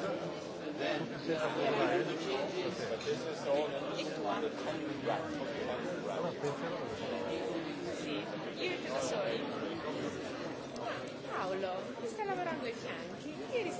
Sì, io Paolo, sta lavorando ai fianchi, ieri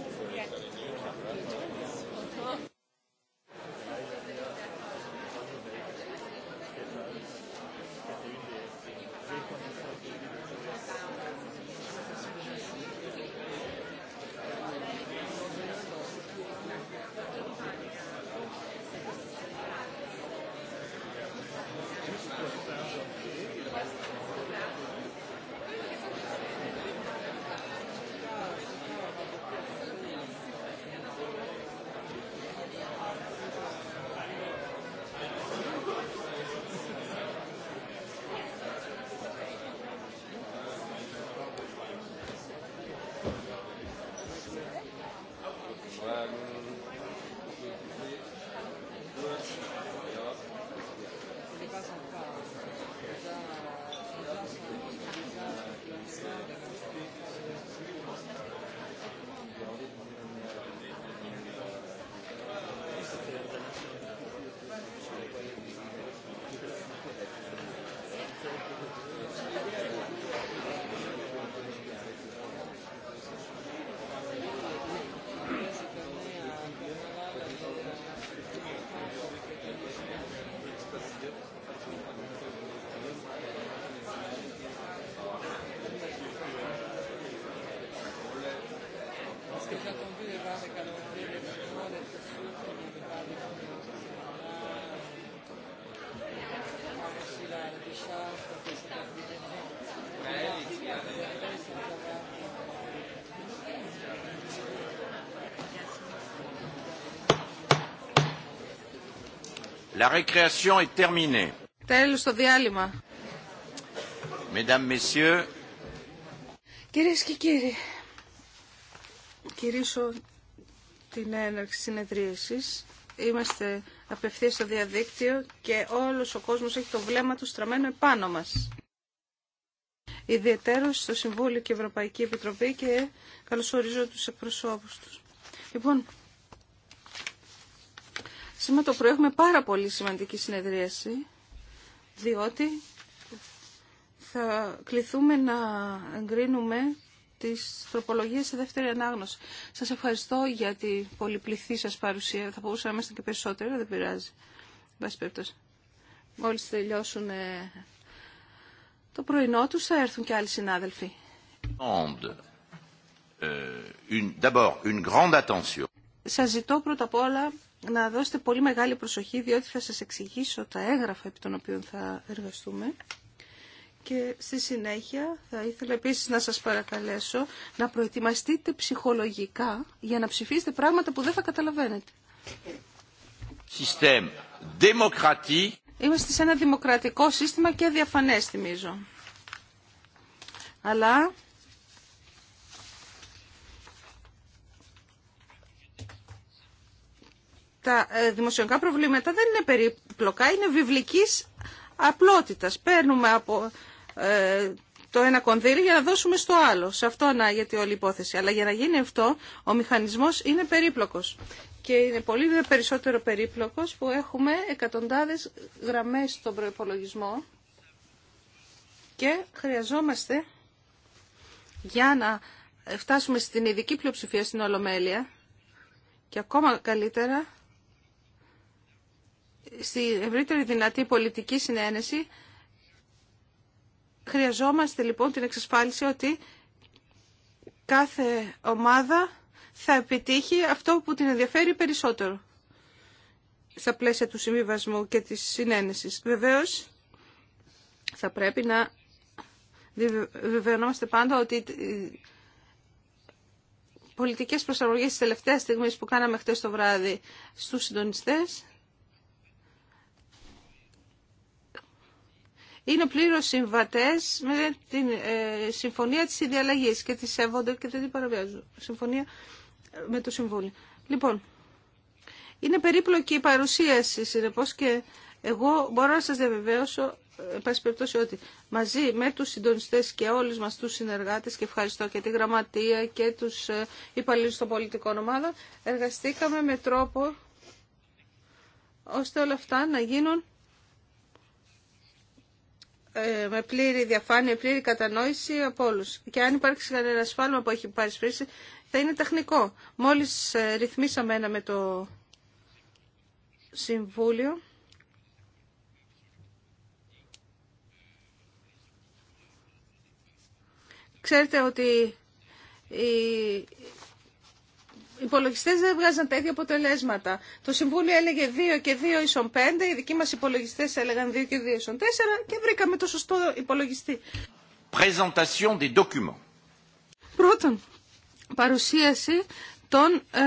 La récréation est terminée. Τέλος το διάλειμμα. Mesdames, Messieurs. Κυρίες και κύριοι, κυρίσω την έναρξη συνεδρίασης. Είμαστε απευθείας στο διαδίκτυο και όλος ο κόσμος έχει το βλέμμα του στραμμένο επάνω μας. Ιδιαιτέρως στο Συμβούλιο και Ευρωπαϊκή Επιτροπή και καλωσορίζω τους εκπροσώπους τους. Λοιπόν, Σήμερα το πρωί έχουμε πάρα πολύ σημαντική συνεδρίαση, διότι θα κληθούμε να εγκρίνουμε τις τροπολογίες σε δεύτερη ανάγνωση. Σας ευχαριστώ για την πολυπληθή σας παρουσία. Θα μπορούσαμε να είμαστε και περισσότερο, δεν πειράζει. Μπας Μόλις τελειώσουν το πρωινό τους, θα έρθουν και άλλοι συνάδελφοι. Euh, σας ζητώ πρώτα απ' όλα να δώσετε πολύ μεγάλη προσοχή διότι θα σας εξηγήσω τα έγγραφα επί των οποίων θα εργαστούμε και στη συνέχεια θα ήθελα επίσης να σας παρακαλέσω να προετοιμαστείτε ψυχολογικά για να ψηφίσετε πράγματα που δεν θα καταλαβαίνετε. Είμαστε σε ένα δημοκρατικό σύστημα και διαφανές θυμίζω. Αλλά τα ε, δημοσιονικά προβλήματα δεν είναι περίπλοκα, είναι βιβλικής απλότητας. Παίρνουμε από ε, το ένα κονδύλι για να δώσουμε στο άλλο. Σε αυτό ανάγεται όλη η υπόθεση. Αλλά για να γίνει αυτό, ο μηχανισμός είναι περίπλοκος. Και είναι πολύ περισσότερο περίπλοκος που έχουμε εκατοντάδες γραμμές στον προϋπολογισμό και χρειαζόμαστε για να φτάσουμε στην ειδική πλειοψηφία στην Ολομέλεια και ακόμα καλύτερα στη ευρύτερη δυνατή πολιτική συνένεση χρειαζόμαστε λοιπόν την εξασφάλιση ότι κάθε ομάδα θα επιτύχει αυτό που την ενδιαφέρει περισσότερο στα πλαίσια του συμβιβασμού και της συνένεσης. Βεβαίως, θα πρέπει να βεβαιωνόμαστε πάντα ότι οι ε, πολιτικές προσαρμογές της τελευταίας στιγμής που κάναμε χτες το βράδυ στους συντονιστές είναι πλήρως συμβατές με την ε, συμφωνία της ιδιαλλαγής και τη σέβονται και δεν την παραβιάζουν. Συμφωνία ε, με το Συμβούλιο. Λοιπόν, είναι περίπλοκη η παρουσίαση, συνεπώς και εγώ μπορώ να σας διαβεβαίωσω ε, πάση περιπτώσει ότι μαζί με τους συντονιστές και όλους μας τους συνεργάτες και ευχαριστώ και τη γραμματεία και τους υπαλλήλους των πολιτικών ομάδων εργαστήκαμε με τρόπο ώστε όλα αυτά να γίνουν ε, με πλήρη διαφάνεια, πλήρη κατανόηση από όλου. Και αν υπάρξει κανένα σφάλμα που έχει πάρει σπίση, θα είναι τεχνικό. Μόλι ε, ρυθμίσαμε ένα με το Συμβούλιο. Ξέρετε ότι η οι υπολογιστέ δεν βγάζαν τα ίδια αποτελέσματα. Το Συμβούλιο έλεγε 2 και 2 ίσον 5, οι δικοί μα υπολογιστέ έλεγαν 2 και 2 ίσον 4 και βρήκαμε το σωστό υπολογιστή. Présentation des documents. Πρώτον, παρουσίαση των ε,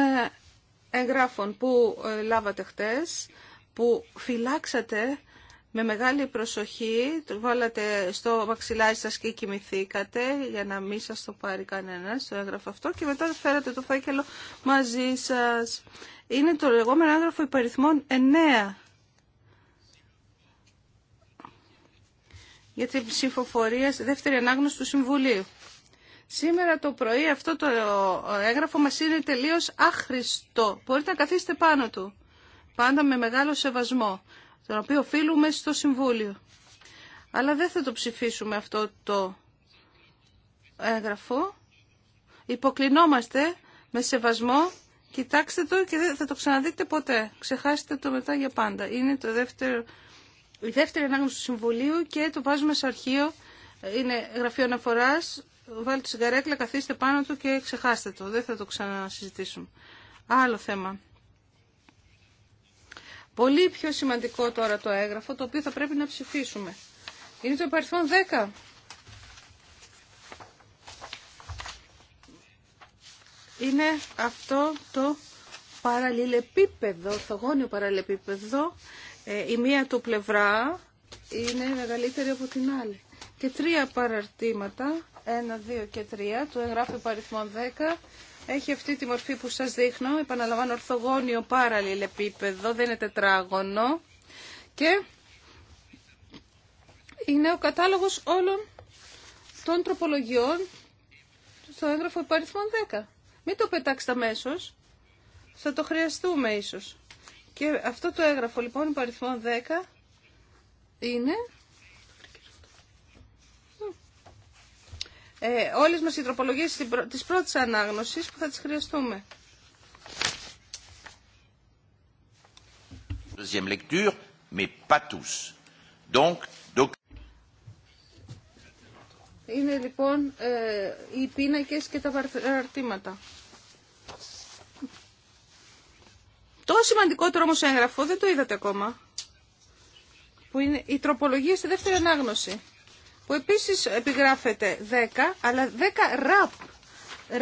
εγγράφων που ε, λάβατε χτες, που φυλάξατε με μεγάλη προσοχή, το βάλατε στο μαξιλάρι σας και κοιμηθήκατε για να μην σας το πάρει κανένα στο έγγραφο αυτό και μετά φέρατε το φάκελο μαζί σας. Είναι το λεγόμενο έγγραφο υπαριθμών 9. για την ψηφοφορία στη δεύτερη ανάγνωση του Συμβουλίου. Σήμερα το πρωί αυτό το έγγραφο μας είναι τελείως άχρηστο. Μπορείτε να καθίσετε πάνω του. Πάντα με μεγάλο σεβασμό τον οποίο οφείλουμε στο Συμβούλιο. Αλλά δεν θα το ψηφίσουμε αυτό το έγγραφο. Υποκλεινόμαστε με σεβασμό. Κοιτάξτε το και δεν θα το ξαναδείτε ποτέ. Ξεχάστε το μετά για πάντα. Είναι το δεύτερο, η δεύτερη ανάγνωση του Συμβουλίου και το βάζουμε σε αρχείο. Είναι γραφείο αναφορά. Βάλτε τη σιγαρέκλα, καθίστε πάνω του και ξεχάστε το. Δεν θα το ξανασυζητήσουμε. Άλλο θέμα. Πολύ πιο σημαντικό τώρα το έγγραφο, το οποίο θα πρέπει να ψηφίσουμε. Είναι το υπαριθμό 10. Είναι αυτό το παραλληλεπίπεδο, το γόνιο παραλληλεπίπεδο. Ε, η μία του πλευρά είναι μεγαλύτερη από την άλλη. Και τρία παραρτήματα, ένα, δύο και τρία, του εγγράφου υπαριθμών 10 έχει αυτή τη μορφή που σας δείχνω, επαναλαμβάνω ορθογώνιο παραλληλεπίπεδο, δεν είναι τετράγωνο και είναι ο κατάλογος όλων των τροπολογιών στο έγγραφο υπαριθμών 10. Μην το πετάξετε αμέσω. θα το χρειαστούμε ίσως. Και αυτό το έγγραφο λοιπόν υπαριθμών 10 είναι Ε, όλες μας οι τροπολογίες της πρώτης ανάγνωσης που θα τις χρειαστούμε. Είναι λοιπόν ε, οι πίνακες και τα βαρτήματα. Το σημαντικότερο όμως έγγραφο δεν το είδατε ακόμα. Που είναι η τροπολογία στη δεύτερη ανάγνωση που επίσης επιγράφεται 10, αλλά 10 ραπ.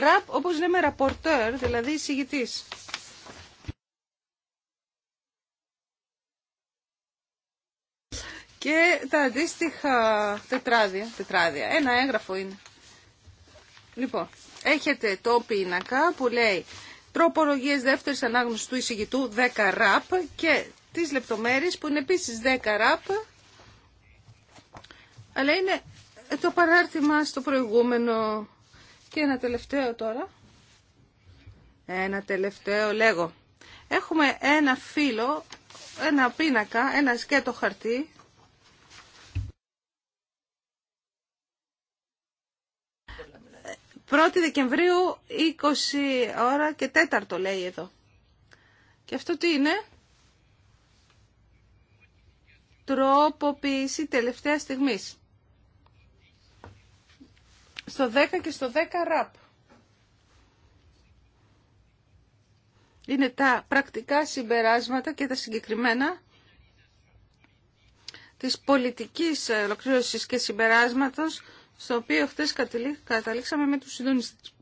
Ραπ όπως λέμε ραπορτέρ, δηλαδή εισηγητής. Και τα αντίστοιχα τετράδια, τετράδια, ένα έγγραφο είναι. Λοιπόν, έχετε το πίνακα που λέει τροπολογίες δεύτερης ανάγνωσης του εισηγητού 10 ραπ και τις λεπτομέρειες που είναι επίσης 10 ραπ αλλά είναι το παράρτημα στο προηγούμενο και ένα τελευταίο τώρα. Ένα τελευταίο λέγω. Έχουμε ένα φύλλο, ένα πίνακα, ένα σκέτο χαρτί. Πρώτη Δεκεμβρίου, 20 ώρα και τέταρτο λέει εδώ. Και αυτό τι είναι? Τροποποίηση τελευταία στιγμής στο 10 και στο 10 ραπ. Είναι τα πρακτικά συμπεράσματα και τα συγκεκριμένα της πολιτικής ολοκλήρωση και συμπεράσματος στο οποίο χτες καταλήξαμε με τους συντονιστές.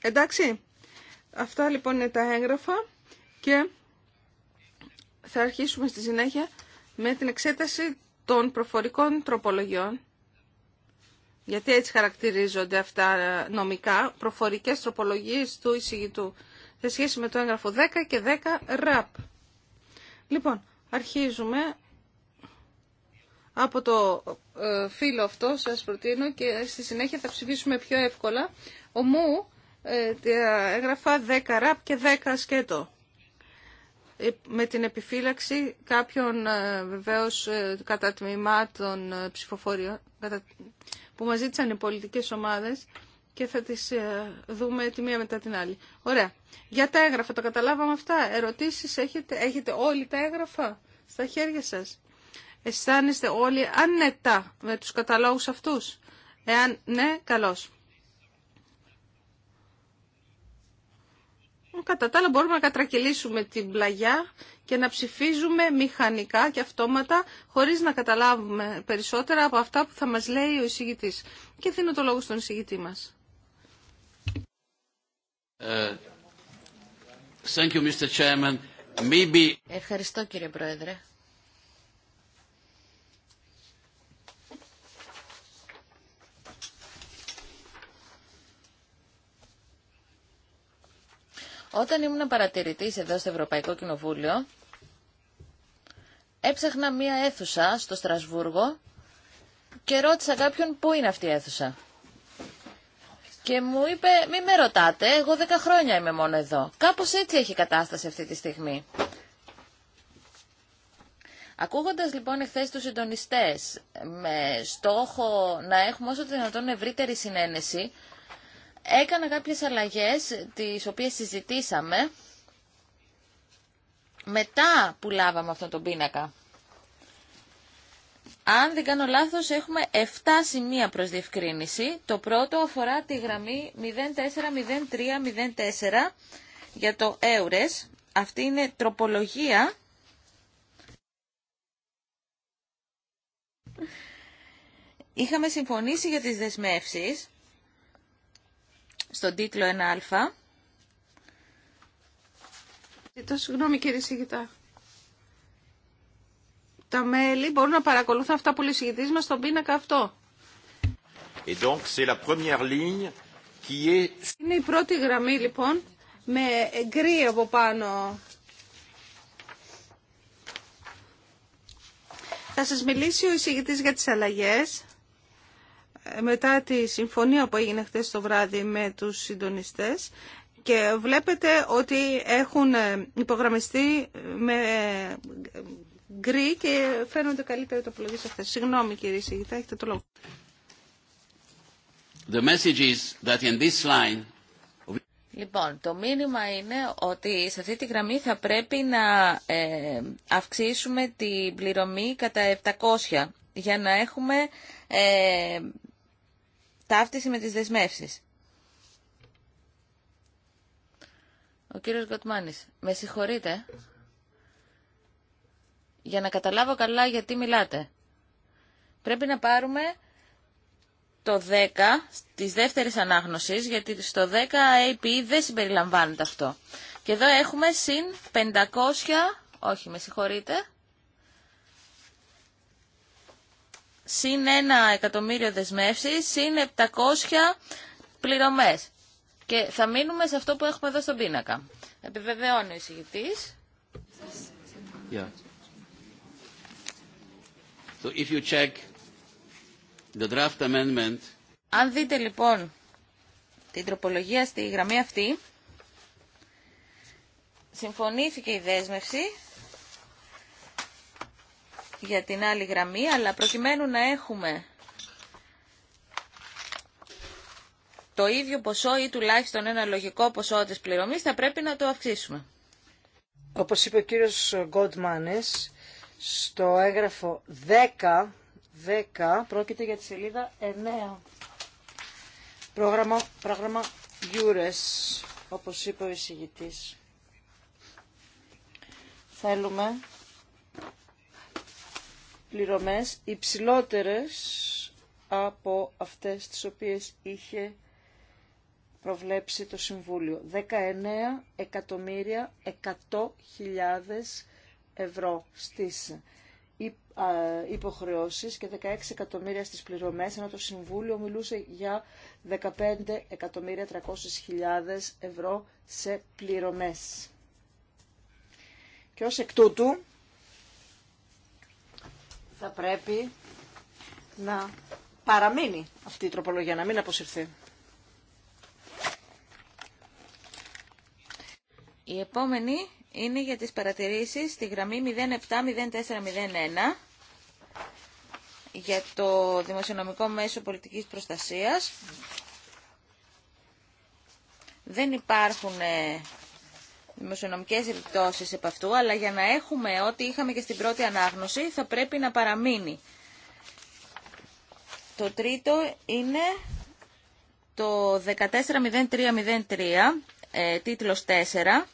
Εντάξει, αυτά λοιπόν είναι τα έγγραφα και θα αρχίσουμε στη συνέχεια με την εξέταση των προφορικών τροπολογιών γιατί έτσι χαρακτηρίζονται αυτά νομικά, προφορικές τροπολογίες του εισηγητού, σε σχέση με το έγγραφο 10 και 10 ραπ. Λοιπόν, αρχίζουμε από το ε, φύλλο αυτό, σας προτείνω, και στη συνέχεια θα ψηφίσουμε πιο εύκολα, Ο ΜΟΥ ε, έγραφα 10 ραπ και 10 σκέτο ε, με την επιφύλαξη κάποιων βεβαίως κατά τμήματων ψηφοφορίων, κατά που μας ζήτησαν οι πολιτικές ομάδες και θα τις ε, δούμε τη μία μετά την άλλη. Ωραία. Για τα έγγραφα, το καταλάβαμε αυτά. Ερωτήσεις έχετε, έχετε όλοι τα έγγραφα στα χέρια σας. Αισθάνεστε όλοι ανετά με τους καταλόγους αυτούς. Εάν ναι, καλώς. Κατά τα άλλα μπορούμε να κατρακυλήσουμε την πλαγιά και να ψηφίζουμε μηχανικά και αυτόματα χωρίς να καταλάβουμε περισσότερα από αυτά που θα μας λέει ο εισηγητής. Και δίνω το λόγο στον εισηγητή μας. Ε, thank you, Ευχαριστώ κύριε Πρόεδρε. Όταν ήμουν παρατηρητής εδώ στο Ευρωπαϊκό Κοινοβούλιο, έψαχνα μία αίθουσα στο Στρασβούργο και ρώτησα κάποιον πού είναι αυτή η αίθουσα. Και μου είπε, μη με ρωτάτε, εγώ δέκα χρόνια είμαι μόνο εδώ. Κάπως έτσι έχει κατάσταση αυτή τη στιγμή. Ακούγοντας λοιπόν εχθές τους συντονιστές με στόχο να έχουμε όσο δυνατόν ευρύτερη συνένεση, έκανα κάποιες αλλαγές τις οποίες συζητήσαμε μετά που λάβαμε αυτόν τον πίνακα. Αν δεν κάνω λάθος έχουμε 7 σημεία προς διευκρίνηση. Το πρώτο αφορά τη γραμμή 040304 για το EURES. Αυτή είναι τροπολογία Είχαμε συμφωνήσει για τις δεσμεύσεις στον τίτλο 1α. Ζητώ συγγνώμη κύριε Σιγητά. Τα μέλη μπορούν να παρακολουθούν αυτά που λέει μα στον πίνακα αυτό. Et donc, la ligne qui est... Είναι η πρώτη γραμμή λοιπόν με γκρι από πάνω. Θα σας μιλήσει ο εισηγητής για τις αλλαγές μετά τη συμφωνία που έγινε χτες το βράδυ με τους συντονιστές και βλέπετε ότι έχουν υπογραμμιστεί με γκρι και φαίνονται καλύτερα το σε αυτές. Συγγνώμη κύριε Σιγητά, έχετε το λόγο. The message is that in this line... Λοιπόν, το μήνυμα είναι ότι σε αυτή τη γραμμή θα πρέπει να ε, αυξήσουμε την πληρωμή κατά 700 για να έχουμε ε, ταύτιση με τις δεσμεύσεις. Ο κύριος Γκοτμάνης, με συγχωρείτε για να καταλάβω καλά γιατί μιλάτε. Πρέπει να πάρουμε το 10 της δεύτερης ανάγνωσης, γιατί στο 10 AP δεν συμπεριλαμβάνεται αυτό. Και εδώ έχουμε συν 500, όχι με συγχωρείτε, συν 1 εκατομμύριο δεσμεύσεις, συν 700 πληρωμές. Και θα μείνουμε σε αυτό που έχουμε εδώ στον πίνακα. Επιβεβαιώνει ο εισηγητής. So amendment... Αν δείτε λοιπόν την τροπολογία στη γραμμή αυτή, συμφωνήθηκε η δέσμευση για την άλλη γραμμή, αλλά προκειμένου να έχουμε το ίδιο ποσό ή τουλάχιστον ένα λογικό ποσό της πληρωμής, θα πρέπει να το αυξήσουμε. Όπως είπε ο κύριος Γκοντμάνες, στο έγγραφο 10, 10 πρόκειται για τη σελίδα 9. Πρόγραμμα, πρόγραμμα Eures, όπως είπε ο εισηγητής. Θέλουμε πληρωμές υψηλότερες από αυτές τις οποίες είχε προβλέψει το Συμβούλιο. 19 εκατομμύρια 100.000 ευρώ στις υποχρεώσεις και 16 εκατομμύρια στις πληρωμές, ενώ το Συμβούλιο μιλούσε για 15 εκατομμύρια 300.000 ευρώ σε πληρωμές. Και ως εκ τούτου, θα πρέπει να παραμείνει αυτή η τροπολογία, να μην αποσυρθεί. Η επόμενη είναι για τις παρατηρήσεις στη γραμμή 070401 για το Δημοσιονομικό Μέσο Πολιτικής Προστασίας. Δεν υπάρχουν ε, δημοσιονομικές επιπτώσει επ' αυτού, αλλά για να έχουμε ό,τι είχαμε και στην πρώτη ανάγνωση θα πρέπει να παραμείνει. Το τρίτο είναι το 140303, ε, τίτλος 4,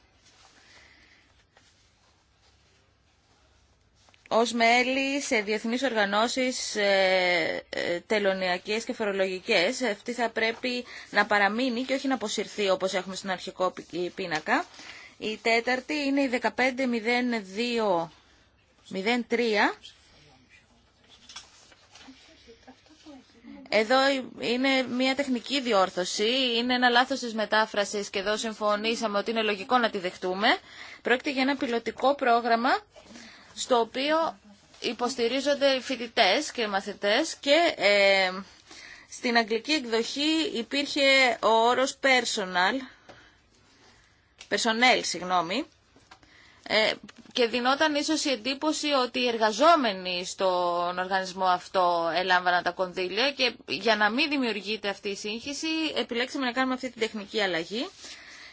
ως μέλη σε διεθνείς οργανώσεις ε, ε, τελωνιακές και φορολογικές. Αυτή θα πρέπει να παραμείνει και όχι να αποσυρθεί όπως έχουμε στην αρχικό πίνακα. Η τέταρτη είναι η 150203. Εδώ είναι μια τεχνική διόρθωση, είναι ένα λάθος της μετάφρασης και εδώ συμφωνήσαμε ότι είναι λογικό να τη δεχτούμε. Πρόκειται για ένα πιλωτικό πρόγραμμα στο οποίο υποστηρίζονται φοιτητές και μαθητές και ε, στην αγγλική εκδοχή υπήρχε ο όρος personal, personnel, συγγνώμη, ε, και δινόταν ίσως η εντύπωση ότι οι εργαζόμενοι στον οργανισμό αυτό έλαμβαναν τα κονδύλια και για να μην δημιουργείται αυτή η σύγχυση επιλέξαμε να κάνουμε αυτή την τεχνική αλλαγή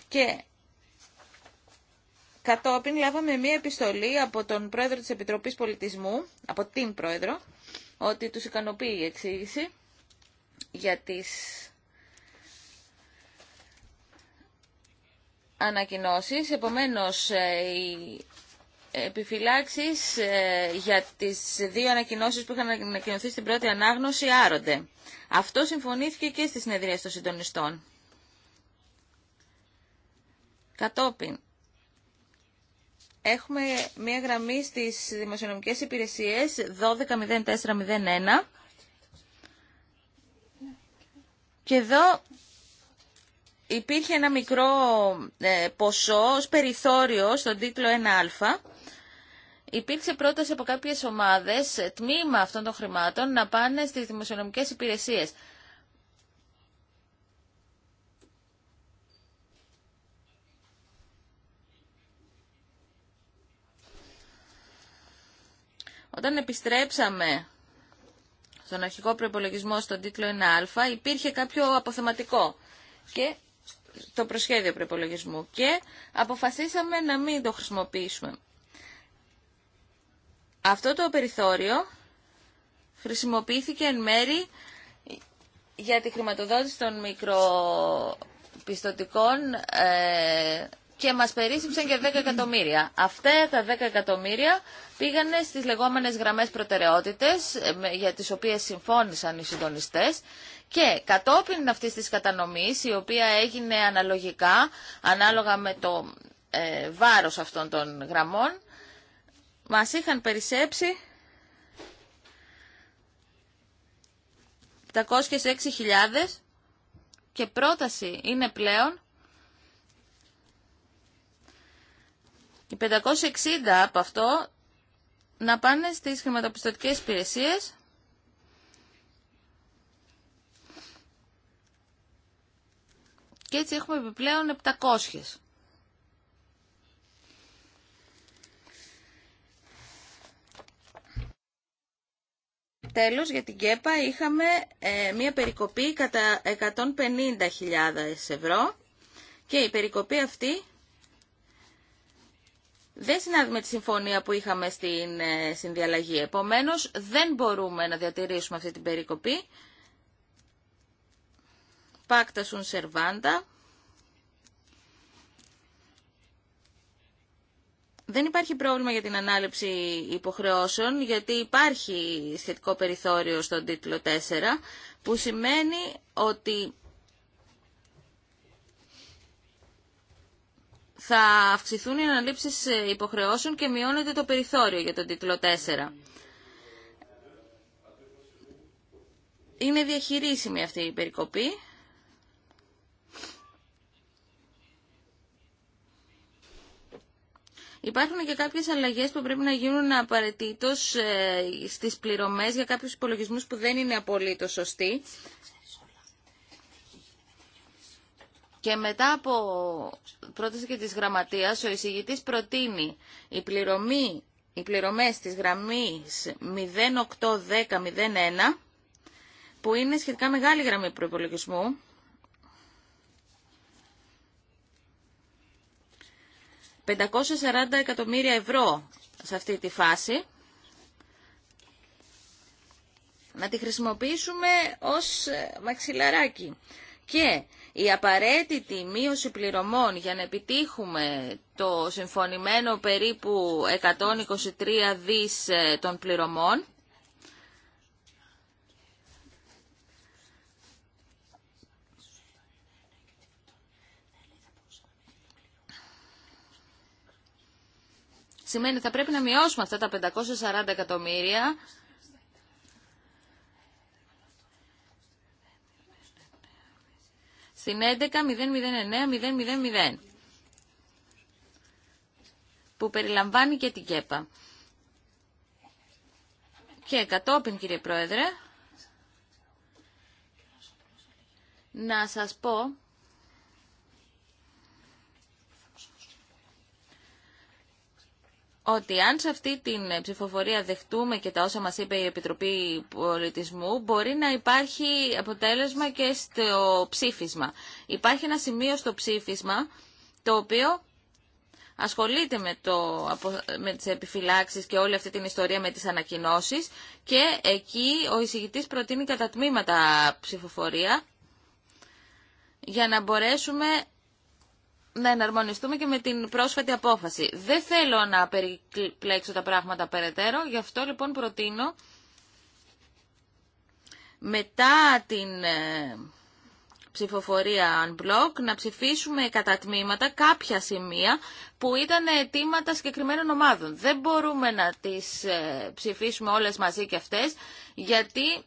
και κατόπιν λάβαμε μία επιστολή από τον πρόεδρο της Επιτροπής Πολιτισμού, από την πρόεδρο, ότι τους ικανοποιεί η εξήγηση για τις ανακοινώσεις. Επομένως, ε, οι επιφυλάξεις ε, για τις δύο ανακοινώσεις που είχαν ανακοινωθεί στην πρώτη ανάγνωση άρονται. Αυτό συμφωνήθηκε και στις συνεδρίες των συντονιστών. Κατόπιν, έχουμε μία γραμμή στις δημοσιονομικές υπηρεσίες 12.04.01 και εδώ υπήρχε ένα μικρό ε, ποσό ως περιθώριο στον τίτλο 1α. Υπήρξε πρόταση από κάποιες ομάδες, ε, τμήμα αυτών των χρημάτων, να πάνε στις δημοσιονομικές υπηρεσίες. Όταν επιστρέψαμε στον αρχικό προπολογισμό στον τίτλο 1α, υπήρχε κάποιο αποθεματικό. Και το προσχέδιο προπολογισμού και αποφασίσαμε να μην το χρησιμοποιήσουμε. Αυτό το περιθώριο χρησιμοποιήθηκε εν μέρη για τη χρηματοδότηση των μικροπιστωτικών ε, και μας περίσσεψαν και 10 εκατομμύρια. Αυτά τα 10 εκατομμύρια πήγανε στις λεγόμενες γραμμές προτεραιότητες ε, για τις οποίες συμφώνησαν οι συντονιστές και κατόπιν αυτή της κατανομής, η οποία έγινε αναλογικά, ανάλογα με το ε, βάρος αυτών των γραμμών, μας είχαν περισσέψει 706.000 και πρόταση είναι πλέον οι 560 από αυτό να πάνε στις χρηματοπιστωτικές υπηρεσίες Και έτσι έχουμε επιπλέον 700. Τέλος, για την ΚΕΠΑ είχαμε ε, μία περικοπή κατά 150.000 ευρώ και η περικοπή αυτή δεν συνάδει με τη συμφωνία που είχαμε στην ε, συνδιαλλαγή. Επομένως, δεν μπορούμε να διατηρήσουμε αυτή την περικοπή pacta sunt servanda. Δεν υπάρχει πρόβλημα για την ανάληψη υποχρεώσεων, γιατί υπάρχει σχετικό περιθώριο στον τίτλο 4, που σημαίνει ότι θα αυξηθούν οι αναλήψεις υποχρεώσεων και μειώνεται το περιθώριο για τον τίτλο 4. Είναι διαχειρίσιμη αυτή η περικοπή. Υπάρχουν και κάποιες αλλαγές που πρέπει να γίνουν απαραίτητο ε, στις πληρωμές για κάποιους υπολογισμούς που δεν είναι απολύτως σωστοί. Και μετά από πρόταση και της γραμματείας, ο εισηγητής προτείνει η πληρωμή, οι πληρωμές της γραμμής 081001, που είναι σχετικά μεγάλη γραμμή προϋπολογισμού, 540 εκατομμύρια ευρώ σε αυτή τη φάση να τη χρησιμοποιήσουμε ως ε, μαξιλαράκι. Και η απαραίτητη μείωση πληρωμών για να επιτύχουμε το συμφωνημένο περίπου 123 δις ε, των πληρωμών σημαίνει ότι θα πρέπει να μειώσουμε αυτά τα 540 εκατομμύρια στην 11.009.000 που περιλαμβάνει και την ΚΕΠΑ. Και κατόπιν κύριε Πρόεδρε, να σας πω ότι αν σε αυτή την ε, ψηφοφορία δεχτούμε και τα όσα μας είπε η Επιτροπή Πολιτισμού, μπορεί να υπάρχει αποτέλεσμα και στο ψήφισμα. Υπάρχει ένα σημείο στο ψήφισμα, το οποίο ασχολείται με, το, με τις επιφυλάξεις και όλη αυτή την ιστορία με τις ανακοινώσεις και εκεί ο εισηγητής προτείνει κατά τμήματα ψηφοφορία για να μπορέσουμε να εναρμονιστούμε και με την πρόσφατη απόφαση. Δεν θέλω να περιπλέξω τα πράγματα περαιτέρω, γι' αυτό λοιπόν προτείνω μετά την ε, ψηφοφορία unblock να ψηφίσουμε κατά τμήματα κάποια σημεία που ήταν αιτήματα συγκεκριμένων ομάδων. Δεν μπορούμε να τις ε, ψηφίσουμε όλες μαζί και αυτές γιατί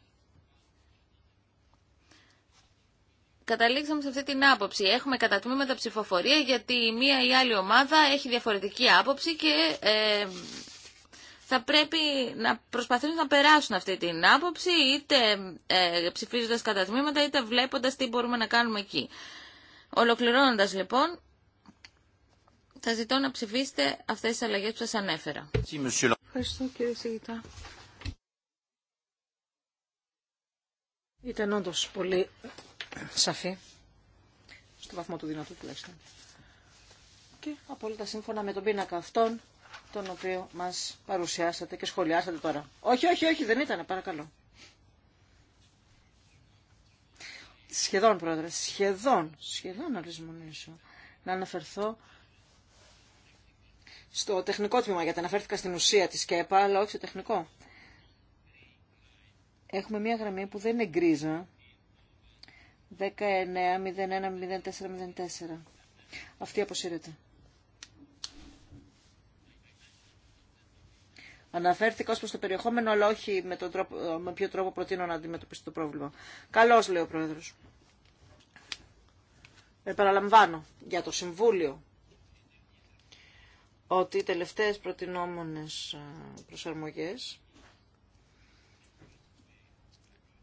καταλήξαμε σε αυτή την άποψη. Έχουμε κατά ψηφοφορία γιατί η μία ή άλλη ομάδα έχει διαφορετική άποψη και ε, θα πρέπει να προσπαθήσουν να περάσουν αυτή την άποψη είτε ε, ψηφίζοντας κατά τμήματα είτε βλέποντας τι μπορούμε να κάνουμε εκεί. Ολοκληρώνοντας λοιπόν, θα ζητώ να ψηφίσετε αυτές τις αλλαγές που σας ανέφερα. Ευχαριστώ κύριε Σιγητά. Ήταν όντως πολύ σαφή, στο βαθμό του δυνατού τουλάχιστον. Και απόλυτα σύμφωνα με τον πίνακα αυτόν, τον οποίο μας παρουσιάσατε και σχολιάσατε τώρα. Όχι, όχι, όχι, δεν ήταν, παρακαλώ. Σχεδόν, πρόεδρε, σχεδόν, σχεδόν να αρισμονήσω να αναφερθώ στο τεχνικό τμήμα, γιατί αναφέρθηκα στην ουσία της ΚΕΠΑ, αλλά όχι στο τεχνικό. Έχουμε μία γραμμή που δεν είναι γκρίζα, 19.01.04.04. Αυτή αποσύρεται. Αναφέρθηκα ω προ το περιεχόμενο, αλλά όχι με, τον με ποιο τρόπο προτείνω να αντιμετωπίσει το πρόβλημα. Καλώ, λέει ο Πρόεδρο. Επαναλαμβάνω για το Συμβούλιο ότι οι τελευταίες προτινόμενες ε, προσαρμογές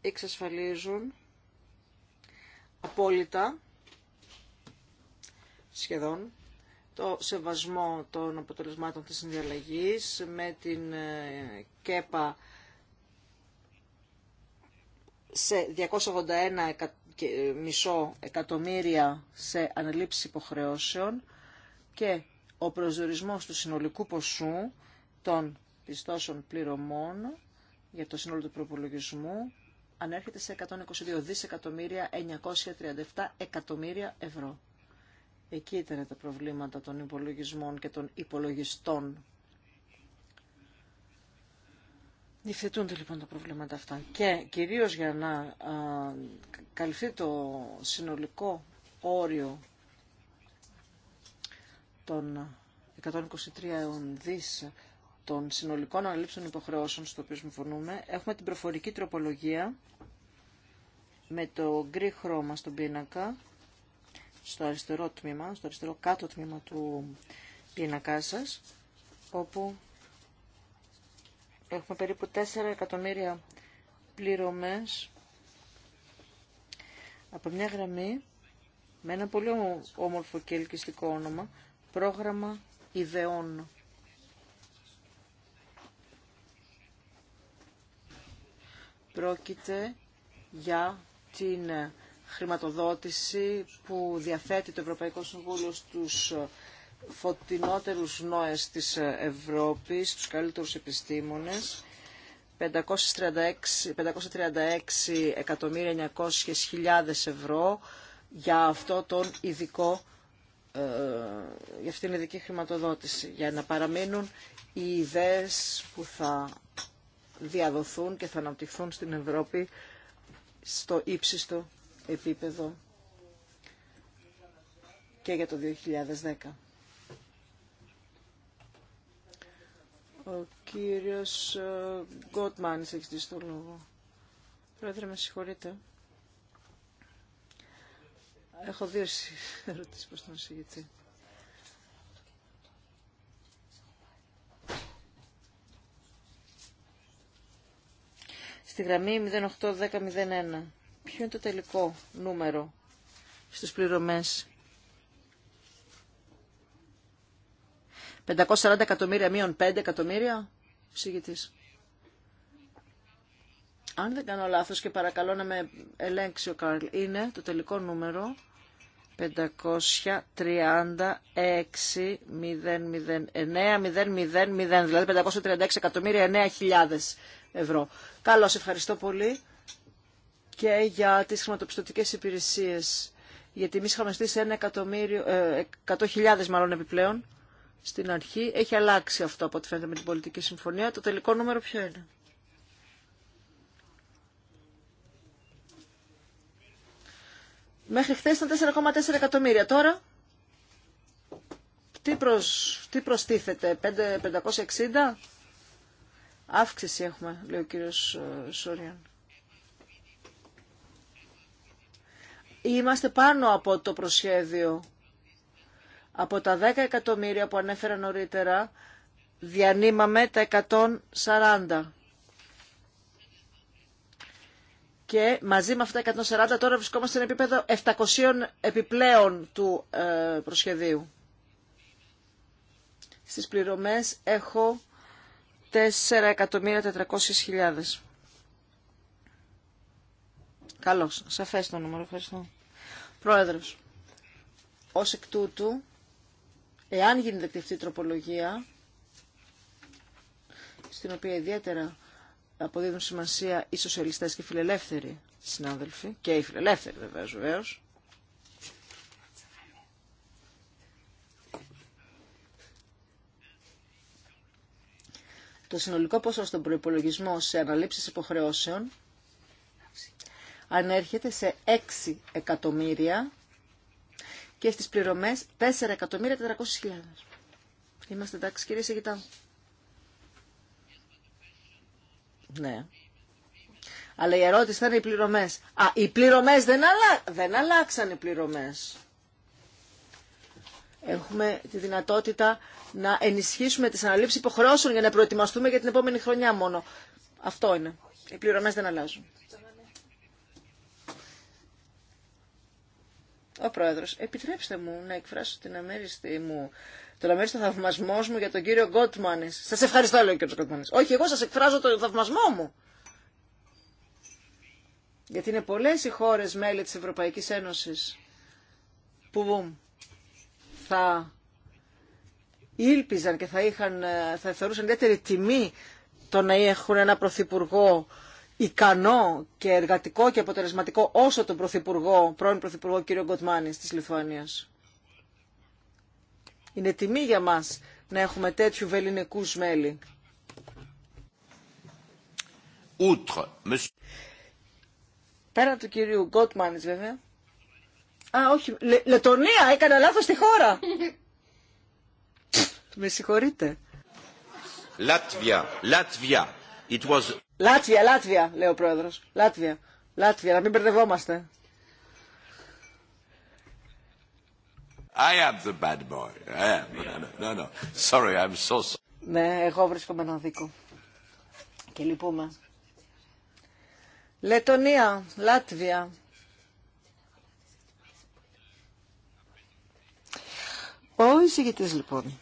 εξασφαλίζουν απόλυτα σχεδόν το σεβασμό των αποτελεσμάτων της συνδιαλλαγής με την ε, ΚΕΠΑ σε 281 ε, μισό εκατομμύρια σε αναλήψεις υποχρεώσεων και ο προσδιορισμός του συνολικού ποσού των πιστώσεων πληρωμών για το σύνολο του προπολογισμού ανέρχεται σε 122 δισεκατομμύρια 937 εκατομμύρια ευρώ. Εκεί ήταν τα προβλήματα των υπολογισμών και των υπολογιστών. Διευθετούνται λοιπόν τα προβλήματα αυτά και κυρίως για να καλυφθεί το συνολικό όριο των 123 δις των συνολικών αναλήψεων υποχρεώσεων, στο οποίο συμφωνούμε. Έχουμε την προφορική τροπολογία με το γκρι χρώμα στον πίνακα, στο αριστερό τμήμα, στο αριστερό κάτω τμήμα του πίνακά σας, όπου έχουμε περίπου 4 εκατομμύρια πληρωμές από μια γραμμή με ένα πολύ όμορφο και ελκυστικό όνομα, πρόγραμμα ιδεών. Πρόκειται για την χρηματοδότηση που διαθέτει το Ευρωπαϊκό Συμβούλιο στους φωτεινότερους νόες της Ευρώπης, τους καλύτερους επιστήμονες. 536 εκατομμύρια 900.000 ευρώ για αυτό τον ειδικό ε, για αυτήν την ειδική χρηματοδότηση για να παραμείνουν οι ιδέες που θα διαδοθούν και θα αναπτυχθούν στην Ευρώπη στο ύψιστο επίπεδο και για το 2010. Ο κύριος ε, Γκότμαν έχει δει το λόγο. Πρόεδρε, με συγχωρείτε. Έχω δύο ερωτήσεις προς τον συγγητή. στη γραμμή 08-1001. Ποιο είναι το τελικό νούμερο στις πληρωμές. 540 εκατομμύρια μείον 5 εκατομμύρια. Ψηγητής. Αν δεν κάνω λάθος και παρακαλώ να με ελέγξει ο Καρλ, είναι το τελικό νούμερο 536.009.000, δηλαδή 536 εκατομμύρια 9.000 ευρώ. Καλώς, ευχαριστώ πολύ και για τι χρηματοπιστωτικέ υπηρεσίε. Γιατί εμεί είχαμε στήσει ένα εκατομμύριο, 100.000 ε, μάλλον επιπλέον στην αρχή. Έχει αλλάξει αυτό από ό,τι φαίνεται με την πολιτική συμφωνία. Το τελικό νούμερο ποιο είναι. Μέχρι χθε ήταν 4,4 εκατομμύρια. Τώρα τι, προσ, τι προστίθεται, 560 Αύξηση έχουμε, λέει ο κύριος ε, Σόριαν. Είμαστε πάνω από το προσχέδιο. Από τα 10 εκατομμύρια που ανέφερα νωρίτερα, διανύμαμε τα 140. Και μαζί με αυτά τα 140 τώρα βρισκόμαστε σε επίπεδο 700 επιπλέον του ε, προσχεδίου. Στις πληρωμές έχω 4.400.000. Καλώς, σαφές το νούμερο, ευχαριστώ. Πρόεδρος, ως εκ τούτου, εάν γίνει η τροπολογία, στην οποία ιδιαίτερα αποδίδουν σημασία οι σοσιαλιστές και οι φιλελεύθεροι συνάδελφοι, και οι φιλελεύθεροι βεβαίως βεβαίως, το συνολικό ποσό στον προπολογισμό σε αναλήψεις υποχρεώσεων ανέρχεται σε 6 εκατομμύρια και στις πληρωμές 4 εκατομμύρια 400.000. Είμαστε εντάξει κύριε Σεγητά. Ναι. Αλλά η ερώτηση θα είναι οι πληρωμές. Α, οι πληρωμές δεν, αλλα... δεν αλλάξαν οι πληρωμές. Έχουμε τη δυνατότητα να ενισχύσουμε τις αναλήψεις υποχρεώσεων για να προετοιμαστούμε για την επόμενη χρονιά μόνο. Αυτό είναι. Οι πληρωμές δεν αλλάζουν. Ο Πρόεδρος, επιτρέψτε μου να εκφράσω την αμέριστη μου, τον αμέριστο θαυμασμό μου για τον κύριο Γκότμανες. Σα ευχαριστώ, λέει ο κύριος Γκότμανες. Όχι, εγώ σα εκφράζω τον θαυμασμό μου. Γιατί είναι πολλέ οι χώρε μέλη τη Ευρωπαϊκή Ένωση που θα ήλπιζαν και θα, είχαν, θα θεωρούσαν ιδιαίτερη τιμή το να έχουν ένα πρωθυπουργό ικανό και εργατικό και αποτελεσματικό όσο τον πρωθυπουργό, πρώην πρωθυπουργό κ. Γκοτμάνης της Λιθουανίας. Είναι τιμή για μας να έχουμε τέτοιου βεληνικούς μέλη. Outre, Πέρα του κυρίου Γκότμανης βέβαια, Α, όχι. Λε, Λετωνία, έκανα λάθος τη χώρα. Με συγχωρείτε. Λάτβια, Λάτβια. Λάτβια, Λάτβια, λέει ο πρόεδρος. Λάτβια, Λάτβια, να μην μπερδευόμαστε. I am the bad boy. I am. No, no, Sorry, I'm so sorry. Ναι, εγώ βρίσκομαι έναν δίκο. Και λυπούμε. Λετωνία, Λάτβια. Ο εισηγητής λοιπόν.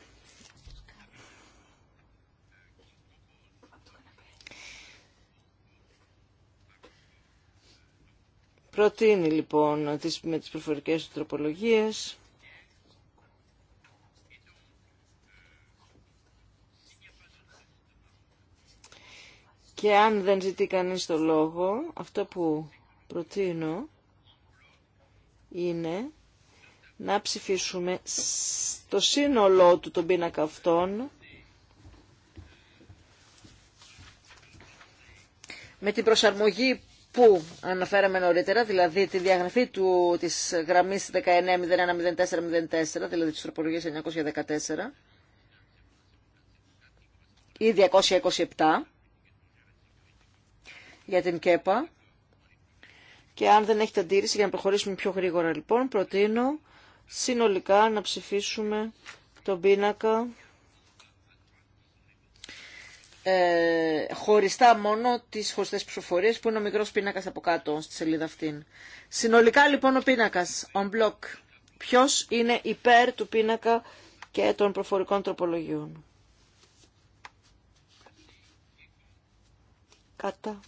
Προτείνει λοιπόν τις, με τις προφορικές του τροπολογίες και αν δεν ζητεί κανείς το λόγο, αυτό που προτείνω είναι να ψηφίσουμε το σύνολό του τον πίνακα αυτών με την προσαρμογή που αναφέραμε νωρίτερα, δηλαδή τη διαγραφή του, της γραμμής 19.01.04.04, δηλαδή της τροπολογίας 914 ή 227 για την ΚΕΠΑ. Και αν δεν έχετε αντίρρηση για να προχωρήσουμε πιο γρήγορα λοιπόν, προτείνω συνολικά να ψηφίσουμε τον πίνακα ε, χωριστά μόνο τις χωριστές ψηφοφορίες που είναι ο μικρός πίνακας από κάτω στη σελίδα αυτήν. Συνολικά λοιπόν ο πίνακας, on block, ποιος είναι υπέρ του πίνακα και των προφορικών τροπολογιών. Κατά.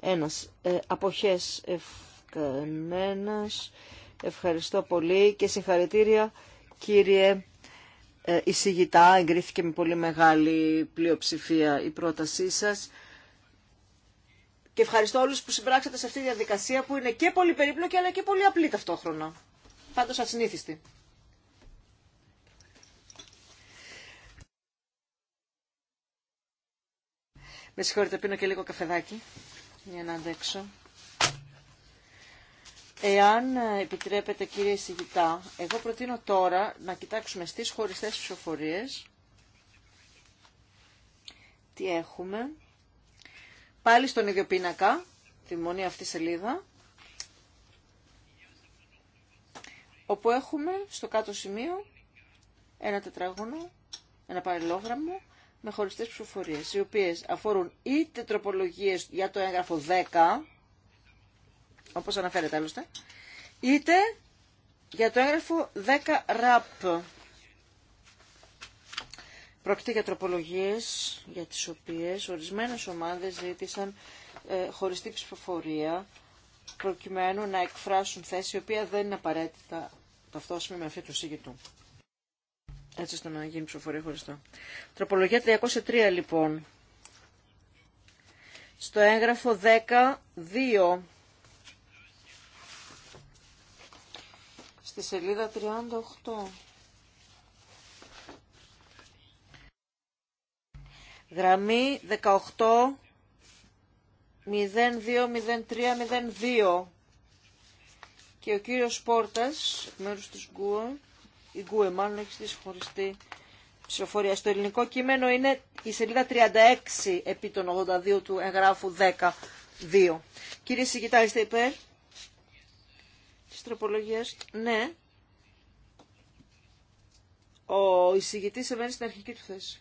Ένας. Ε, αποχές Ευχαριστώ πολύ και συγχαρητήρια κύριε ε, εισηγητά. Εγκρίθηκε με πολύ μεγάλη πλειοψηφία η πρότασή σας. Και ευχαριστώ όλους που συμπράξατε σε αυτή τη διαδικασία που είναι και πολύ περίπλοκη αλλά και πολύ απλή ταυτόχρονα. Πάντως ασυνήθιστη. Με συγχωρείτε, πίνω και λίγο καφεδάκι για να αντέξω. Εάν ε, επιτρέπετε κύριε εισηγητά, εγώ προτείνω τώρα να κοιτάξουμε στις χωριστές ψηφοφορίες τι έχουμε. Πάλι στον ίδιο πίνακα, τη μονή αυτή σελίδα, όπου έχουμε στο κάτω σημείο ένα τετράγωνο, ένα παρελόγραμμο, με χωριστές ψηφοφορίες, οι οποίες αφορούν είτε τροπολογίες για το έγγραφο 10, όπως αναφέρεται άλλωστε, είτε για το έγγραφο 10 ΡΑΠ. Πρόκειται για τροπολογίες για τις οποίες ορισμένες ομάδες ζήτησαν ε, χωριστή ψηφοφορία προκειμένου να εκφράσουν θέση η οποία δεν είναι απαραίτητα ταυτόσιμη με αυτή του συγκητού. Έτσι ώστε να γίνει ψηφοφορία χωριστό. Τροπολογία 303 λοιπόν. Στο έγγραφο 10, 2 στη σελίδα 38. Γραμμή 18 020302 και ο κύριος Πόρτας, μέρους της Γκουε, η Γκουε μάλλον έχει στη συγχωριστή ψηφοφορία. Στο ελληνικό κείμενο είναι η σελίδα 36 επί των 82 του εγγράφου 10. 2. Κύριε Σιγητά, είστε υπέρ τροπολογίας. Ναι. Ο εισηγητής εμένει στην αρχική του θέση.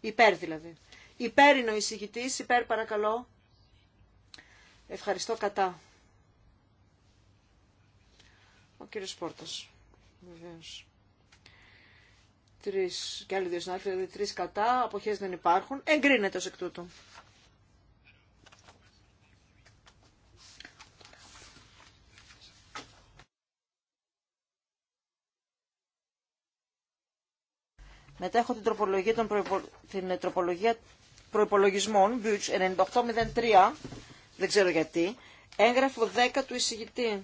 Υπέρ δηλαδή. Υπέρ είναι ο εισηγητής. Υπέρ παρακαλώ. Ευχαριστώ κατά. Ο κύριος Πόρτας. Βεβαίως. Τρεις, και άλλοι δύο συνάδελφοι, δηλαδή τρεις κατά, αποχές δεν υπάρχουν. Εγκρίνεται ως εκ τούτου. Μετά έχω την τροπολογία, των προϋπο... την ε, τροπολογία προϋπολογισμών, Butch 9803, δεν ξέρω γιατί, έγγραφο 10 του εισηγητή.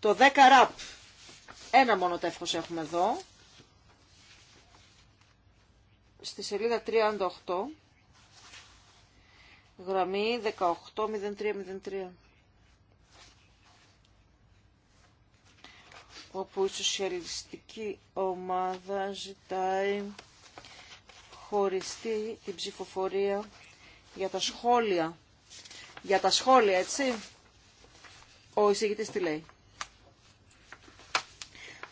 Το 10 RAP, Ένα μόνο τεύχος έχουμε εδώ. Στη σελίδα 38, γραμμή 180303. όπου η σοσιαλιστική ομάδα ζητάει χωριστή την ψηφοφορία για τα σχόλια. Για τα σχόλια, έτσι. Ο εισηγητής τι λέει.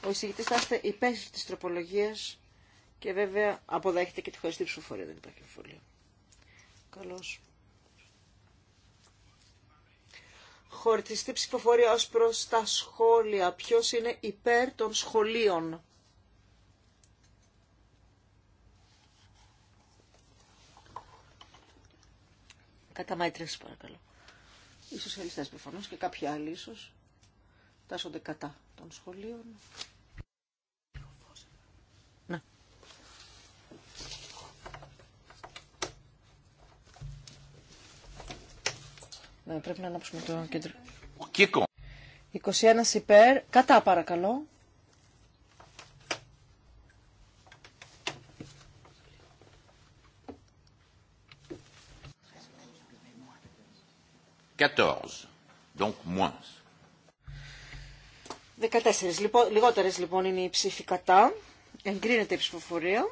Ο εισηγητής θα είστε υπέστη της τροπολογίας και βέβαια αποδέχεται και τη χωριστή ψηφοφορία, δεν υπάρχει εμφολία. Καλώς. χωριστή ψηφοφορία ως προς τα σχόλια. Ποιος είναι υπέρ των σχολείων. Κατά μάιτρες παρακαλώ. Οι σοσιαλιστές προφανώς και κάποιοι άλλοι ίσως τάσσονται κατά των σχολείων. Ναι, πρέπει να ανάψουμε το κέντρο. Κίκο. 21 υπέρ. Κατά παρακαλώ. 14. Λοιπόν, λιγότερες λοιπόν είναι οι ψήφοι κατά. Εγκρίνεται η ψηφοφορία.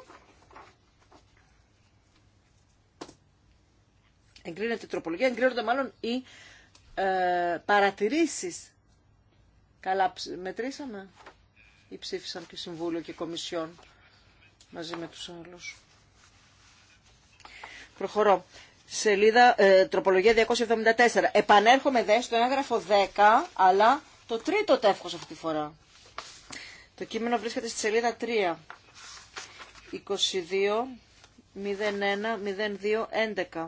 εγκρίνεται η τροπολογία, εγκρίνονται μάλλον οι ε, παρατηρήσεις. Καλά μετρήσαμε ή ψήφισαν και Συμβούλιο και Κομισιόν μαζί με τους άλλους. Προχωρώ. Σελίδα, ε, τροπολογία 274. Επανέρχομαι δε στο έγγραφο 10, αλλά το τρίτο τεύχος αυτή τη φορά. Το κείμενο βρίσκεται στη σελίδα 3. 22, 01, 02, 11.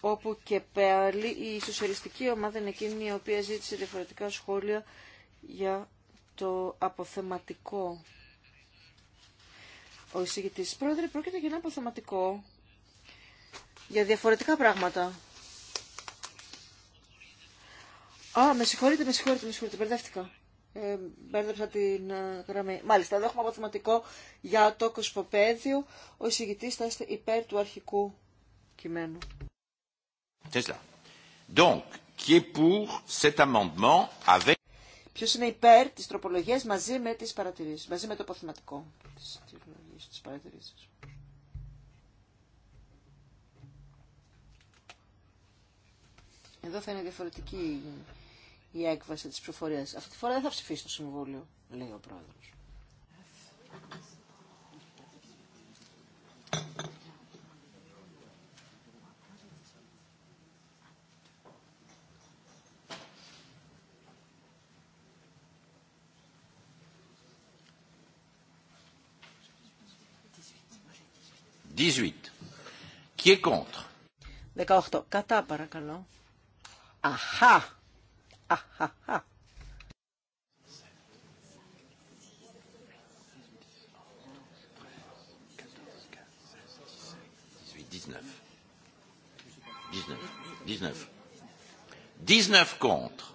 όπου και πάλι η σοσιαλιστική ομάδα είναι εκείνη η οποία ζήτησε διαφορετικά σχόλια για το αποθεματικό. Ο εισηγητής πρόεδρε πρόκειται για ένα αποθεματικό για διαφορετικά πράγματα. Α, με συγχωρείτε, με συγχωρείτε, με συγχωρείτε, μπερδεύτηκα. Ε, μπέρδεψα την ε, γραμμή. Μάλιστα, εδώ έχουμε αποθεματικό για το κοσποπέδιο. Ο εισηγητής θα είστε υπέρ του αρχικού κειμένου. Ποιο Ποιος είναι υπέρ τη τροπολογία μαζί με τι παρατηρήσει, μαζί με το αποθυματικό τη παρατηρήση. Εδώ θα είναι διαφορετική η έκβαση τη ψηφοφορίας. Αυτή τη φορά δεν θα ψηφίσει το Συμβούλιο, λέει ο πρόεδρο. 18. Qui est contre 18. Κατά παρακαλώ. Αχα. Αχαχα! Dix-neuf. 19 contre.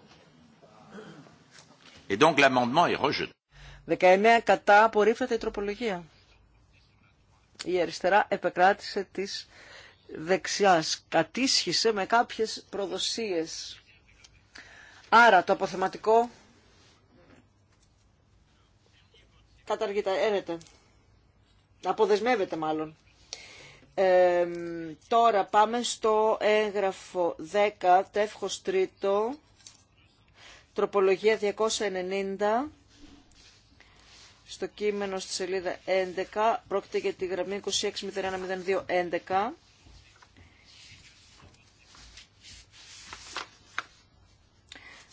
Et donc l'amendement est rejeté. 19 κατά απορρίφεται η τροπολογία η αριστερά επεκράτησε της δεξιάς, κατήσχησε με κάποιες προδοσίες. Άρα το αποθεματικό καταργείται, έρεται, αποδεσμεύεται μάλλον. Ε, τώρα πάμε στο έγγραφο 10, τεύχος τρίτο, τροπολογία 290, στο κείμενο στη σελίδα 11. Πρόκειται για τη γραμμή 26010211.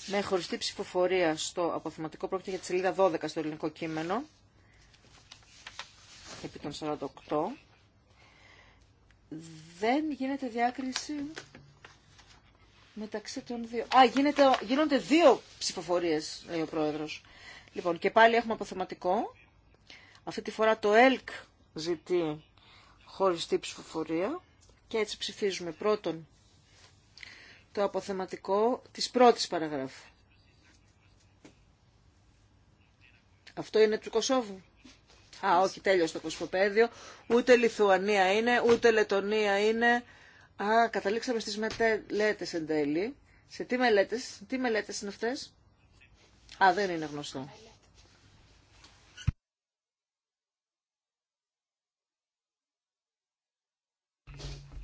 Με χωριστή ψηφοφορία στο αποθεματικό πρόκειται για τη σελίδα 12 στο ελληνικό κείμενο, επί των 48. Δεν γίνεται διάκριση μεταξύ των δύο. Α, γίνεται, γίνονται δύο ψηφοφορίες, λέει ο Πρόεδρος. Λοιπόν, και πάλι έχουμε αποθεματικό. Αυτή τη φορά το ΕΛΚ ζητεί χωριστή ψηφοφορία και έτσι ψηφίζουμε πρώτον το αποθεματικό της πρώτης παραγράφου. Αυτό είναι του Κωσόβου. Α, όχι, τέλειωσε το κοσμοπέδιο. Ούτε Λιθουανία είναι, ούτε Λετωνία είναι. Α, καταλήξαμε στις μελέτες εν τέλει. Σε τι μελέτες, τι μελέτες είναι αυτές. Α, δεν είναι γνωστό.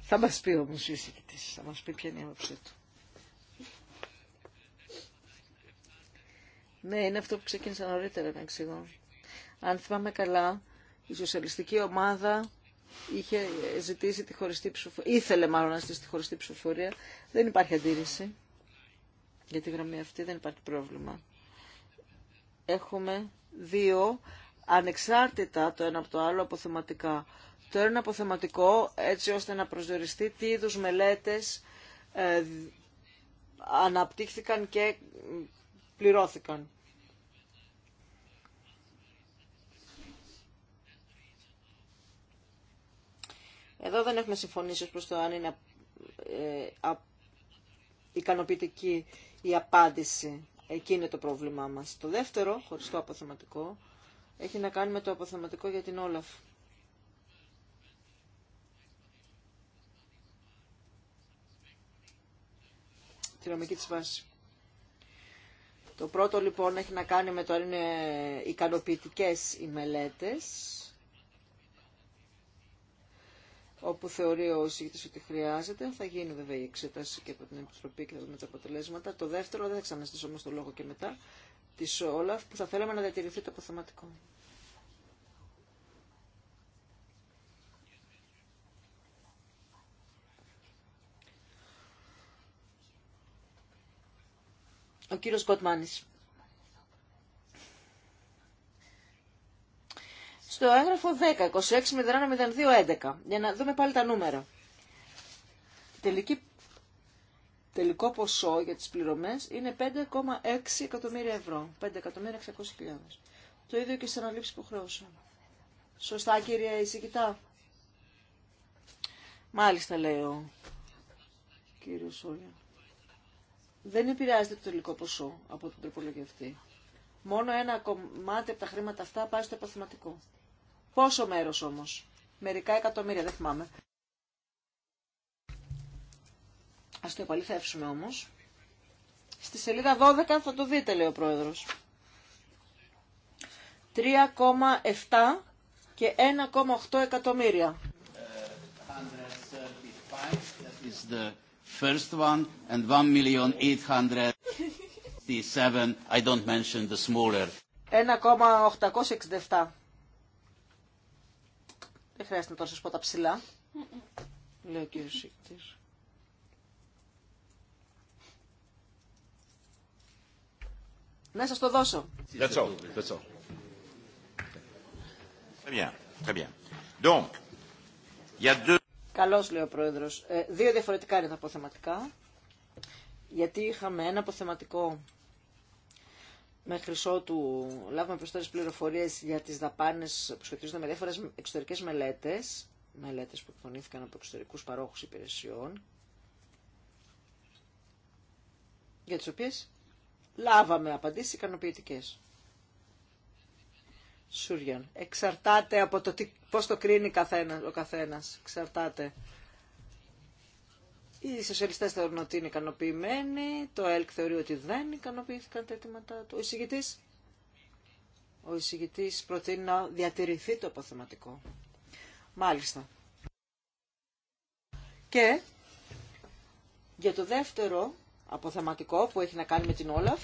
Θα μας πει όμως η εισηγητής, θα μας πει ποια είναι η άποψή του. Ναι, είναι αυτό που ξεκίνησα νωρίτερα να εξηγώ. Αν θυμάμαι καλά, η σοσιαλιστική ομάδα είχε ζητήσει τη χωριστή ψηφοφορία, ήθελε μάλλον να ζητήσει τη χωριστή ψηφοφορία. Δεν υπάρχει αντίρρηση για τη γραμμή αυτή, δεν υπάρχει πρόβλημα έχουμε δύο ανεξάρτητα το ένα από το άλλο αποθεματικά. Το ένα αποθεματικό έτσι ώστε να προσδιοριστεί τι είδους μελέτες ε, αναπτύχθηκαν και πληρώθηκαν. Εδώ δεν έχουμε συμφωνήσει προς το αν είναι ε, ικανοποιητική η απάντηση Εκεί είναι το πρόβλημά μας. Το δεύτερο, το αποθεματικό, έχει να κάνει με το αποθεματικό για την Όλαφ. Τη νομική τη βάση. Το πρώτο λοιπόν έχει να κάνει με το αν είναι ικανοποιητικέ οι μελέτες όπου θεωρεί ο συζήτης ότι χρειάζεται. Θα γίνει βέβαια η εξέταση και από την Επιτροπή και θα δούμε τα αποτελέσματα. Το δεύτερο, δεν θα ξαναστήσω όμως το λόγο και μετά, της Όλαφ, που θα θέλαμε να διατηρηθεί το αποθεματικό. Ο κύριος Κοτμάνης. στο έγγραφο 10, 26, 01, 11, για να δούμε πάλι τα νούμερα. Τελική, τελικό ποσό για τις πληρωμές είναι 5,6 εκατομμύρια ευρώ, 5 εκατομμύρια 600.000. Το ίδιο και στις αναλήψεις υποχρεώσεων. Σωστά κύριε Ισηγητά. Μάλιστα λέει ο κύριος Σόλια. Δεν επηρεάζεται το τελικό ποσό από τον τροπολογία Μόνο ένα κομμάτι από τα χρήματα αυτά πάει στο επαθηματικό. Πόσο μέρος όμως. Μερικά εκατομμύρια, δεν θυμάμαι. Ας το επαληθεύσουμε όμως. Στη σελίδα 12 θα το δείτε, λέει ο πρόεδρος. 3,7 και 1,8 εκατομμύρια. 1,867. Δεν χρειάζεται να το σας πω τα ψηλά. λέει ο κύριος Σίκτη. Ναι, σας το δώσω. That's all. That's all. Très bien. Très bien. Donc, y a deux... Καλώς λέει ο Πρόεδρος. Ε, δύο διαφορετικά είναι τα αποθεματικά. Γιατί είχαμε ένα αποθεματικό μέχρι ότου λάβουμε περισσότερες πληροφορίες για τις δαπάνες που σχετίζονται με διάφορες εξωτερικές μελέτες, μελέτες που εκπονήθηκαν από εξωτερικούς παρόχους υπηρεσιών, για τις οποίες λάβαμε απαντήσεις ικανοποιητικέ. Σούριαν. Εξαρτάται από το πώς το κρίνει καθένα, ο καθένας. Εξαρτάται. Οι σοσιαλιστές θεωρούν ότι είναι ικανοποιημένοι, το ΕΛΚ θεωρεί ότι δεν ικανοποιήθηκαν τα αιτήματά του. Ο εισηγητής, προτείνει να διατηρηθεί το αποθεματικό. Μάλιστα. Και για το δεύτερο αποθεματικό που έχει να κάνει με την Όλαφ,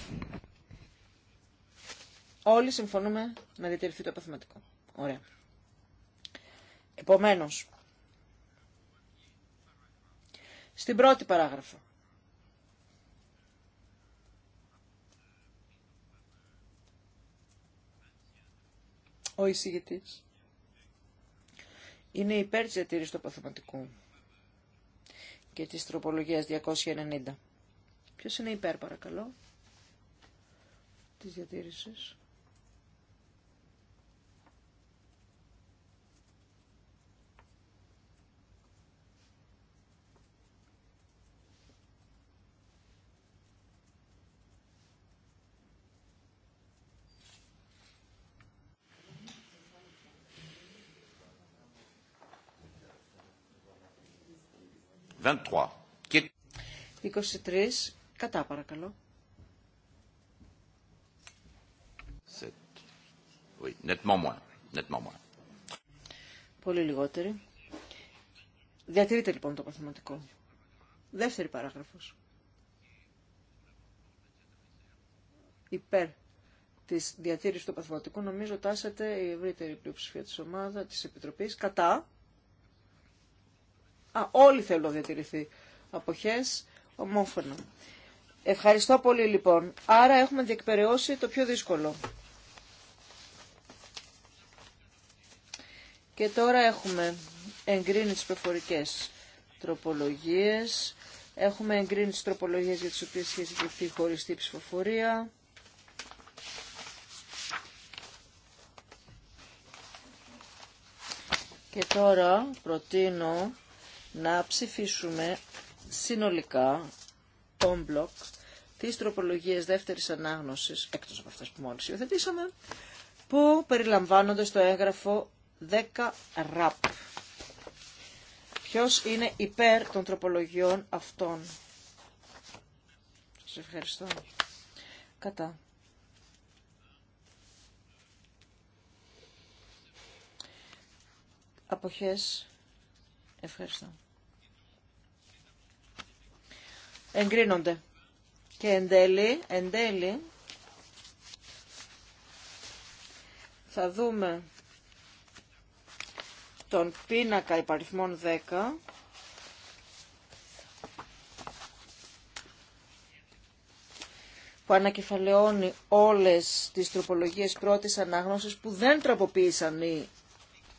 όλοι συμφωνούμε να διατηρηθεί το αποθεματικό. Ωραία. Επομένως, στην πρώτη παράγραφο. Ο εισηγητής είναι υπέρ της διατήρησης του αποθεματικού και της τροπολογίας 290. Ποιος είναι υπέρ παρακαλώ της διατήρησης. 23. Κατά παρακαλώ. Πολύ λιγότερη. Διατηρείται λοιπόν το παθηματικό. Δεύτερη παράγραφος. Υπέρ της διατήρησης του παθηματικού νομίζω τάσεται η ευρύτερη πλειοψηφία της ομάδας της Επιτροπής κατά Α, όλοι θέλουν να διατηρηθεί. Αποχές, ομόφωνα. Ευχαριστώ πολύ λοιπόν. Άρα έχουμε διεκπαιρεώσει το πιο δύσκολο. Και τώρα έχουμε εγκρίνει τις προφορικές τροπολογίες. Έχουμε εγκρίνει τις τροπολογίες για τις οποίες έχει ζητηθεί χωριστή ψηφοφορία. Και τώρα προτείνω να ψηφίσουμε συνολικά, τον μπλοκ τις τροπολογίες δεύτερης ανάγνωσης, έκτος από αυτές που μόλις υιοθετήσαμε, που περιλαμβάνονται στο έγγραφο 10 ραπ. Ποιος είναι υπέρ των τροπολογιών αυτών. Σας ευχαριστώ. Κατά. Αποχές. Ευχαριστώ. εγκρίνονται. Και εν τέλει, θα δούμε τον πίνακα υπαριθμών 10 που ανακεφαλαιώνει όλες τις τροπολογίες πρώτης ανάγνωσης που δεν τροποποίησαν οι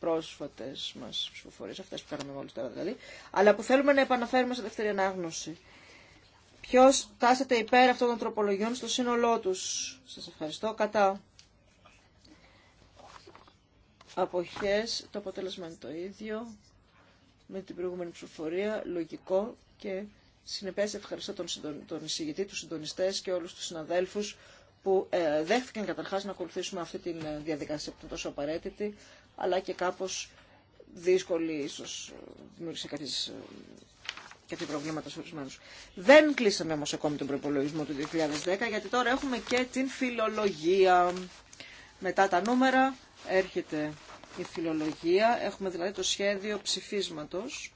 πρόσφατες μας ψηφοφορίες, αυτές που κάναμε μόλις τώρα δηλαδή, αλλά που θέλουμε να επαναφέρουμε σε δεύτερη ανάγνωση. Ποιος τάσεται υπέρ αυτών των τροπολογιών στο σύνολό τους. Σας ευχαριστώ. Κατά. Αποχές. Το αποτέλεσμα είναι το ίδιο με την προηγούμενη ψηφοφορία. Λογικό και συνεπές ευχαριστώ τον, τον εισηγητή, τους συντονιστές και όλους τους συναδέλφους που ε, δέχτηκαν καταρχάς να ακολουθήσουμε αυτή τη ε, διαδικασία που ήταν τόσο απαραίτητη αλλά και κάπως δύσκολη ίσως ε, δημιούργησε κάποιες και προβλήματα προβλήματο ορισμένου. Δεν κλείσαμε όμω ακόμη τον προπολογισμό του 2010, γιατί τώρα έχουμε και την φιλολογία. Μετά τα νούμερα έρχεται η φιλολογία. Έχουμε δηλαδή το σχέδιο ψηφίσματος,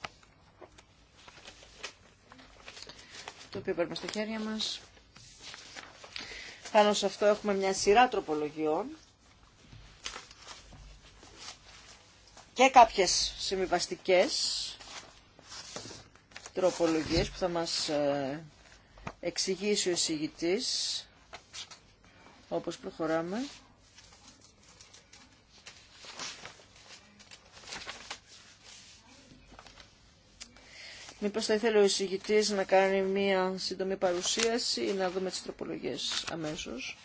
το οποίο παίρνουμε στα χέρια μας. Πάνω σε αυτό έχουμε μια σειρά τροπολογιών και κάποιες συμβιβαστικές τροπολογίες που θα μας ε, εξηγήσει ο εισηγητής όπως προχωράμε. Μήπως θα ήθελε ο εισηγητής να κάνει μία σύντομη παρουσίαση ή να δούμε τις τροπολογίες αμέσως.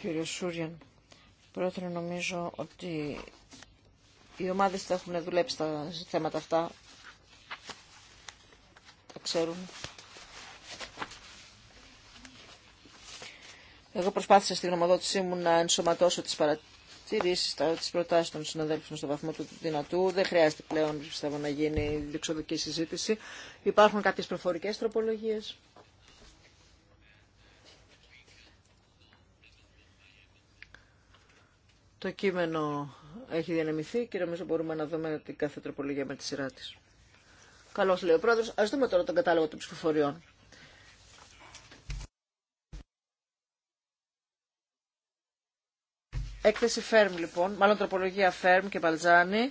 Κύριε Σούριαν, πρώτον νομίζω ότι οι ομάδες θα έχουν δουλέψει τα θέματα αυτά. Τα ξέρουν. Εγώ προσπάθησα στη γνωμοδότησή μου να ενσωματώσω τις παρατηρήσεις, τις προτάσεις των συναδέλφων στο βαθμό του δυνατού. Δεν χρειάζεται πλέον, πιστεύω, να γίνει διεξοδική συζήτηση. Υπάρχουν κάποιες προφορικές τροπολογίες. Το κείμενο έχει διανεμηθεί και νομίζω μπορούμε να δούμε την κάθε τροπολογία με τη σειρά τη. Καλώς λέει ο πρόεδρο. Ας δούμε τώρα τον κατάλογο των ψηφοφοριών. Έκθεση Φέρμ λοιπόν, μάλλον τροπολογία Φέρμ και Παλτζάνη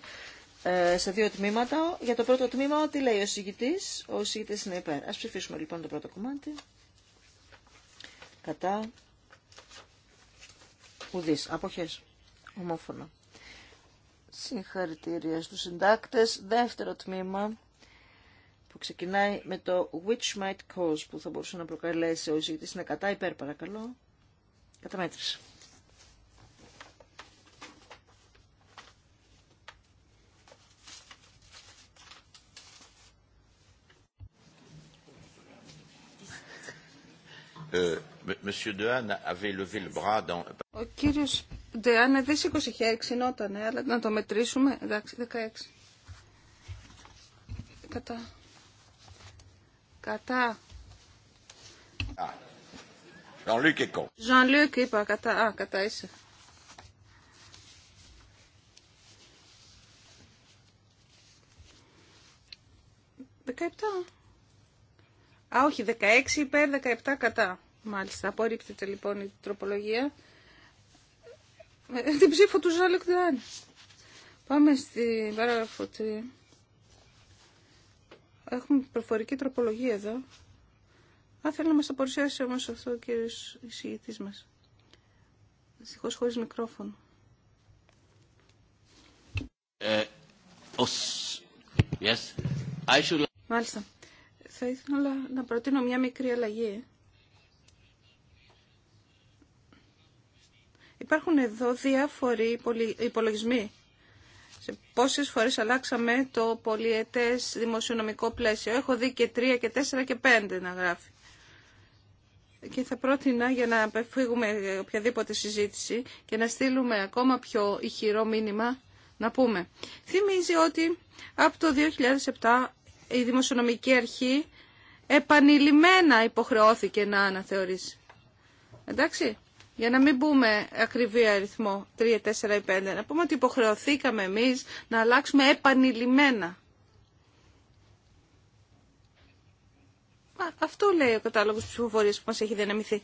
ε, σε δύο τμήματα. Για το πρώτο τμήμα, τι λέει ο συγητή. Ο συγητή είναι υπέρ. Α ψηφίσουμε λοιπόν το πρώτο κομμάτι. Κατά. Ουδή. Αποχέ. Ομόφωνα. Συγχαρητήρια στους συντάκτες. Δεύτερο τμήμα που ξεκινάει με το which might cause που θα μπορούσε να προκαλέσει ο εισηγητής. Είναι κατά υπέρ παρακαλώ. Καταμέτρηση. Ε, ο κύριος αν δεν 20 χέρι ξυνότανε, αλλά να το μετρήσουμε. Εντάξει, 16. Κατά. Κατά. Λουκ είπα, κατά. Α, κατά είσαι. Δεκαεπτά. Α, όχι, 16 υπέρ, 17 κατά. Μάλιστα, απορρίπτεται λοιπόν η τροπολογία με την ψήφο του Ζαλεκ Πάμε στην παράγραφο 3. Έχουμε προφορική τροπολογία εδώ. Α, θέλω να μας το παρουσιάσει όμως αυτό ο κύριος εισηγητής μας. Δυστυχώς χωρίς μικρόφωνο. Ε, Μάλιστα. Θα ήθελα να προτείνω μια μικρή αλλαγή Υπάρχουν εδώ διάφοροι υπολογισμοί. Σε πόσες φορές αλλάξαμε το πολυετές δημοσιονομικό πλαίσιο. Έχω δει και τρία και τέσσερα και πέντε να γράφει. Και θα πρότεινα για να απεφύγουμε οποιαδήποτε συζήτηση και να στείλουμε ακόμα πιο ηχηρό μήνυμα να πούμε. Θυμίζει ότι από το 2007 η Δημοσιονομική Αρχή επανειλημμένα υποχρεώθηκε να αναθεωρήσει. Εντάξει, για να μην πούμε ακριβή αριθμό 3, 4 ή 5, να πούμε ότι υποχρεωθήκαμε εμείς να αλλάξουμε επανειλημμένα. Αυτό λέει ο κατάλογος ψηφοφορίας που μας έχει δυναμηθεί.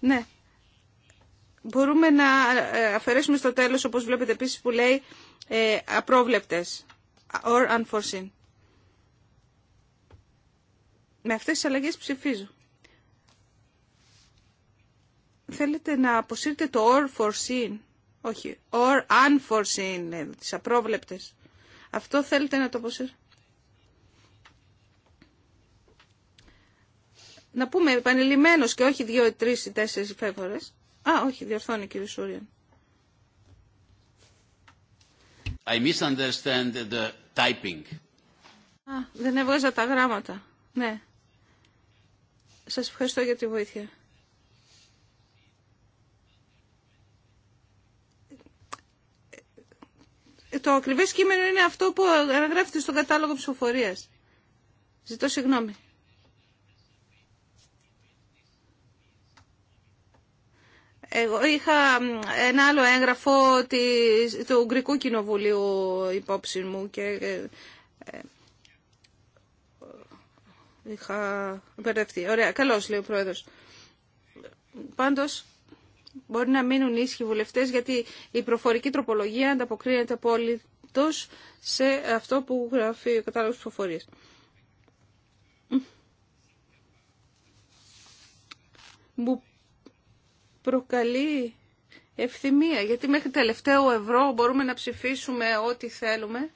Ναι. Μπορούμε να ε, αφαιρέσουμε στο τέλος, όπως βλέπετε επίσης που λέει, ε, απρόβλεπτες or unforeseen. Με αυτές τις αλλαγές ψηφίζω. Θέλετε να αποσύρετε το or foreseen. Όχι, or unforeseen, ε, τις απρόβλεπτες. Αυτό θέλετε να το αποσύρετε. Να πούμε επανειλημμένος και όχι δύο, τρεις ή τέσσερις φέγορες. Α, όχι, διορθώνει κύριε Σούριαν. I misunderstand the typing. Α, δεν έβγαζα τα γράμματα. Ναι. Σας ευχαριστώ για τη βοήθεια. το ακριβές κείμενο είναι αυτό που αναγράφεται στον κατάλογο ψηφοφορίας. Ζητώ συγγνώμη. Εγώ είχα ένα άλλο έγγραφο του Ουγγρικού Κοινοβουλίου υπόψη μου και ε, ε, είχα μπερδευτεί. Ωραία, καλώς λέει ο Πρόεδρος. Πάντως, Μπορεί να μείνουν ίσχυοι βουλευτές γιατί η προφορική τροπολογία ανταποκρίνεται απόλυτο σε αυτό που γράφει ο κατάλογος ψηφοφορία. Μου προκαλεί ευθυμία γιατί μέχρι τελευταίο ευρώ μπορούμε να ψηφίσουμε ό,τι θέλουμε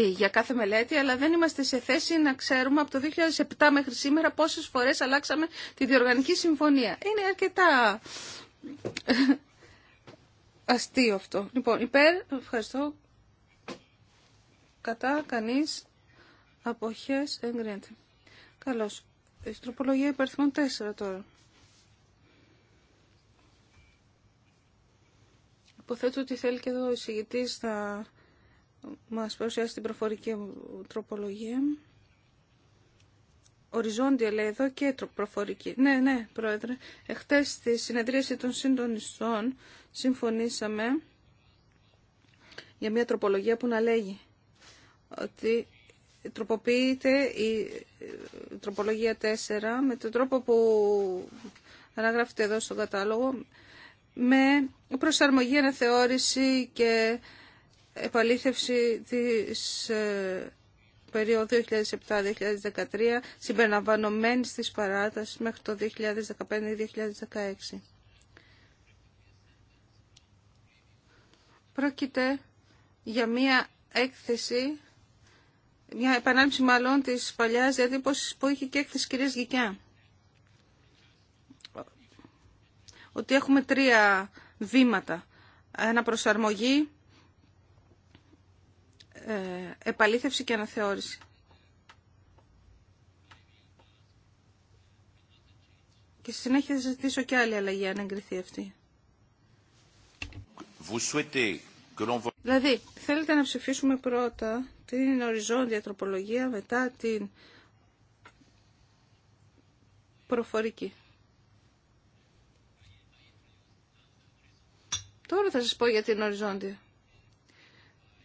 για κάθε μελέτη, αλλά δεν είμαστε σε θέση να ξέρουμε από το 2007 μέχρι σήμερα πόσες φορές αλλάξαμε τη διοργανική συμφωνία. Είναι αρκετά ε, αστείο αυτό. Λοιπόν, υπέρ, ευχαριστώ. Κατά, κανείς, αποχές, εγκρίνεται. Καλώς. Η τροπολογία υπαριθμών 4 τώρα. Υποθέτω ότι θέλει και εδώ ο εισηγητής να μας παρουσιάσει την προφορική τροπολογία. Οριζόντια λέει εδώ και προφορική. Ναι, ναι, Πρόεδρε. Εχθές στη συνεδρίαση των συντονιστών συμφωνήσαμε για μια τροπολογία που να λέγει ότι τροποποιείται η ε, τροπολογία 4 με τον τρόπο που αναγράφεται εδώ στον κατάλογο με προσαρμογή, αναθεώρηση και επαλήθευση της ε, περίοδου 2007-2013 συμπεριλαμβανομένης της παράτασης μέχρι το 2015-2016. Πρόκειται για μία έκθεση, μια επανάληψη μάλλον της παλιάς διατύπωσης που είχε και έκθεση κυρία Γικιά. Ότι έχουμε τρία βήματα. Ένα προσαρμογή, ε, επαλήθευση και αναθεώρηση. Και στη συνέχεια θα ζητήσω και άλλη αλλαγή αν εγκριθεί αυτή. Δηλαδή, θέλετε να ψηφίσουμε πρώτα την οριζόντια τροπολογία, μετά την προφορική. Τώρα θα σας πω για την οριζόντια.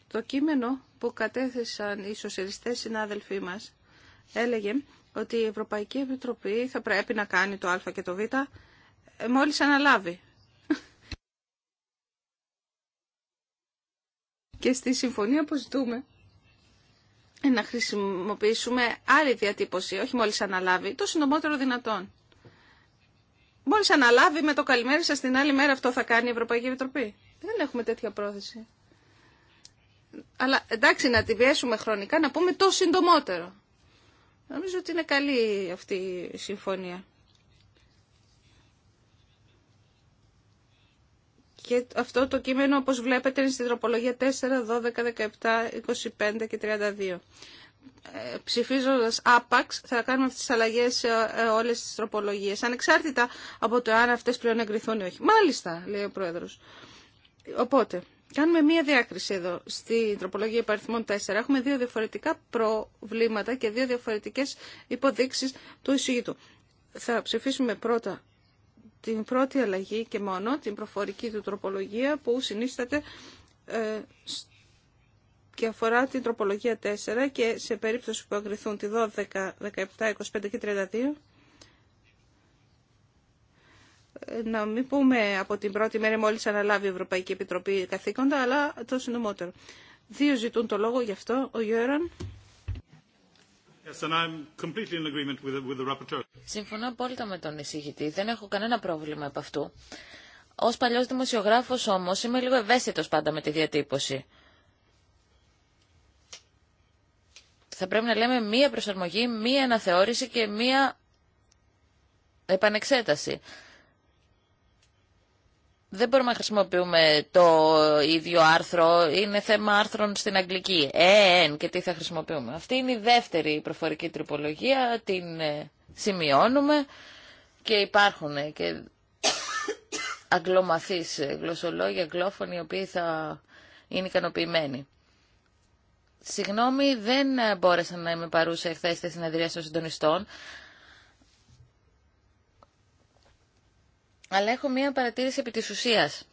Το κείμενο που κατέθεσαν οι σοσιαλιστές συνάδελφοί μας έλεγε ότι η Ευρωπαϊκή Επιτροπή θα πρέπει να κάνει το Α και το Β ε, μόλις αναλάβει. Και στη συμφωνία που ζητούμε ε, να χρησιμοποιήσουμε άλλη διατύπωση, όχι μόλις αναλάβει, το συντομότερο δυνατόν. Μόλις αναλάβει με το καλημέρι σας την άλλη μέρα αυτό θα κάνει η Ευρωπαϊκή Επιτροπή. Δεν έχουμε τέτοια πρόθεση. Αλλά εντάξει να τη πιέσουμε χρονικά να πούμε το συντομότερο. Νομίζω ότι είναι καλή αυτή η συμφωνία. Και αυτό το κείμενο όπως βλέπετε είναι στην τροπολογία 4, 12, 17, 25 και 32. Ε, ψηφίζοντας άπαξ θα κάνουμε αυτές τις αλλαγές σε ε, όλες τις τροπολογίες ανεξάρτητα από το αν αυτές πλέον εγκριθούν ή όχι. Μάλιστα λέει ο Πρόεδρος. Οπότε Κάνουμε μία διάκριση εδώ στην τροπολογία υπαριθμών 4. Έχουμε δύο διαφορετικά προβλήματα και δύο διαφορετικές υποδείξεις του εισηγητού. Θα ψηφίσουμε πρώτα την πρώτη αλλαγή και μόνο, την προφορική του τροπολογία που συνίσταται ε, και αφορά την τροπολογία 4 και σε περίπτωση που εγκριθούν τη 12, 17, 25 και 32 να μην πούμε από την πρώτη μέρα μόλις αναλάβει η Ευρωπαϊκή Επιτροπή καθήκοντα, αλλά το συνομοτέρο. Δύο ζητούν το λόγο γι' αυτό, ο Γιώραν. Συμφωνώ απόλυτα με τον εισηγητή. Δεν έχω κανένα πρόβλημα από αυτού. Ως παλιός δημοσιογράφος όμως είμαι λίγο ευαίσθητος πάντα με τη διατύπωση. Θα πρέπει να λέμε μία προσαρμογή, μία αναθεώρηση και μία επανεξέταση δεν μπορούμε να χρησιμοποιούμε το ίδιο άρθρο, είναι θέμα άρθρων στην αγγλική. Ε, εν και τι θα χρησιμοποιούμε. Αυτή είναι η δεύτερη προφορική τροπολογία, την ε, σημειώνουμε και υπάρχουν ε, και αγγλομαθείς ε, γλωσσολόγοι, αγγλόφωνοι, οι οποίοι θα είναι ικανοποιημένοι. Συγγνώμη, δεν μπόρεσα να είμαι παρούσα εχθές στη συνεδρία των συντονιστών, Αλλά έχω μία παρατήρηση επί της ουσίας.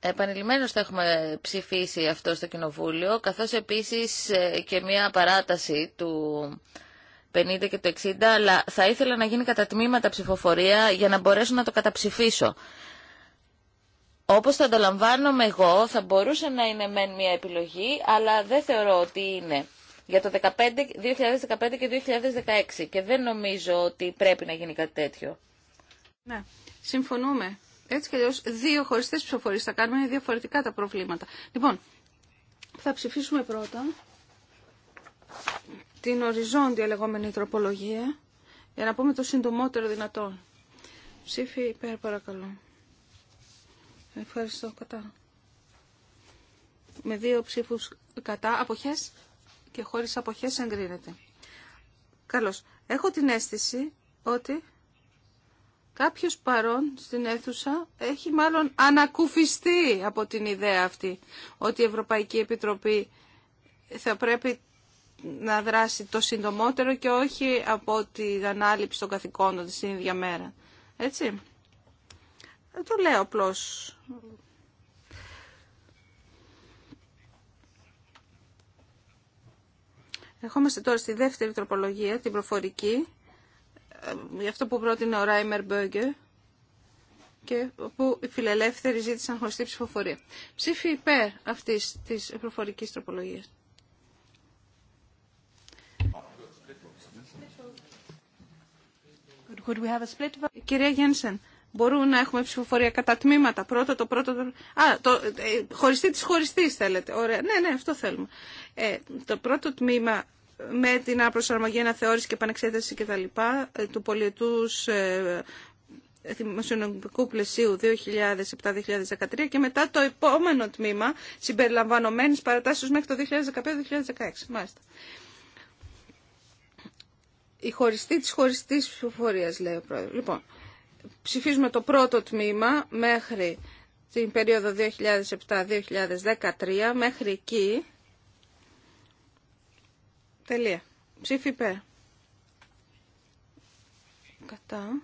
Επανειλημμένως το έχουμε ψηφίσει αυτό στο Κοινοβούλιο, καθώς επίσης ε, και μία παράταση του 50 και του 60, αλλά θα ήθελα να γίνει κατά τμήματα ψηφοφορία για να μπορέσω να το καταψηφίσω. Όπως το ανταλαμβάνομαι εγώ, θα μπορούσε να είναι μεν μία επιλογή, αλλά δεν θεωρώ ότι είναι για το 2015, 2015 και 2016 και δεν νομίζω ότι πρέπει να γίνει κάτι τέτοιο. Ναι, συμφωνούμε. Έτσι κι αλλιώς δύο χωριστές ψηφοφορίες θα κάνουμε, είναι διαφορετικά τα προβλήματα. Λοιπόν, θα ψηφίσουμε πρώτα την οριζόντια λεγόμενη τροπολογία για να πούμε το συντομότερο δυνατόν. Ψήφι υπέρ παρακαλώ. Ευχαριστώ κατά. Με δύο ψήφους κατά. Αποχές και χωρίς αποχές εγκρίνεται. Καλώς. Έχω την αίσθηση ότι κάποιος παρόν στην αίθουσα έχει μάλλον ανακουφιστεί από την ιδέα αυτή ότι η Ευρωπαϊκή Επιτροπή θα πρέπει να δράσει το συντομότερο και όχι από την ανάληψη των καθηκόντων της ίδια μέρα. Έτσι. το λέω απλώ Ερχόμαστε τώρα στη δεύτερη τροπολογία, την προφορική, ε, για αυτό που πρότεινε ο Ράιμερ Μπέγκερ και που οι φιλελεύθεροι ζήτησαν χωριστή ψηφοφορία. Ψήφι υπέρ αυτής της προφορικής τροπολογίας. Κυρία Γένσεν, μπορούμε να έχουμε ψηφοφορία κατά τμήματα. Πρώτο, το πρώτο. Α, το, ε, χωριστή τη χωριστή θέλετε. Ωραία. Ναι, ναι, αυτό θέλουμε. Ε, το πρώτο τμήμα με την προσαρμογή, αναθεώρηση και επανεξέταση κτλ. Ε, του πολιετούς ε, δημοσιονομικού πλαισίου 2007-2013 και μετά το επόμενο τμήμα συμπεριλαμβανομένης παρατάσεως μέχρι το 2015-2016. Μάλιστα. Η χωριστή της χωριστής ψηφοφορίας, λέει ο πρόεδρος. Λοιπόν, ψηφίζουμε το πρώτο τμήμα μέχρι την περίοδο 2007-2013, μέχρι εκεί Τελεία. Ψήφι υπέρ. Κατά.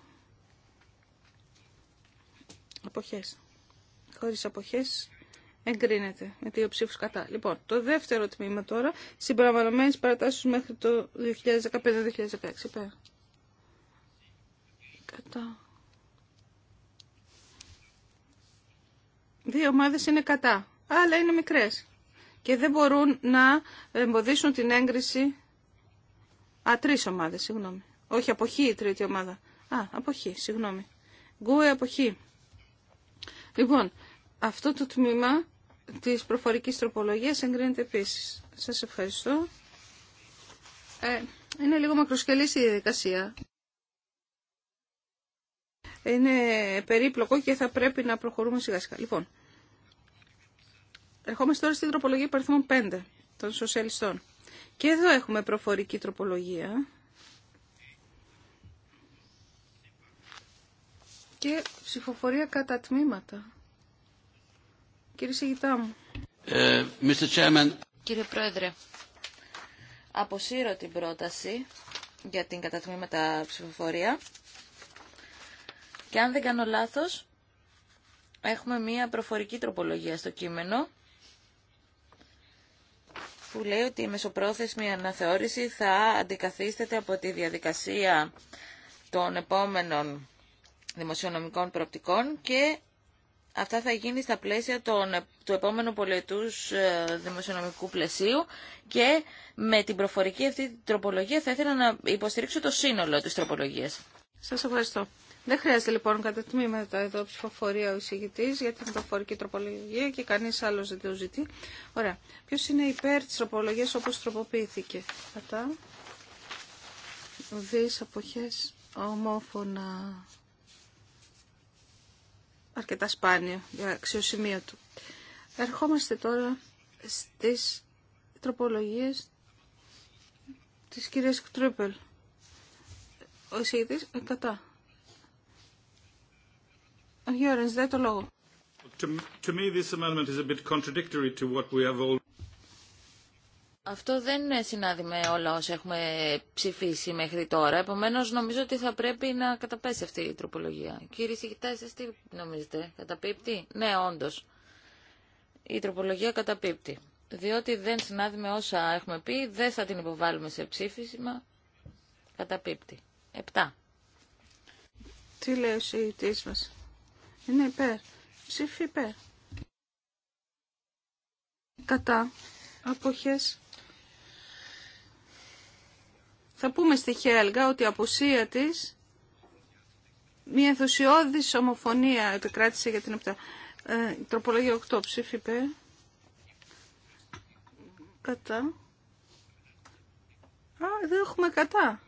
Αποχές. Χωρίς αποχές εγκρίνεται με δύο ψήφου κατά. Λοιπόν, το δεύτερο τμήμα τώρα, συμπαραμβανωμένες παρατάσεις μέχρι το 2015-2016. Υπέρ. Κατά. Δύο ομάδες είναι κατά. Άλλα είναι μικρές και δεν μπορούν να εμποδίσουν την έγκριση... Α, τρεις ομάδες, συγγνώμη. Όχι, αποχή η τρίτη ομάδα. Α, αποχή, συγγνώμη. Γκουε, αποχή. Λοιπόν, αυτό το τμήμα της προφορικής τροπολογίας εγκρίνεται επίση. Σας ευχαριστώ. Ε, είναι λίγο μακροσκελής η διαδικασία. Είναι περίπλοκο και θα πρέπει να προχωρούμε σιγά σιγά. Λοιπόν, Ερχόμαστε τώρα στην τροπολογία υπαριθμών 5 των σοσιαλιστών. Και εδώ έχουμε προφορική τροπολογία. Και ψηφοφορία κατά τμήματα. Κύριε Σιγητά μου. Ε, Κύριε Πρόεδρε, αποσύρω την πρόταση για την κατατμήματα ψηφοφορία. Και αν δεν κάνω λάθος, έχουμε μία προφορική τροπολογία στο κείμενο που λέει ότι η μεσοπρόθεσμη αναθεώρηση θα αντικαθίσταται από τη διαδικασία των επόμενων δημοσιονομικών προοπτικών και αυτά θα γίνει στα πλαίσια του επόμενου πολιετούς ε, δημοσιονομικού πλαισίου και με την προφορική αυτή τροπολογία θα ήθελα να υποστηρίξω το σύνολο της τροπολογίας. Σας ευχαριστώ. Δεν χρειάζεται λοιπόν κατά τμήματα εδώ ψηφοφορία ο εισηγητή για την προφορική τροπολογία και κανεί άλλο δεν το ζητεί. Ωραία. Ποιο είναι υπέρ τη τροπολογία όπω τροποποιήθηκε. Κατά. δύο αποχέ ομόφωνα. Αρκετά σπάνιο για αξιοσημείο του. Ερχόμαστε τώρα στις τροπολογίες της κυρίας Κτρούπελ. Ο εισηγητής ε, κατά το Αυτό δεν είναι συνάδει με όλα όσα έχουμε ψηφίσει μέχρι τώρα. Επομένω, νομίζω ότι θα πρέπει να καταπέσει αυτή η τροπολογία. Κύριε Σιγητά, εσεί τι νομίζετε, καταπίπτει. Ναι, όντω. Η τροπολογία καταπίπτει. Διότι δεν συνάδει με όσα έχουμε πει, δεν θα την υποβάλουμε σε ψήφισμα. Καταπίπτει. Επτά. Τι λέει ο μα. Είναι υπέρ. Ψήφι υπέρ. Κατά. Αποχές. Θα πούμε στη Χέλγα ότι η απουσία της μια ενθουσιώδης ομοφωνία επικράτησε για την επτά. Ε, τροπολογία 8 ψήφι υπέρ. Κατά. Α, δεν έχουμε κατά.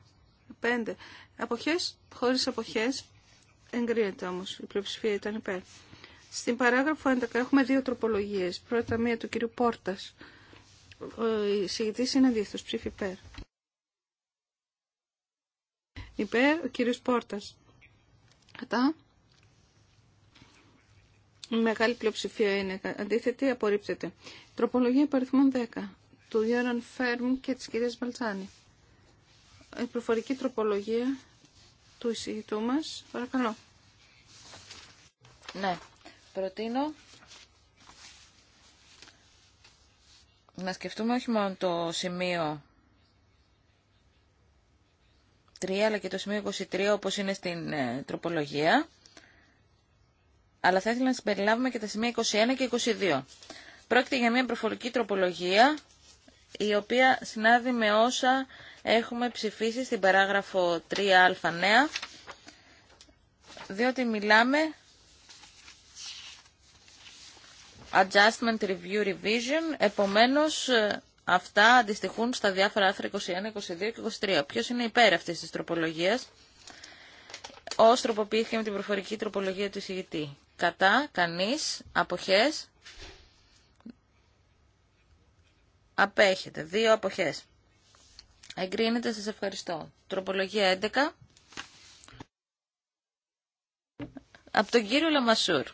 Πέντε. Αποχές, χωρίς αποχές, Εγκρίνεται όμω η πλειοψηφία ήταν υπέρ. Στην παράγραφο 11 έχουμε δύο τροπολογίε. Πρώτα μία του κύριου Πόρτα. Ο εισηγητής είναι αντίθετος, ψήφι υπέρ. Υπέρ ο κύριος Πόρτα. Κατά. Η μεγάλη πλειοψηφία είναι αντίθετη, απορρίπτεται. Τροπολογία υπαριθμών 10 του Γιώργαν Φέρμ και της κυρίας Μπαλτσάνη. Η προφορική τροπολογία του εισηγητού μας. Παρακαλώ. Ναι, προτείνω να σκεφτούμε όχι μόνο το σημείο 3 αλλά και το σημείο 23 όπως είναι στην ε, τροπολογία αλλά θα ήθελα να συμπεριλάβουμε και τα σημεία 21 και 22. Πρόκειται για μια προφορική τροπολογία η οποία συνάδει με όσα έχουμε ψηφίσει στην παράγραφο 3α νέα, διότι μιλάμε Adjustment Review Revision, επομένως ε, αυτά αντιστοιχούν στα διάφορα άρθρα 21, 22 και 23. Ποιος είναι υπέρ αυτής της τροπολογίας, ως τροποποιήθηκε με την προφορική τροπολογία του εισηγητή. Κατά, κανείς, αποχές, απέχεται, δύο αποχές. Εγκρίνεται, σας ευχαριστώ. Τροπολογία 11. Από τον κύριο Λαμασούρ.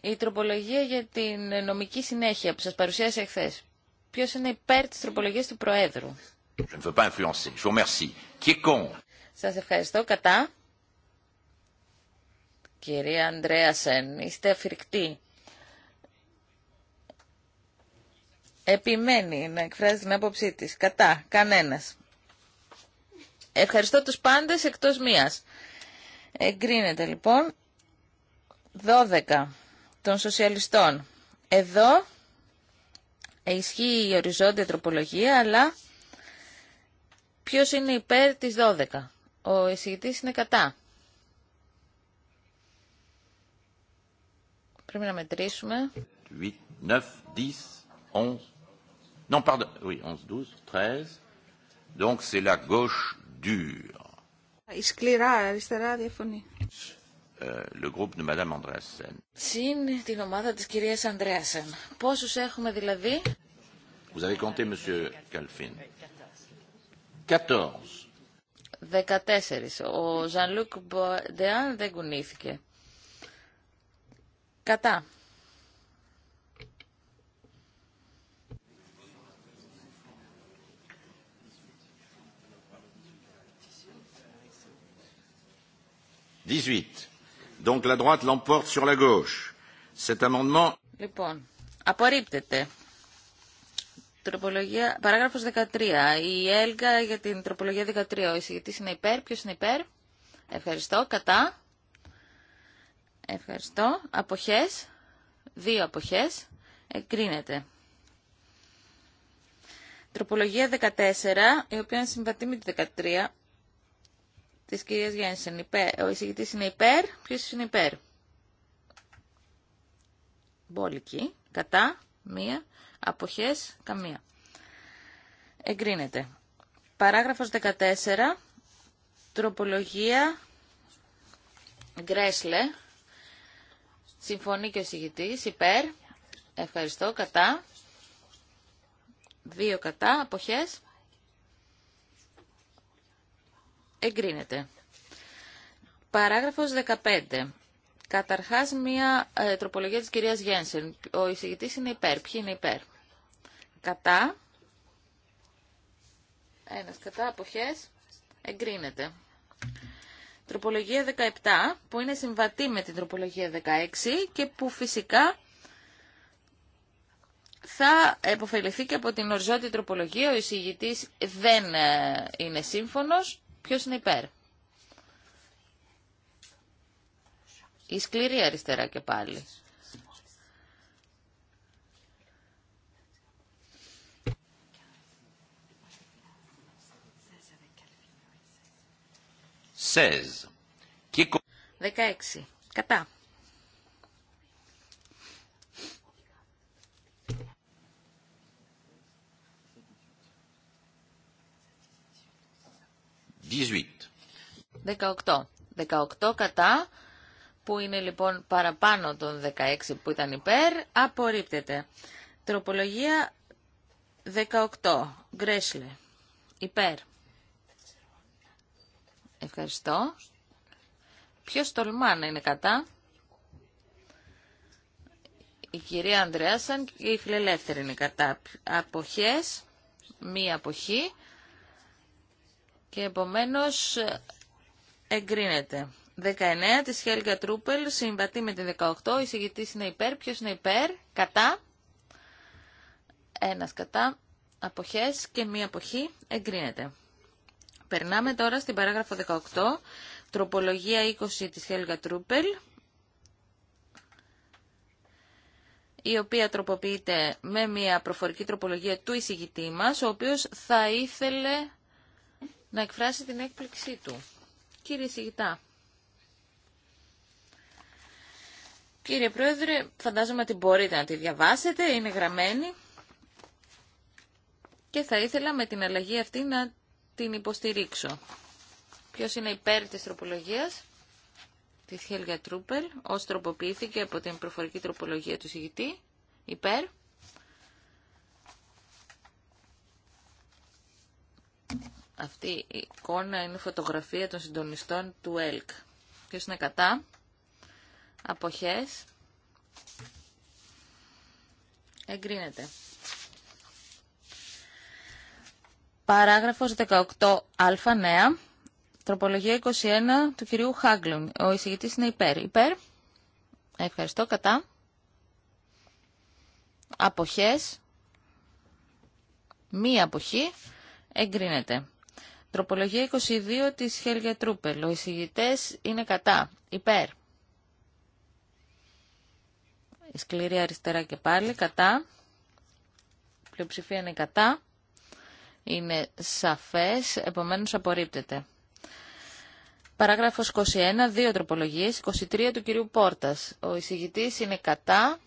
Η τροπολογία για την νομική συνέχεια που σας παρουσίασε εχθές. Ποιος είναι υπέρ της τροπολογίας του Προέδρου. Je Σας ευχαριστώ. Κατά. Κυρία Σεν, είστε αφηρηκτοί. επιμένει να εκφράζει την άποψή της. Κατά, κανένας. Ευχαριστώ τους πάντες εκτός μίας. Εγκρίνεται λοιπόν 12 των σοσιαλιστών. Εδώ ισχύει η οριζόντια τροπολογία, αλλά ποιος είναι υπέρ της 12. Ο εισηγητής είναι κατά. Πρέπει να μετρήσουμε. 8, 9, 10, 11, Non, 11, 12, 13. Donc c'est la gauche dure. αριστερά euh, Madame Συν την ομάδα της κυρίας Ανδρέασεν. Πόσους έχουμε δηλαδή? Vous Monsieur 14. 14. Ο Ζανλούκ Μποντεάν δεν κουνήθηκε. Κατά. Λοιπόν, απορρίπτεται. Τροπολογία, παράγραφος 13. Η Έλγα για την τροπολογία 13. Ο εισηγητής είναι υπέρ. Ποιος είναι υπέρ. Ευχαριστώ. Κατά. Ευχαριστώ. Αποχές. Δύο αποχές. Εγκρίνεται. Τροπολογία 14, η οποία συμβατεί με τη 13 της κυρίας Γένσεν. Ο εισηγητής είναι υπέρ. Ποιος είναι υπέρ. Μπόλικη. Κατά. Μία. Αποχές. Καμία. Εγκρίνεται. Παράγραφος 14. Τροπολογία. Γκρέσλε. Συμφωνεί και ο εισηγητής. Υπέρ. Ευχαριστώ. Κατά. Δύο κατά. Αποχές. Εγκρίνεται. Παράγραφος 15. Καταρχάς, μία ε, τροπολογία της κυρίας Γένσεν. Ο εισηγητής είναι υπέρ. Ποιοι είναι υπέρ. Κατά. Ένας κατά. Αποχές. Εγκρίνεται. Τροπολογία 17, που είναι συμβατή με την τροπολογία 16 και που φυσικά θα επωφεληθεί και από την οριζόντια τροπολογία. Ο εισηγητής δεν ε, είναι σύμφωνος. Ποιος είναι υπέρ. Η σκληρή αριστερά και πάλι. Says. 16. Κατά. 18. 18 κατά, που είναι λοιπόν παραπάνω των 16 που ήταν υπέρ, απορρίπτεται. Τροπολογία 18. Γκρέσλε. Υπέρ. Ευχαριστώ. Ποιος τολμά να είναι κατά. Η κυρία Ανδρέασαν και η φιλελεύθερη είναι κατά. Αποχές. Μία αποχή. Και επομένως εγκρίνεται. 19 της Χέλγα Τρούπελ συμβατεί με την 18. Η είναι υπέρ. Ποιος είναι υπέρ. Κατά. Ένας κατά. Αποχές και μία αποχή εγκρίνεται. Περνάμε τώρα στην παράγραφο 18. Τροπολογία 20 της Χέλγα Τρούπελ. η οποία τροποποιείται με μια προφορική τροπολογία του εισηγητή μας, ο οποίος θα ήθελε να εκφράσει την έκπληξή του. Κύριε Σιγητά, κύριε Πρόεδρε, φαντάζομαι ότι μπορείτε να τη διαβάσετε, είναι γραμμένη και θα ήθελα με την αλλαγή αυτή να την υποστηρίξω. Ποιος είναι υπέρ της τροπολογίας, της Χέλγια Τρούπελ, ως τροποποιήθηκε από την προφορική τροπολογία του συγητή, υπέρ. Αυτή η εικόνα είναι φωτογραφία των συντονιστών του ΕΛΚ. Ποιος είναι κατά. Αποχές. Εγκρίνεται. Παράγραφος 18α νέα. Τροπολογία 21 του κυρίου Χάγκλουν. Ο εισηγητής είναι υπέρ. Υπέρ. Ευχαριστώ. Κατά. Αποχές. Μία αποχή. Εγκρίνεται. Τροπολογία 22 της Χέλγια Τρούπελ. Ο εισηγητές είναι κατά. Υπέρ. Η σκληρή αριστερά και πάλι κατά. Η πλειοψηφία είναι κατά. Είναι σαφές, επομένως απορρίπτεται. Παράγραφος 21, δύο τροπολογίες, 23 του κυρίου Πόρτας. Ο εισηγητής είναι κατά,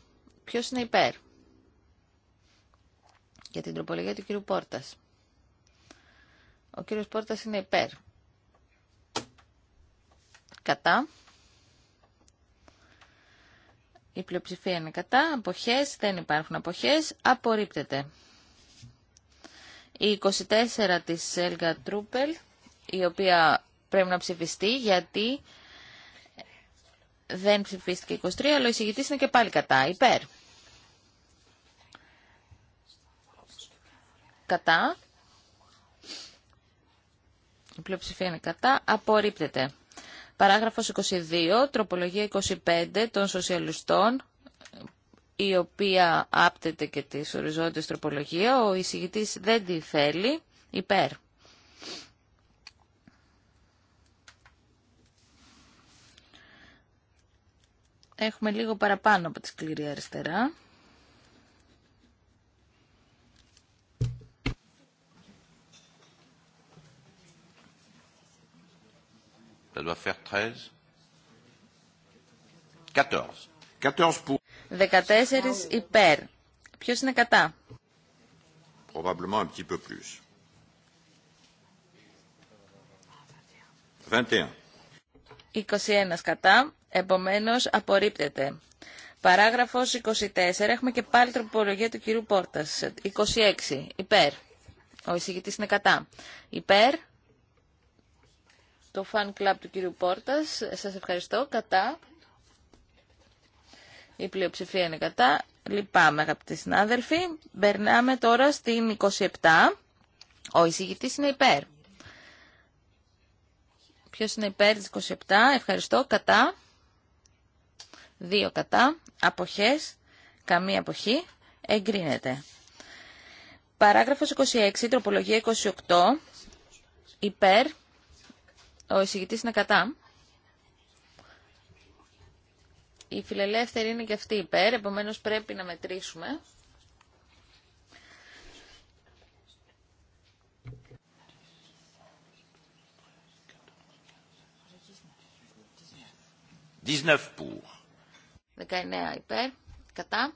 ποιος είναι υπέρ. Για την τροπολογία του κυρίου Πόρτας. Ο κύριος Πόρτας είναι υπέρ. Κατά. Η πλειοψηφία είναι κατά. Αποχές. Δεν υπάρχουν αποχές. Απορρίπτεται. Η 24 της Έλγα Τρούπελ, η οποία πρέπει να ψηφιστεί γιατί δεν ψηφίστηκε 23, αλλά ο εισηγητής είναι και πάλι κατά. Υπέρ. Κατά. Η πλειοψηφία είναι κατά. Απορρίπτεται. Παράγραφος 22, τροπολογία 25 των σοσιαλιστών, η οποία άπτεται και της οριζόντιας τροπολογία. Ο εισηγητής δεν τη θέλει. Υπέρ. Έχουμε λίγο παραπάνω από τη σκληρή αριστερά. Ça doit faire 13. 14. 14 pour. 14 υπέρ. Ποιο είναι κατά. Probablement un petit peu plus. 21. 21 κατά, Επομένω απορρίπτεται. Παράγραφο 24, έχουμε και πάλι τροπολογία του κυρίου Πόρτα. 26, υπέρ. Ο εισήγητή είναι κατά. Υπέρ, το fan club του κύριου Πόρτας. Σας ευχαριστώ. Κατά. Η πλειοψηφία είναι κατά. Λυπάμαι αγαπητοί συνάδελφοι. Περνάμε τώρα στην 27. Ο εισηγητής είναι υπέρ. Ποιος είναι υπέρ της 27. Ευχαριστώ. Κατά. Δύο κατά. Αποχές. Καμία αποχή. Εγκρίνεται. Παράγραφος 26. Τροπολογία 28. Υπέρ. Ο εισηγητή είναι κατά. Η φιλελεύθερη είναι και αυτή υπέρ, επομένως πρέπει να μετρήσουμε. 19 υπέρ, κατά.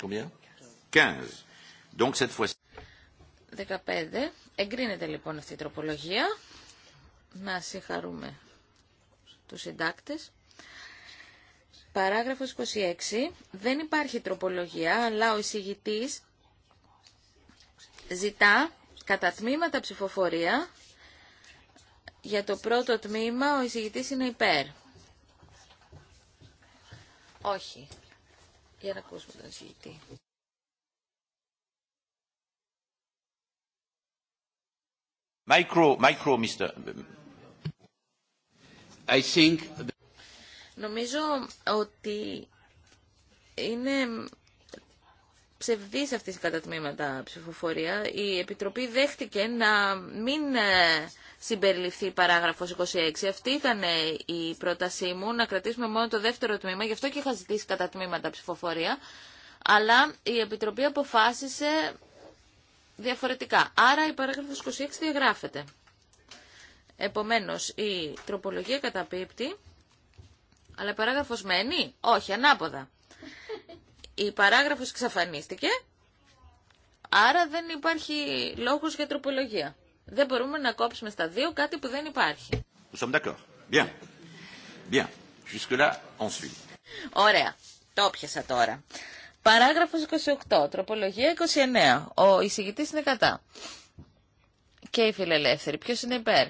Combien 15. Donc cette fois 15. Εγκρίνεται λοιπόν αυτή η τροπολογία. Να συγχαρούμε τους συντάκτες. Παράγραφος 26. Δεν υπάρχει τροπολογία, αλλά ο εισηγητής ζητά κατά τμήματα ψηφοφορία. Για το πρώτο τμήμα ο εισηγητής είναι υπέρ. Όχι για να ακούσουμε τον συζητή. Micro, micro, Mr. I think... Νομίζω ότι είναι ψευδής αυτή η κατατμήματα ψηφοφορία. Η Επιτροπή δέχτηκε να μην ε, συμπεριληφθεί η παράγραφος 26. Αυτή ήταν ε, η πρότασή μου, να κρατήσουμε μόνο το δεύτερο τμήμα, γι' αυτό και είχα ζητήσει κατά τμήματα ψηφοφορία, αλλά η Επιτροπή αποφάσισε διαφορετικά. Άρα η παράγραφος 26 διαγράφεται. Επομένως, η τροπολογία καταπίπτει, αλλά η παράγραφος μένει. Όχι, ανάποδα. Η παράγραφος εξαφανίστηκε, άρα δεν υπάρχει λόγος για τροπολογία. Δεν μπορούμε να κόψουμε στα δύο κάτι που δεν υπάρχει. Bien. Bien. Là, on suit. Ωραία. Το πιασα τώρα. Παράγραφος 28. Τροπολογία 29. Ο εισηγητής είναι κατά. Και η φιλελεύθερη. Ποιος είναι υπέρ.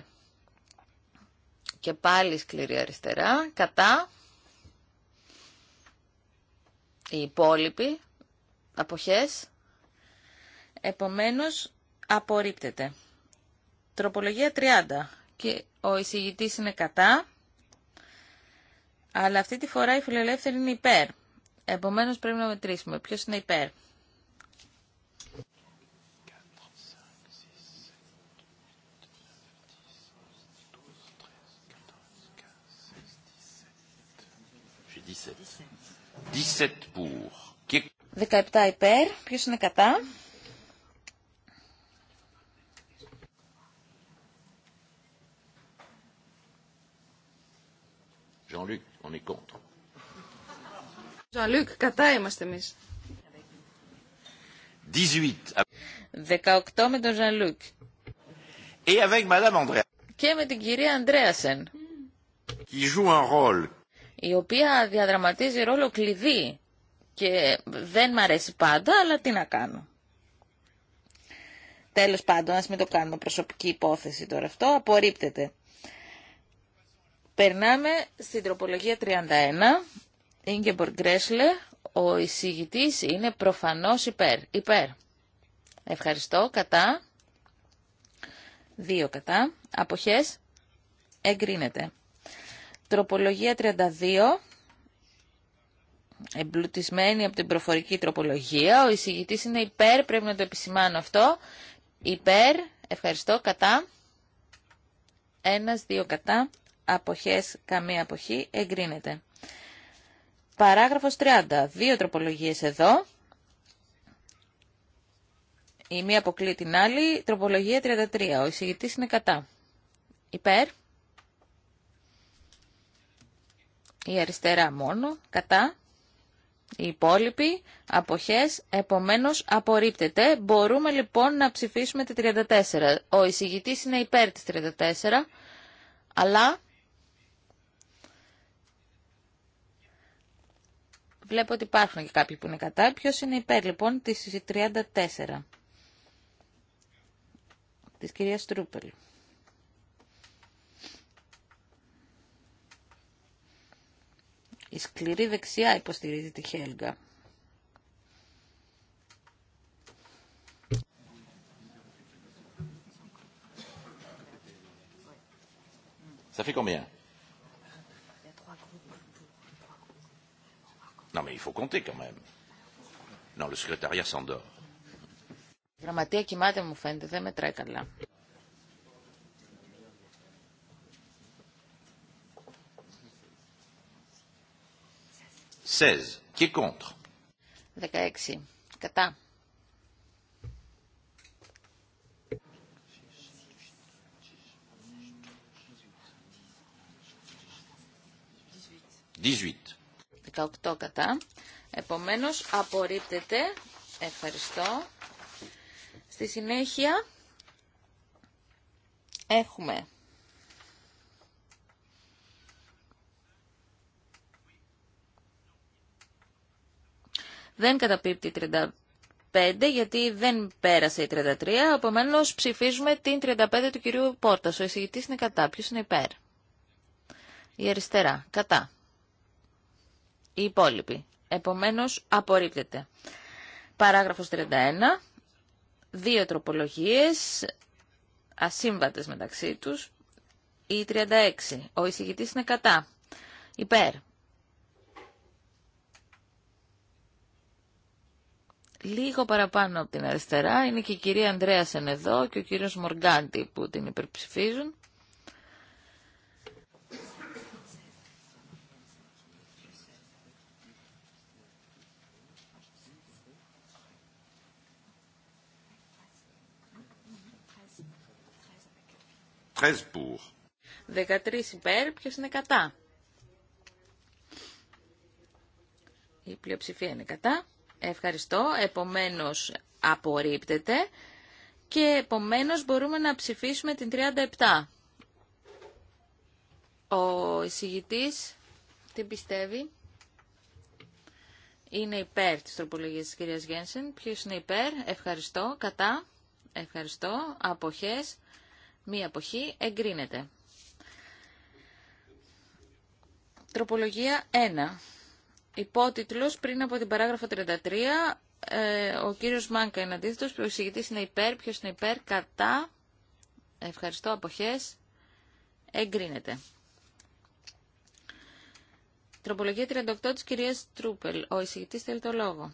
Και πάλι σκληρή αριστερά. Κατά. Οι υπόλοιποι. Αποχές. Επομένως απορρίπτεται. Τροπολογία 30. Και ο εισηγητής είναι κατά. Αλλά αυτή τη φορά η φιλελεύθερη είναι υπέρ. Επομένως πρέπει να μετρήσουμε. Ποιος είναι υπέρ. Δεκαεπτά υπέρ. Ποιος είναι κατά. jean κατά είμαστε εμείς. 18. με τον Jean-Luc. Και με την κυρία Αντρέασεν. Η οποία διαδραματίζει ρόλο κλειδί. Και δεν μ' αρέσει πάντα, αλλά τι να κάνω. Τέλος πάντων, ας μην το κάνουμε προσωπική υπόθεση τώρα αυτό, απορρίπτεται. Περνάμε στην τροπολογία 31. Ingeborg Γκρέσλε, ο εισηγητής είναι προφανώς υπέρ. Υπέρ. Ευχαριστώ. Κατά. Δύο κατά. Αποχές. Εγκρίνεται. Τροπολογία 32. Εμπλουτισμένη από την προφορική τροπολογία. Ο εισηγητής είναι υπέρ. Πρέπει να το επισημάνω αυτό. Υπέρ. Ευχαριστώ. Κατά. Ένας, δύο κατά αποχές, καμία αποχή, εγκρίνεται. Παράγραφος 30. Δύο τροπολογίες εδώ. Η μία αποκλεί την άλλη. Τροπολογία 33. Ο εισηγητής είναι κατά. Υπέρ. Η αριστερά μόνο. Κατά. Οι υπόλοιποι αποχές, επομένως απορρίπτεται. Μπορούμε λοιπόν να ψηφίσουμε τη 34. Ο εισηγητής είναι υπέρ της 34, αλλά Βλέπω ότι υπάρχουν και κάποιοι που είναι κατά. Ποιο είναι υπέρ λοιπόν τη 34 της κυρία Τρούπελ. Η σκληρή δεξιά υποστηρίζει τη Χέλγα. Ça fait combien Non, mais il faut compter Γραμματεία κοιμάται μου φαίνεται, δεν μετράει καλά. Σεζ, και κόντρ. Δεκαέξι, κατά. 18. 18 κατά. Επομένως, απορρίπτεται. Ευχαριστώ. Στη συνέχεια έχουμε δεν καταπίπτει 35 γιατί δεν πέρασε η 33, επομένω ψηφίζουμε την 35 του κυρίου Πόρτα. Ο εισηγητής είναι κατά. Ποιος είναι υπέρ. Η αριστερά. Κατά οι υπόλοιποι. Επομένως, απορρίπτεται. Παράγραφος 31. Δύο τροπολογίες ασύμβατες μεταξύ τους. Η 36. Ο εισηγητής είναι κατά. Υπέρ. Λίγο παραπάνω από την αριστερά είναι και η κυρία Ανδρέας εδώ και ο κύριος Μοργκάντη που την υπερψηφίζουν. 13 pour. υπέρ, ποιος είναι κατά. Η πλειοψηφία είναι κατά. Ευχαριστώ. Επομένως απορρίπτεται και επομένως μπορούμε να ψηφίσουμε την 37. Ο εισηγητής την πιστεύει. Είναι υπέρ της τροπολογίας της κυρίας Γένσεν. Ποιος είναι υπέρ. Ευχαριστώ. Κατά. Ευχαριστώ. Αποχές. Μία αποχή εγκρίνεται. Τροπολογία 1. Υπότιτλος πριν από την παράγραφο 33 ε, ο κύριος Μάνκα είναι αντίθετος, ο εισηγητής είναι υπέρ, ποιος είναι υπέρ, κατά, ευχαριστώ, αποχές, εγκρίνεται. Τροπολογία 38 της κυρίας Τρούπελ. Ο εισηγητής θέλει το λόγο.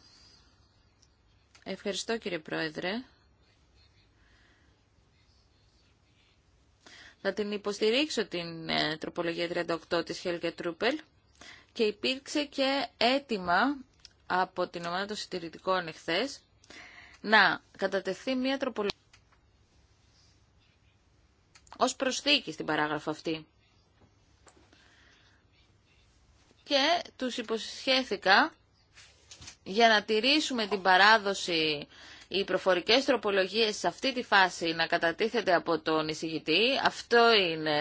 Ευχαριστώ κύριε Πρόεδρε. να την υποστηρίξω την ε, τροπολογία 38 της Χέλκε Τρούπελ και υπήρξε και αίτημα από την ομάδα των συντηρητικών εχθές να κατατεθεί μια τροπολογία ως προσθήκη στην παράγραφο αυτή. Και τους υποσχέθηκα για να τηρήσουμε την παράδοση οι προφορικές τροπολογίες σε αυτή τη φάση να κατατίθεται από τον εισηγητή. Αυτό είναι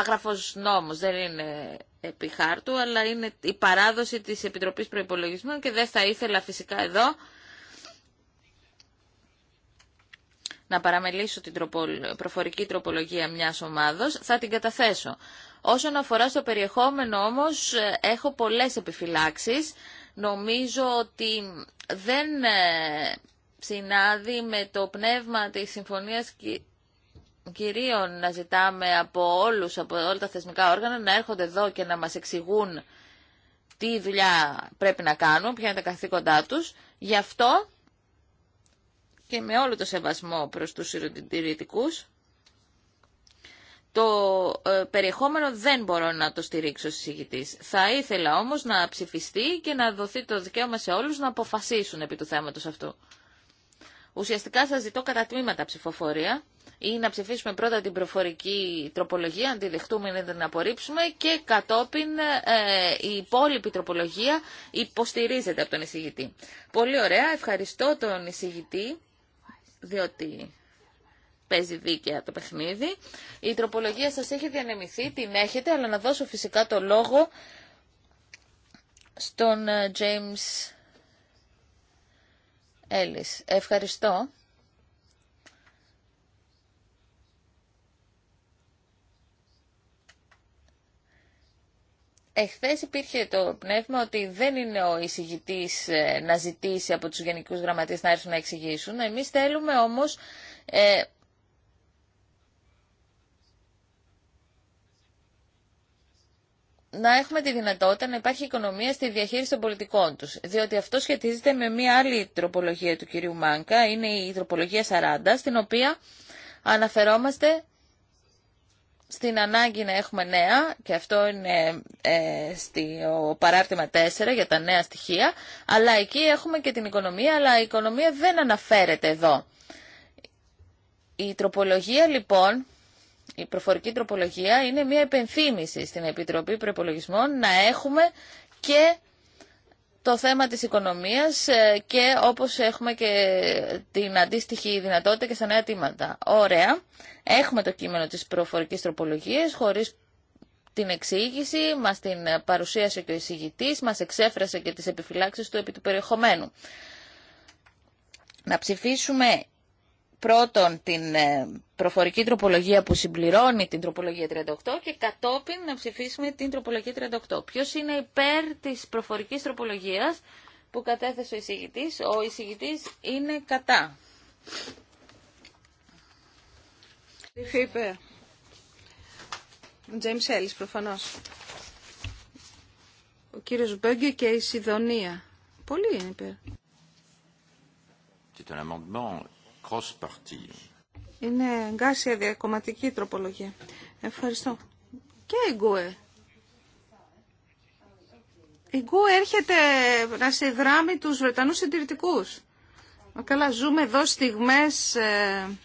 άγραφος νόμος, δεν είναι επί χάρτου, αλλά είναι η παράδοση της Επιτροπής Προϋπολογισμών και δεν θα ήθελα φυσικά εδώ να παραμελήσω την προφορική τροπολογία μιας ομάδος, θα την καταθέσω. Όσον αφορά στο περιεχόμενο όμως, έχω πολλές επιφυλάξεις. Νομίζω ότι δεν ε, συνάδει με το πνεύμα της συμφωνίας κυρίων να ζητάμε από όλους, από όλα τα θεσμικά όργανα να έρχονται εδώ και να μας εξηγούν τι δουλειά πρέπει να κάνουν, ποια είναι τα καθήκοντά τους. Γι' αυτό και με όλο το σεβασμό προς τους συντηρητικούς, το ε, περιεχόμενο δεν μπορώ να το στηρίξω ηγητής. Θα ήθελα όμως να ψηφιστεί και να δοθεί το δικαίωμα σε όλους να αποφασίσουν επί του θέματος αυτού. Ουσιαστικά σας ζητώ κατά τμήματα ψηφοφορία ή να ψηφίσουμε πρώτα την προφορική τροπολογία, αν τη δεχτούμε να την απορρίψουμε και κατόπιν ε, η υπόλοιπη τροπολογία υποστηρίζεται από τον εισηγητή. Πολύ ωραία, ευχαριστώ τον εισηγητή, διότι παίζει δίκαια το παιχνίδι. Η τροπολογία σας έχει διανεμηθεί, την έχετε, αλλά να δώσω φυσικά το λόγο στον ε, James Έλλης. Ευχαριστώ. Εχθές υπήρχε το πνεύμα ότι δεν είναι ο εισηγητής ε, να ζητήσει από τους γενικούς γραμματείς να έρθουν να εξηγήσουν. Εμείς θέλουμε όμως ε, να έχουμε τη δυνατότητα να υπάρχει οικονομία στη διαχείριση των πολιτικών τους. Διότι αυτό σχετίζεται με μία άλλη τροπολογία του κυρίου Μάνκα, είναι η τροπολογία 40, στην οποία αναφερόμαστε στην ανάγκη να έχουμε νέα, και αυτό είναι ε, στο παράρτημα 4 για τα νέα στοιχεία, αλλά εκεί έχουμε και την οικονομία, αλλά η οικονομία δεν αναφέρεται εδώ. Η τροπολογία λοιπόν η προφορική τροπολογία είναι μια επενθύμηση στην Επιτροπή Προπολογισμών να έχουμε και το θέμα της οικονομίας ε, και όπως έχουμε και την αντίστοιχη δυνατότητα και στα νέα τιμάτα Ωραία. Έχουμε το κείμενο της προφορικής τροπολογίας χωρίς την εξήγηση, μας την παρουσίασε και ο εισηγητής, μας εξέφρασε και τις επιφυλάξεις του επί του περιεχομένου. Να ψηφίσουμε πρώτον την ε, προφορική τροπολογία που συμπληρώνει την τροπολογία 38 και κατόπιν να ψηφίσουμε την τροπολογία 38. Ποιος είναι υπέρ της προφορικής τροπολογίας που κατέθεσε ο εισηγητής. Ο εισηγητής είναι κατά. Ψήφι υπέρ. προφανώς. Ο κύριος Μπέγκε και η Σιδονία. Πολύ είναι υπέρ. C'est un amendement cross είναι γκάσια διακομματική τροπολογία. Ευχαριστώ. Και η Γκουε. Η Γκουε έρχεται να συνδράμει τους Βρετανούς συντηρητικού. Μα καλά, ζούμε εδώ στιγμές ε,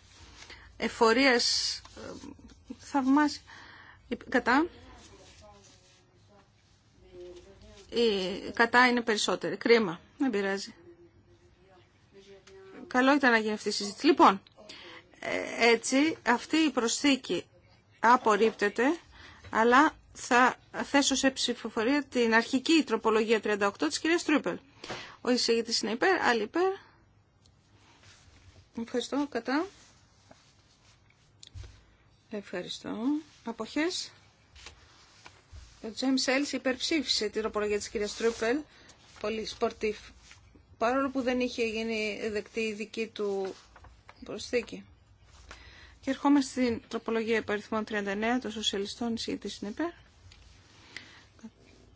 εφορίας ε, θαυμάσια. Κατά. Η κατά είναι περισσότερη. Κρίμα. Δεν πειράζει. Καλό ήταν να γίνει αυτή η συζήτηση. Λοιπόν, έτσι, αυτή η προσθήκη απορρίπτεται, αλλά θα θέσω σε ψηφοφορία την αρχική τροπολογία 38 της κυρίας Τρούπελ. Ο εισηγητής είναι υπέρ, άλλη υπέρ. Ευχαριστώ, κατά. Ευχαριστώ. Αποχές. Ο Τζέμις Σέλς υπερψήφισε την τροπολογία της κυρίας Τρούπελ, πολύ σπορτίφ, παρόλο που δεν είχε γίνει δεκτή η δική του προσθήκη. Και ερχόμαστε στην τροπολογία υπαριθμών 39 των σοσιαλιστών η είναι υπέρ.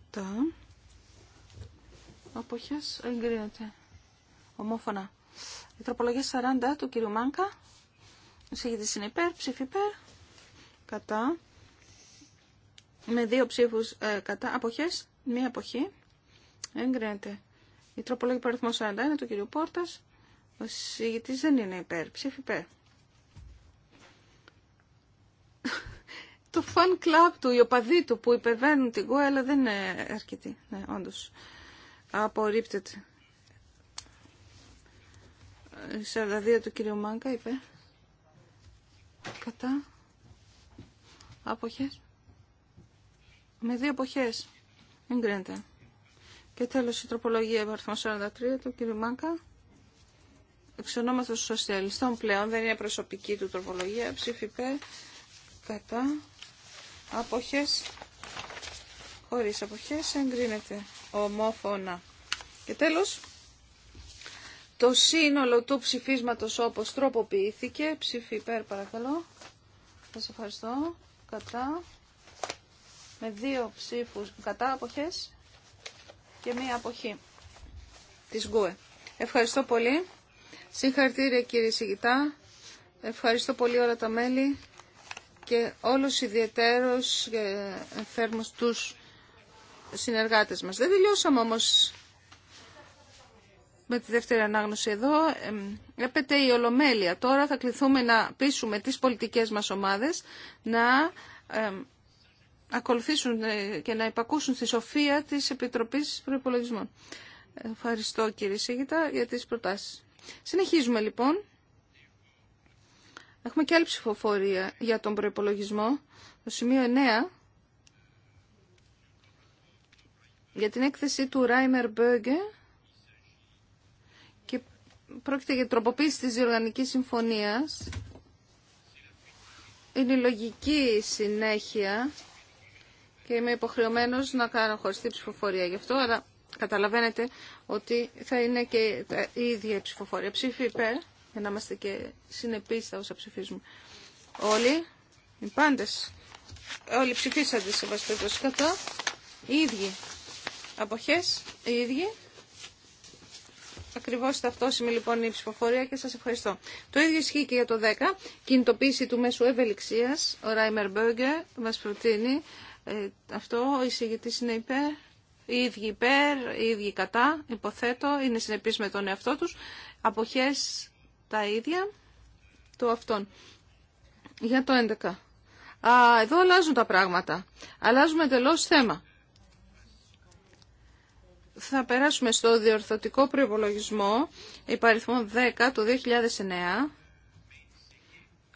Κατά. Αποχές εγκρίνεται. Ομόφωνα. Η τροπολογία 40 του κύριου Μάνκα. Εισηγητής είναι υπέρ. Ψήφι Κατά. Με δύο ψήφους ε, κατά. Αποχές. Μία αποχή. Εγκρίνεται. Η τροπολογία υπαριθμών 41 του κύριου Πόρτας. Ο Συγητής δεν είναι υπέρ. Ψήφι υπέρ. το fan club του, οι οπαδοί του που υπεβαίνουν την γοέλα δεν είναι αρκετοί. Ναι, όντω. Απορρίπτεται. 42 ε, του κύριο μάνκα, είπε. Κατά. Αποχέ. Με δύο Μην Εγκρίνεται. Και τέλο η τροπολογία υπαριθμό 43 του κύριου μάνκα. Εξ ονόματο των σοσιαλιστών πλέον δεν είναι προσωπική του τροπολογία. Ψήφι κατά αποχές χωρίς αποχές εγκρίνεται ομόφωνα. Και τέλος, το σύνολο του ψηφίσματος όπως τροποποιήθηκε, ψήφι υπέρ παρακαλώ, σας ευχαριστώ, κατά, με δύο ψήφους κατά αποχές και μία αποχή της ΓΚΟΕ. Ευχαριστώ πολύ. Συγχαρητήρια κύριε Σιγητά. Ευχαριστώ πολύ όλα τα μέλη και όλος ιδιαιτέρως φέρνουμε ε, τους συνεργάτες μας. Δεν τελειώσαμε όμως με τη δεύτερη ανάγνωση εδώ. Έπεται η Ολομέλεια. Τώρα θα κληθούμε να πείσουμε τις πολιτικές μας ομάδες να ακολουθήσουν ε, και να υπακούσουν στη σοφία της Επιτροπής Προϋπολογισμών. Ευχαριστώ κύριε Σίγητα για τις προτάσεις. Συνεχίζουμε λοιπόν. Έχουμε και άλλη ψηφοφορία για τον προϋπολογισμό. Το σημείο 9 για την έκθεση του Ράιμερ Μπέργκε. και πρόκειται για τροποποίηση της διοργανικής συμφωνίας. Είναι η λογική συνέχεια και είμαι υποχρεωμένος να κάνω χωριστή ψηφοφορία γι' αυτό, αλλά καταλαβαίνετε ότι θα είναι και η ίδια ψηφοφορία. Ψήφι υπέρ για να είμαστε και συνεπείς τα όσα ψηφίζουμε. Όλοι, οι πάντες, όλοι ψηφίσατε σε βασιλετός κατά, οι ίδιοι αποχές, οι ίδιοι. Ακριβώ ταυτόσιμη λοιπόν η ψηφοφορία και σα ευχαριστώ. Το ίδιο ισχύει και για το 10, κινητοποίηση του μέσου ευελιξία. ο Ράιμερ Μπέργκερ Μα προτείνει ε, αυτό, ο εισηγητή είναι υπέρ, οι ίδιοι υπέρ, οι ίδιοι κατά, υποθέτω, είναι συνεπεί με τον εαυτό του, αποχέ τα ίδια το αυτόν Για το 11. Α, εδώ αλλάζουν τα πράγματα. Αλλάζουμε εντελώ θέμα. Θα περάσουμε στο διορθωτικό προϋπολογισμό υπαριθμών 10 του 2009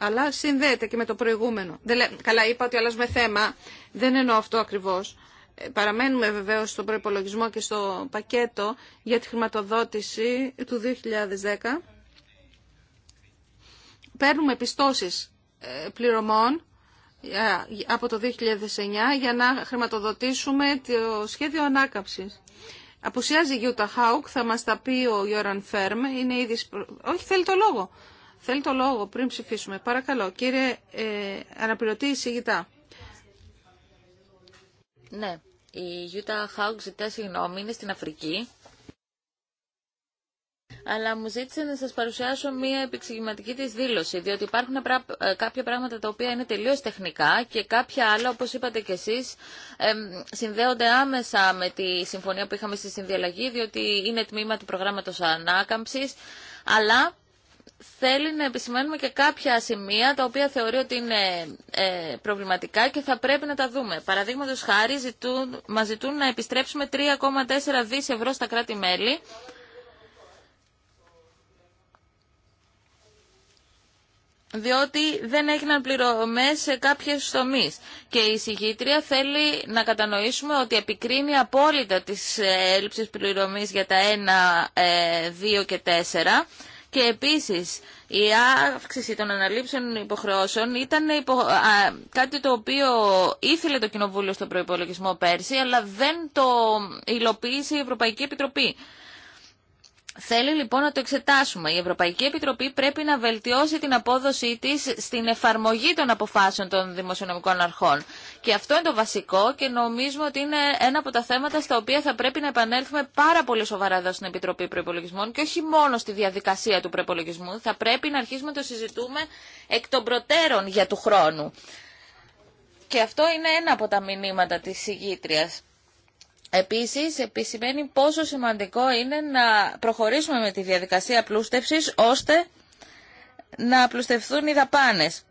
αλλά συνδέεται και με το προηγούμενο. Δεν Καλά είπα ότι αλλάζουμε θέμα, δεν εννοώ αυτό ακριβώς. Ε, παραμένουμε βεβαίως στο προϋπολογισμό και στο πακέτο για τη χρηματοδότηση του 2010 παίρνουμε πιστώσεις ε, πληρωμών ε, από το 2009 για να χρηματοδοτήσουμε το σχέδιο ανάκαψης. Αποουσιάζει η Γιούτα Χάουκ, θα μας τα πει ο Γιώραν Φέρμ, είναι ήδη... Όχι, θέλει το λόγο. Θέλει το λόγο πριν ψηφίσουμε. Παρακαλώ, κύριε ε, αναπληρωτή εισηγητά. Ναι, η Γιούτα Χάουκ ζητά συγγνώμη, είναι στην Αφρική αλλά μου ζήτησε να σας παρουσιάσω μία επεξηγηματική της δήλωση, διότι υπάρχουν ε, κάποια πράγματα τα οποία είναι τελείως τεχνικά και κάποια άλλα, όπως είπατε κι εσείς, συνδέονται άμεσα με τη συμφωνία που είχαμε στη συνδιαλλαγή, διότι είναι τμήμα του προγράμματος ανάκαμψης, αλλά θέλει να επισημαίνουμε και κάποια σημεία τα οποία θεωρεί ότι είναι ε, προβληματικά και θα πρέπει να τα δούμε. Παραδείγματο χάρη, ζητούν, μα ζητούν να επιστρέψουμε 3,4 δι ευρώ στα κράτη-μέλη διότι δεν έγιναν πληρωμές σε κάποιες τομείς. Και η εισηγήτρια θέλει να κατανοήσουμε ότι επικρίνει απόλυτα τις ε, έλλειψες πληρωμής για τα 1, 2 ε, και 4 και επίσης η αύξηση των αναλήψεων υποχρεώσεων ήταν κάτι το οποίο ήθελε το Κοινοβούλιο στο προϋπολογισμό πέρσι αλλά δεν το υλοποίησε η Ευρωπαϊκή Επιτροπή. Θέλει λοιπόν να το εξετάσουμε. Η Ευρωπαϊκή Επιτροπή πρέπει να βελτιώσει την απόδοσή της στην εφαρμογή των αποφάσεων των δημοσιονομικών αρχών. Και αυτό είναι το βασικό και νομίζουμε ότι είναι ένα από τα θέματα στα οποία θα πρέπει να επανέλθουμε πάρα πολύ σοβαρά εδώ στην Επιτροπή Προπολογισμών και όχι μόνο στη διαδικασία του προπολογισμού. Θα πρέπει να αρχίσουμε να το συζητούμε εκ των προτέρων για του χρόνου. Και αυτό είναι ένα από τα μηνύματα της συγγήτριας. Επίσης, επισημαίνει πόσο σημαντικό είναι να προχωρήσουμε με τη διαδικασία πλούστευσης, ώστε να πλουστευθούν οι δαπάνες.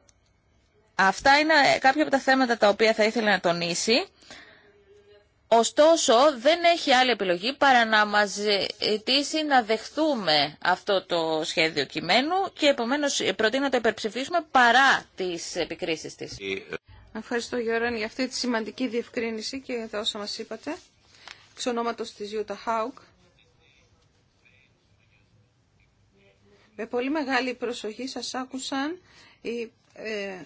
Αυτά είναι κάποια από τα θέματα τα οποία θα ήθελα να τονίσει. Ωστόσο, δεν έχει άλλη επιλογή παρά να μας ζητήσει να δεχθούμε αυτό το σχέδιο κειμένου και επομένως προτείνω να το υπερψηφίσουμε παρά τις επικρίσεις της. Ευχαριστώ Γιώργο για αυτή τη σημαντική διευκρίνηση και όσα μας είπατε ονόματος της Ιούτα Χάουκ. Με πολύ μεγάλη προσοχή σας άκουσαν οι ε,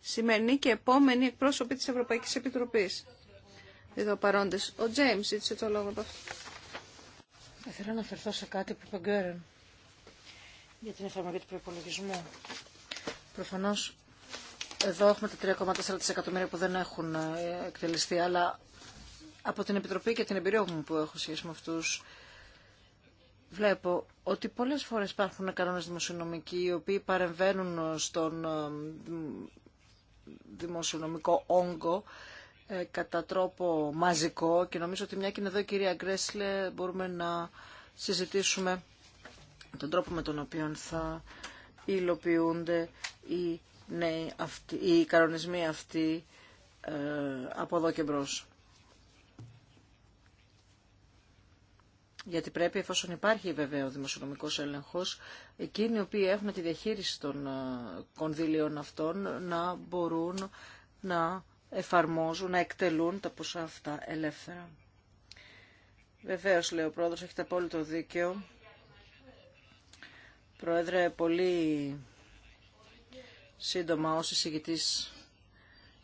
σημερινοί και επόμενοι εκπρόσωποι της Ευρωπαϊκής Επιτροπής. Εδώ παρόντες. Ο Τζέιμς ζήτησε το λόγο από αυτό. Θα θέλω να αφαιρθώ σε κάτι που είπε Γκέρεν για την εφαρμογή του προπολογισμού. Προφανώς εδώ έχουμε τα 3,4 δισεκατομμύρια που δεν έχουν ε, εκτελεστεί, αλλά από την Επιτροπή και την εμπειρία μου που έχω σχέση με αυτού, βλέπω ότι πολλές φορές υπάρχουν κανόνε δημοσιονομικοί οι οποίοι παρεμβαίνουν στον ε, δημοσιονομικό όγκο ε, κατά τρόπο μαζικό και νομίζω ότι μια και εδώ η κυρία Γκρέσλε μπορούμε να συζητήσουμε τον τρόπο με τον οποίο θα υλοποιούνται οι, νέοι αυτοί, οι κανονισμοί αυτοί ε, από εδώ και μπρος. γιατί πρέπει εφόσον υπάρχει βέβαια ο δημοσιονομικός έλεγχος, εκείνοι οι οποίοι έχουν τη διαχείριση των ε, κονδύλιων αυτών να μπορούν να εφαρμόζουν, να εκτελούν τα ποσά αυτά ελεύθερα. Βεβαίως, λέει ο πρόεδρος, έχετε απόλυτο δίκαιο. Πρόεδρε, πολύ σύντομα ως εισηγητής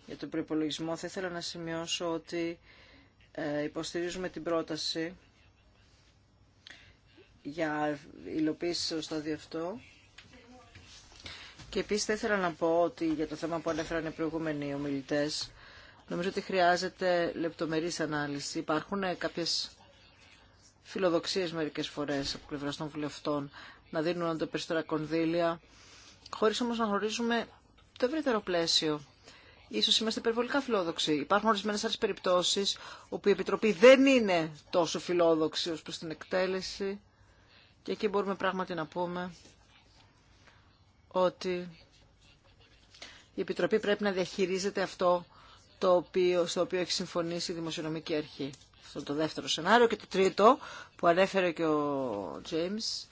για τον προϋπολογισμό θα ήθελα να σημειώσω ότι ε, υποστηρίζουμε την πρόταση για υλοποίηση στο στάδιο αυτό. Και επίσης θα ήθελα να πω ότι για το θέμα που ανέφεραν οι προηγούμενοι ομιλητές, νομίζω ότι χρειάζεται λεπτομερής ανάλυση. Υπάρχουν κάποιες φιλοδοξίες μερικές φορές από πλευρά των βουλευτών να δίνουν όντως περισσότερα κονδύλια, χωρίς όμως να γνωρίζουμε το ευρύτερο πλαίσιο. Ίσως είμαστε υπερβολικά φιλόδοξοι. Υπάρχουν ορισμένε άλλε περιπτώσεις όπου η Επιτροπή δεν είναι τόσο φιλόδοξη ω προς την εκτέλεση. Και εκεί μπορούμε πράγματι να πούμε ότι η Επιτροπή πρέπει να διαχειρίζεται αυτό το οποίο, στο οποίο έχει συμφωνήσει η Δημοσιονομική Αρχή. Αυτό το δεύτερο σενάριο. Και το τρίτο που ανέφερε και ο James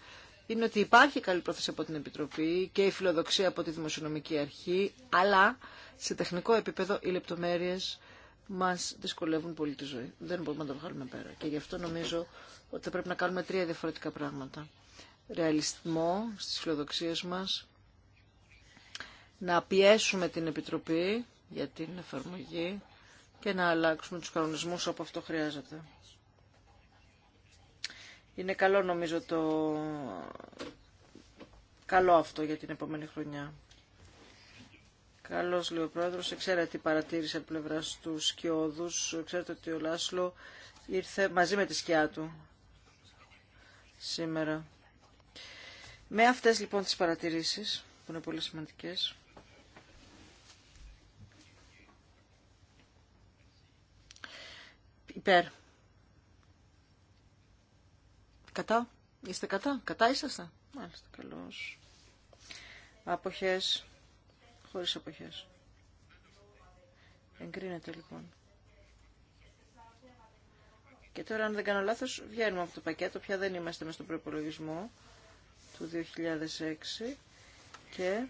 είναι ότι υπάρχει καλή πρόθεση από την Επιτροπή και η φιλοδοξία από τη Δημοσιονομική Αρχή, αλλά σε τεχνικό επίπεδο οι λεπτομέρειες μας δυσκολεύουν πολύ τη ζωή. Δεν μπορούμε να το βγάλουμε πέρα. Και γι' αυτό νομίζω ότι θα πρέπει να κάνουμε τρία διαφορετικά πράγματα. Ρεαλισμό στις φιλοδοξίες μας, να πιέσουμε την Επιτροπή για την εφαρμογή και να αλλάξουμε τους κανονισμούς όπου αυτό χρειάζεται. Είναι καλό νομίζω το καλό αυτό για την επόμενη χρονιά. Καλώς λέει ο Πρόεδρος, ξέρετε τι παρατήρησε από πλευρά του Σκιώδους, ξέρετε ότι ο Λάσλο ήρθε μαζί με τη σκιά του σήμερα. Με αυτές λοιπόν τις παρατηρήσεις, που είναι πολύ σημαντικές, υπέρ. Κατά. Είστε κατά. Κατά είσαστε. Μάλιστα, καλώς. Αποχές. Χωρίς αποχές. Εγκρίνεται λοιπόν. Και τώρα, αν δεν κάνω λάθο βγαίνουμε από το πακέτο, πια δεν είμαστε με στον προπολογισμό του 2006 και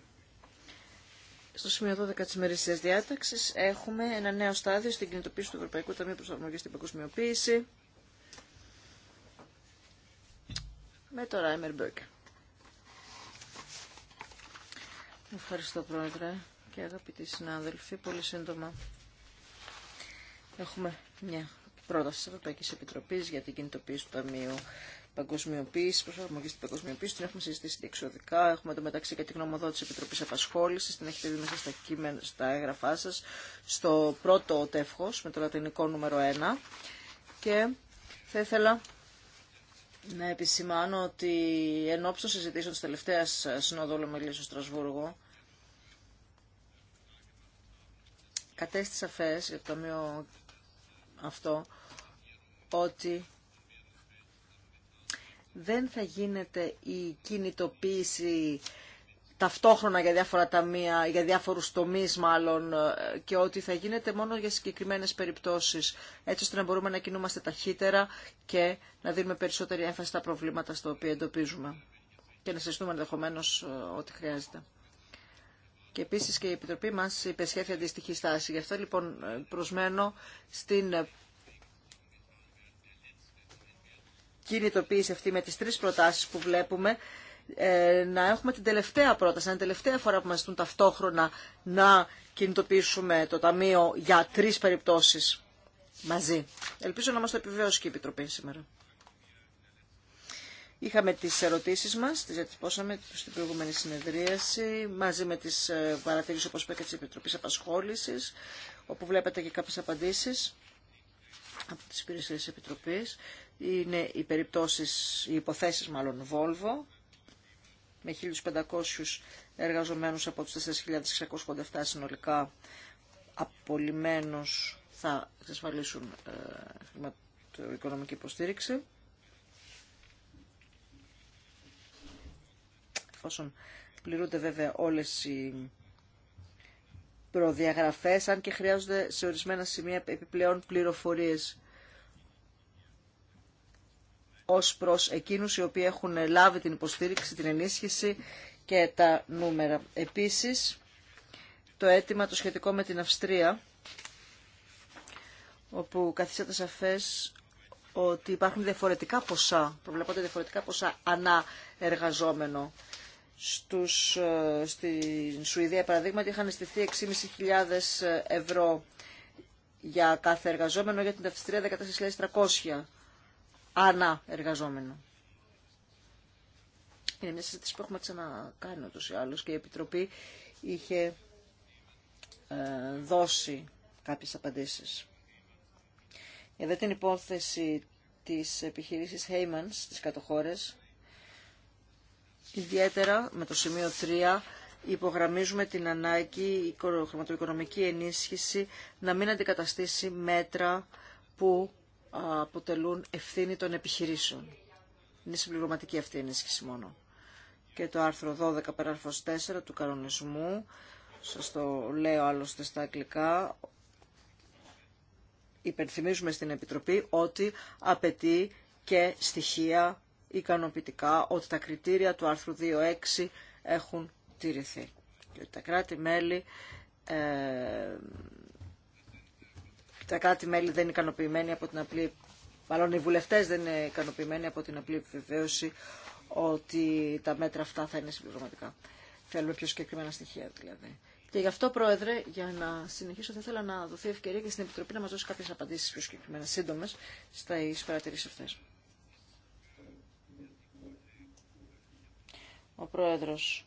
στο σημείο 12 τη ημερήσια διάταξη έχουμε ένα νέο στάδιο στην κινητοποίηση του Ευρωπαϊκού Ταμείου Προσαρμογής στην Παγκοσμιοποίηση με το Ράιμερ Ευχαριστώ Πρόεδρε και αγαπητοί συνάδελφοι, πολύ σύντομα έχουμε μια πρόταση τη Ευρωπαϊκή Επιτροπής για την κινητοποίηση του Ταμείου παγκοσμιοποίηση, προσαρμογή στην παγκοσμιοποίηση. Την έχουμε συζητήσει διεξοδικά. Έχουμε το μεταξύ και τη γνωμοδότηση Επιτροπή Απασχόληση. Την έχετε δει μέσα στα, κείμενα, στα έγγραφά σα, στο πρώτο τεύχο, με το λατινικό νούμερο 1. Και θα ήθελα να επισημάνω ότι εν ώψη συζητήσεων τη τελευταία συνόδου Ολομελία στο Στρασβούργο, κατέστησα φες για το Ταμείο αυτό ότι δεν θα γίνεται η κινητοποίηση ταυτόχρονα για διάφορα ταμεία, για διάφορους τομείς μάλλον ε, και ότι θα γίνεται μόνο για συγκεκριμένες περιπτώσεις έτσι ώστε να μπορούμε να κινούμαστε ταχύτερα και να δίνουμε περισσότερη έμφαση στα προβλήματα στα οποία εντοπίζουμε και να συζητούμε ενδεχομένω ε, ό,τι χρειάζεται. Και επίση και η Επιτροπή μας υπεσχέθη αντίστοιχη στάση. Γι' αυτό λοιπόν προσμένω στην κινητοποίηση αυτή με τις τρεις προτάσεις που βλέπουμε ε, να έχουμε την τελευταία πρόταση, την τελευταία φορά που μα ζητούν ταυτόχρονα να κινητοποιήσουμε το Ταμείο για τρεις περιπτώσεις μαζί. Ελπίζω να μας το επιβεβαιώσει και η Επιτροπή σήμερα. Είχαμε τις ερωτήσεις μας, τις διατυπώσαμε στην προηγούμενη συνεδρίαση, μαζί με τις ε, παρατηρήσεις όπως είπα και της Επιτροπής Απασχόλησης, όπου βλέπετε και κάποιες απαντήσεις από τις υπηρεσίες της Επιτροπής. Είναι οι περιπτώσεις, οι υποθέσεις μάλλον Volvo, με 1.500 εργαζομένους από τους 4.687 συνολικά απολυμμένους θα εξασφαλίσουν ε, οικονομική υποστήριξη. εφόσον πληρούνται βέβαια όλες οι προδιαγραφές, αν και χρειάζονται σε ορισμένα σημεία επιπλέον πληροφορίες ως προς εκείνους οι οποίοι έχουν λάβει την υποστήριξη, την ενίσχυση και τα νούμερα. Επίσης, το αίτημα το σχετικό με την Αυστρία, όπου καθίσατε σαφές ότι υπάρχουν διαφορετικά ποσά, προβλέπονται διαφορετικά ποσά ανά εργαζόμενο στους, ε, στην Σουηδία παραδείγματι είχαν στηθεί 6.500 ευρώ για κάθε εργαζόμενο, για την Αυστρία 14.300 ανά εργαζόμενο. Είναι μια συζήτηση που έχουμε ξανακάνει ούτως ή άλλως και η Επιτροπή είχε ε, δώσει κάποιες απαντήσεις. Εδώ την υπόθεση της επιχειρήσης Heymans στις κατοχώρες, Ιδιαίτερα με το σημείο 3 υπογραμμίζουμε την ανάγκη η χρηματοοικονομική ενίσχυση να μην αντικαταστήσει μέτρα που αποτελούν ευθύνη των επιχειρήσεων. Είναι συμπληρωματική αυτή η ενίσχυση μόνο. Και το άρθρο 12 4 του κανονισμού, σας το λέω άλλωστε στα αγγλικά, υπενθυμίζουμε στην Επιτροπή ότι απαιτεί και στοιχεία ικανοποιητικά ότι τα κριτήρια του άρθρου 2.6 έχουν τηρηθεί και ότι τα κράτη-μέλη ε, τα κράτη-μέλη δεν είναι ικανοποιημένοι από την απλή μάλλον οι βουλευτές δεν είναι ικανοποιημένοι από την απλή επιβεβαίωση ότι τα μέτρα αυτά θα είναι συμπληρωματικά. Θέλουμε πιο συγκεκριμένα στοιχεία δηλαδή. Και γι' αυτό, Πρόεδρε, για να συνεχίσω, θα ήθελα να δοθεί ευκαιρία και στην Επιτροπή να μα δώσει κάποιε απαντήσει πιο συγκεκριμένα, σύντομε, στι παρατηρήσει αυτέ. Ο Πρόεδρος.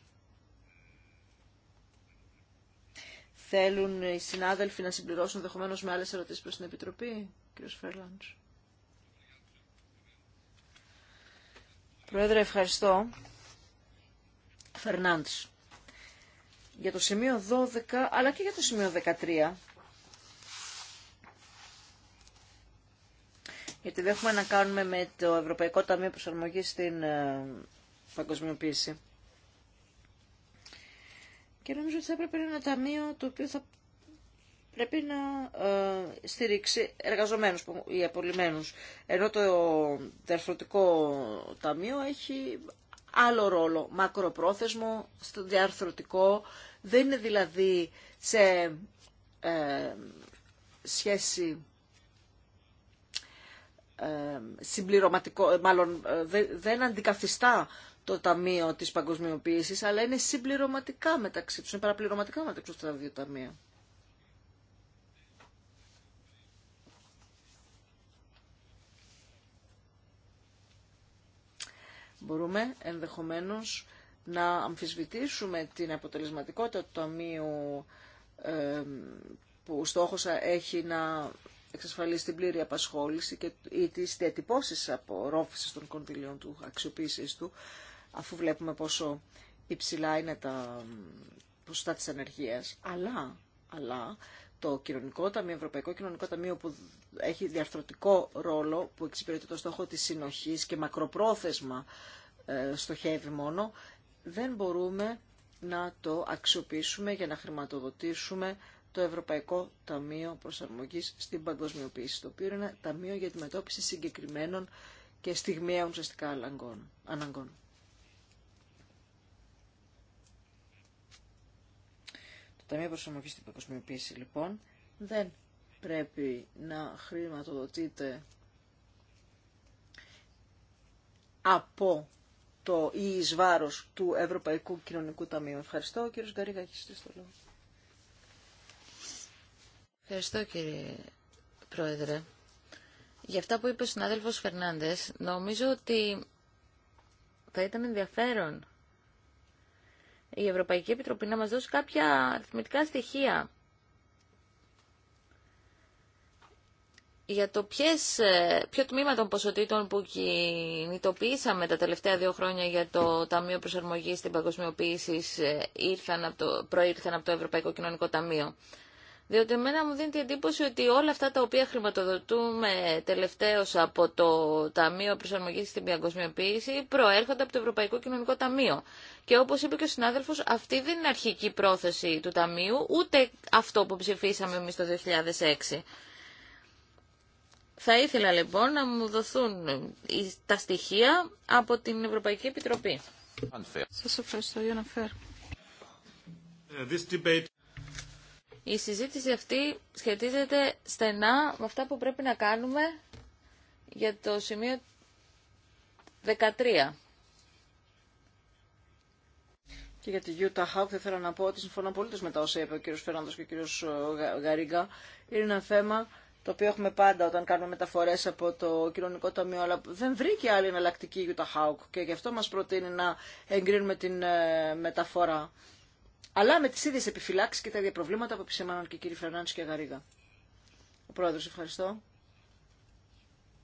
Θέλουν οι συνάδελφοι να συμπληρώσουν δεχομένως με άλλες ερωτήσεις προς την Επιτροπή, κύριος Φέρλαντς. Πρόεδρε, ευχαριστώ. Φερνάντς. Για το σημείο 12, αλλά και για το σημείο 13. Γιατί δεν έχουμε να κάνουμε με το Ευρωπαϊκό Ταμείο Προσαρμογής στην ε, παγκοσμιοποίηση. Και νομίζω ότι θα έπρεπε να είναι ένα ταμείο το οποίο θα πρέπει να ε, στηρίξει εργαζομένους ή απολυμένους. Ενώ το διαρθρωτικό ταμείο έχει άλλο ρόλο, μακροπρόθεσμο, στο διαρθρωτικό, δεν είναι δηλαδή σε ε, σχέση ε, συμπληρωματικό, μάλλον δεν αντικαθιστά το Ταμείο της Παγκοσμιοποίησης, αλλά είναι συμπληρωματικά μεταξύ τους, είναι παραπληρωματικά μεταξύ τους τα δύο ταμεία. Μπορούμε ενδεχομένως να αμφισβητήσουμε την αποτελεσματικότητα του Ταμείου που στόχος έχει να εξασφαλίσει την πλήρη απασχόληση και, ή τις διατυπώσεις απορρόφησης των κονδυλίων του, αξιοποίησης του, αφού βλέπουμε πόσο υψηλά είναι τα ποσοστά της ανεργίας. Αλλά, αλλά το κοινωνικό ταμείο, Ευρωπαϊκό Κοινωνικό Ταμείο που έχει διαρθρωτικό ρόλο, που εξυπηρετεί το στόχο της συνοχής και μακροπρόθεσμα ε, στοχεύει μόνο, δεν μπορούμε να το αξιοποιήσουμε για να χρηματοδοτήσουμε το Ευρωπαϊκό Ταμείο Προσαρμογής στην Παγκοσμιοποίηση, το οποίο είναι ένα ταμείο για τη μετώπιση συγκεκριμένων και στιγμιαίων ουσιαστικά αναγκών. Το Ταμείο Προσαρμογής στην Παγκοσμιοποίηση λοιπόν δεν πρέπει να χρηματοδοτείται από το ή εις βάρος του Ευρωπαϊκού Κοινωνικού Ταμείου. Ευχαριστώ. κύριος Γκαρίγα Ευχαριστώ κύριε Πρόεδρε. Για αυτά που είπε ο συνάδελφος Φερνάντες, νομίζω ότι θα ήταν ενδιαφέρον η Ευρωπαϊκή Επιτροπή να μας δώσει κάποια αριθμητικά στοιχεία για το ποιες, ε, ποιο τμήμα των ποσοτήτων που κινητοποιήσαμε τα τελευταία δύο χρόνια για το Ταμείο Προσαρμογής στην Παγκοσμιοποίηση ε, ήρθαν από προήρθαν από το Ευρωπαϊκό Κοινωνικό Ταμείο. Διότι εμένα μου δίνει την εντύπωση ότι όλα αυτά τα οποία χρηματοδοτούμε τελευταίως από το Ταμείο προσαρμογή στην Πιαγκοσμιοποίηση προέρχονται από το Ευρωπαϊκό Κοινωνικό Ταμείο. Και όπως είπε και ο συνάδελφο, αυτή δεν είναι αρχική πρόθεση του Ταμείου, ούτε αυτό που ψηφίσαμε εμεί το 2006. Θα ήθελα λοιπόν να μου δοθούν ε, τα στοιχεία από την Ευρωπαϊκή Επιτροπή. Σας ευχαριστώ, Φέρ. Ε, η συζήτηση αυτή σχετίζεται στενά με αυτά που πρέπει να κάνουμε για το σημείο 13. Και για τη Γιούτα Χάουκ θα ήθελα να πω ότι συμφωνώ πολύ με τα όσα είπε ο κύριος Φερνάντος και ο κύριος ε, Γαρίγκα. Είναι ένα θέμα το οποίο έχουμε πάντα όταν κάνουμε μεταφορές από το κοινωνικό τομείο αλλά δεν βρήκε άλλη εναλλακτική Γιούτα Χάουκ και γι' αυτό μας προτείνει να εγκρίνουμε την ε, μεταφορά αλλά με τι ίδιες επιφυλάξει και τα ίδια προβλήματα που επισήμαναν και οι κύριοι Φερνάνης και Γαρίγα. Ο Πρόεδρος, ευχαριστώ.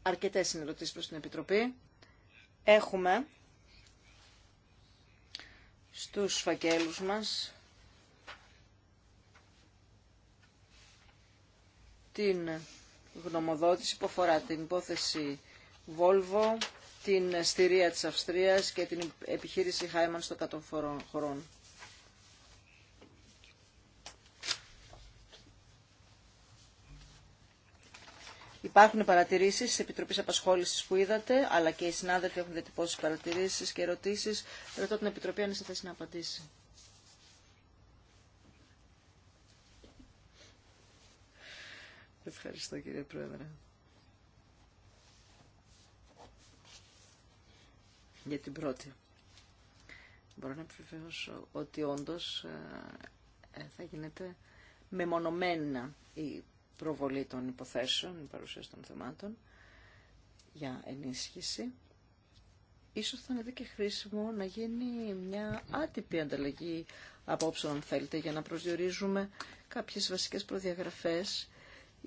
Αρκετέ είναι ερωτήσει προ την Επιτροπή. Έχουμε στου φακέλους μα. την γνωμοδότηση που αφορά την υπόθεση Volvo, την στηρία της Αυστρίας και την επιχείρηση Χάιμαν στο κατών χωρών. Υπάρχουν παρατηρήσει τη Επιτροπή Απασχόληση που είδατε, αλλά και οι συνάδελφοι έχουν διατυπώσει παρατηρήσει και ερωτήσει. Ρωτώ την Επιτροπή αν είσαι θέση να απαντήσει. Ευχαριστώ κύριε Πρόεδρε. Για την πρώτη. Μπορώ να επιβεβαιώσω ότι όντως ε, ε, θα γίνεται μεμονωμένα η προβολή των υποθέσεων, παρουσίαση των θεμάτων για ενίσχυση. Ίσως θα είναι και χρήσιμο να γίνει μια άτυπη ανταλλαγή απόψεων, αν θέλετε, για να προσδιορίζουμε κάποιες βασικές προδιαγραφές,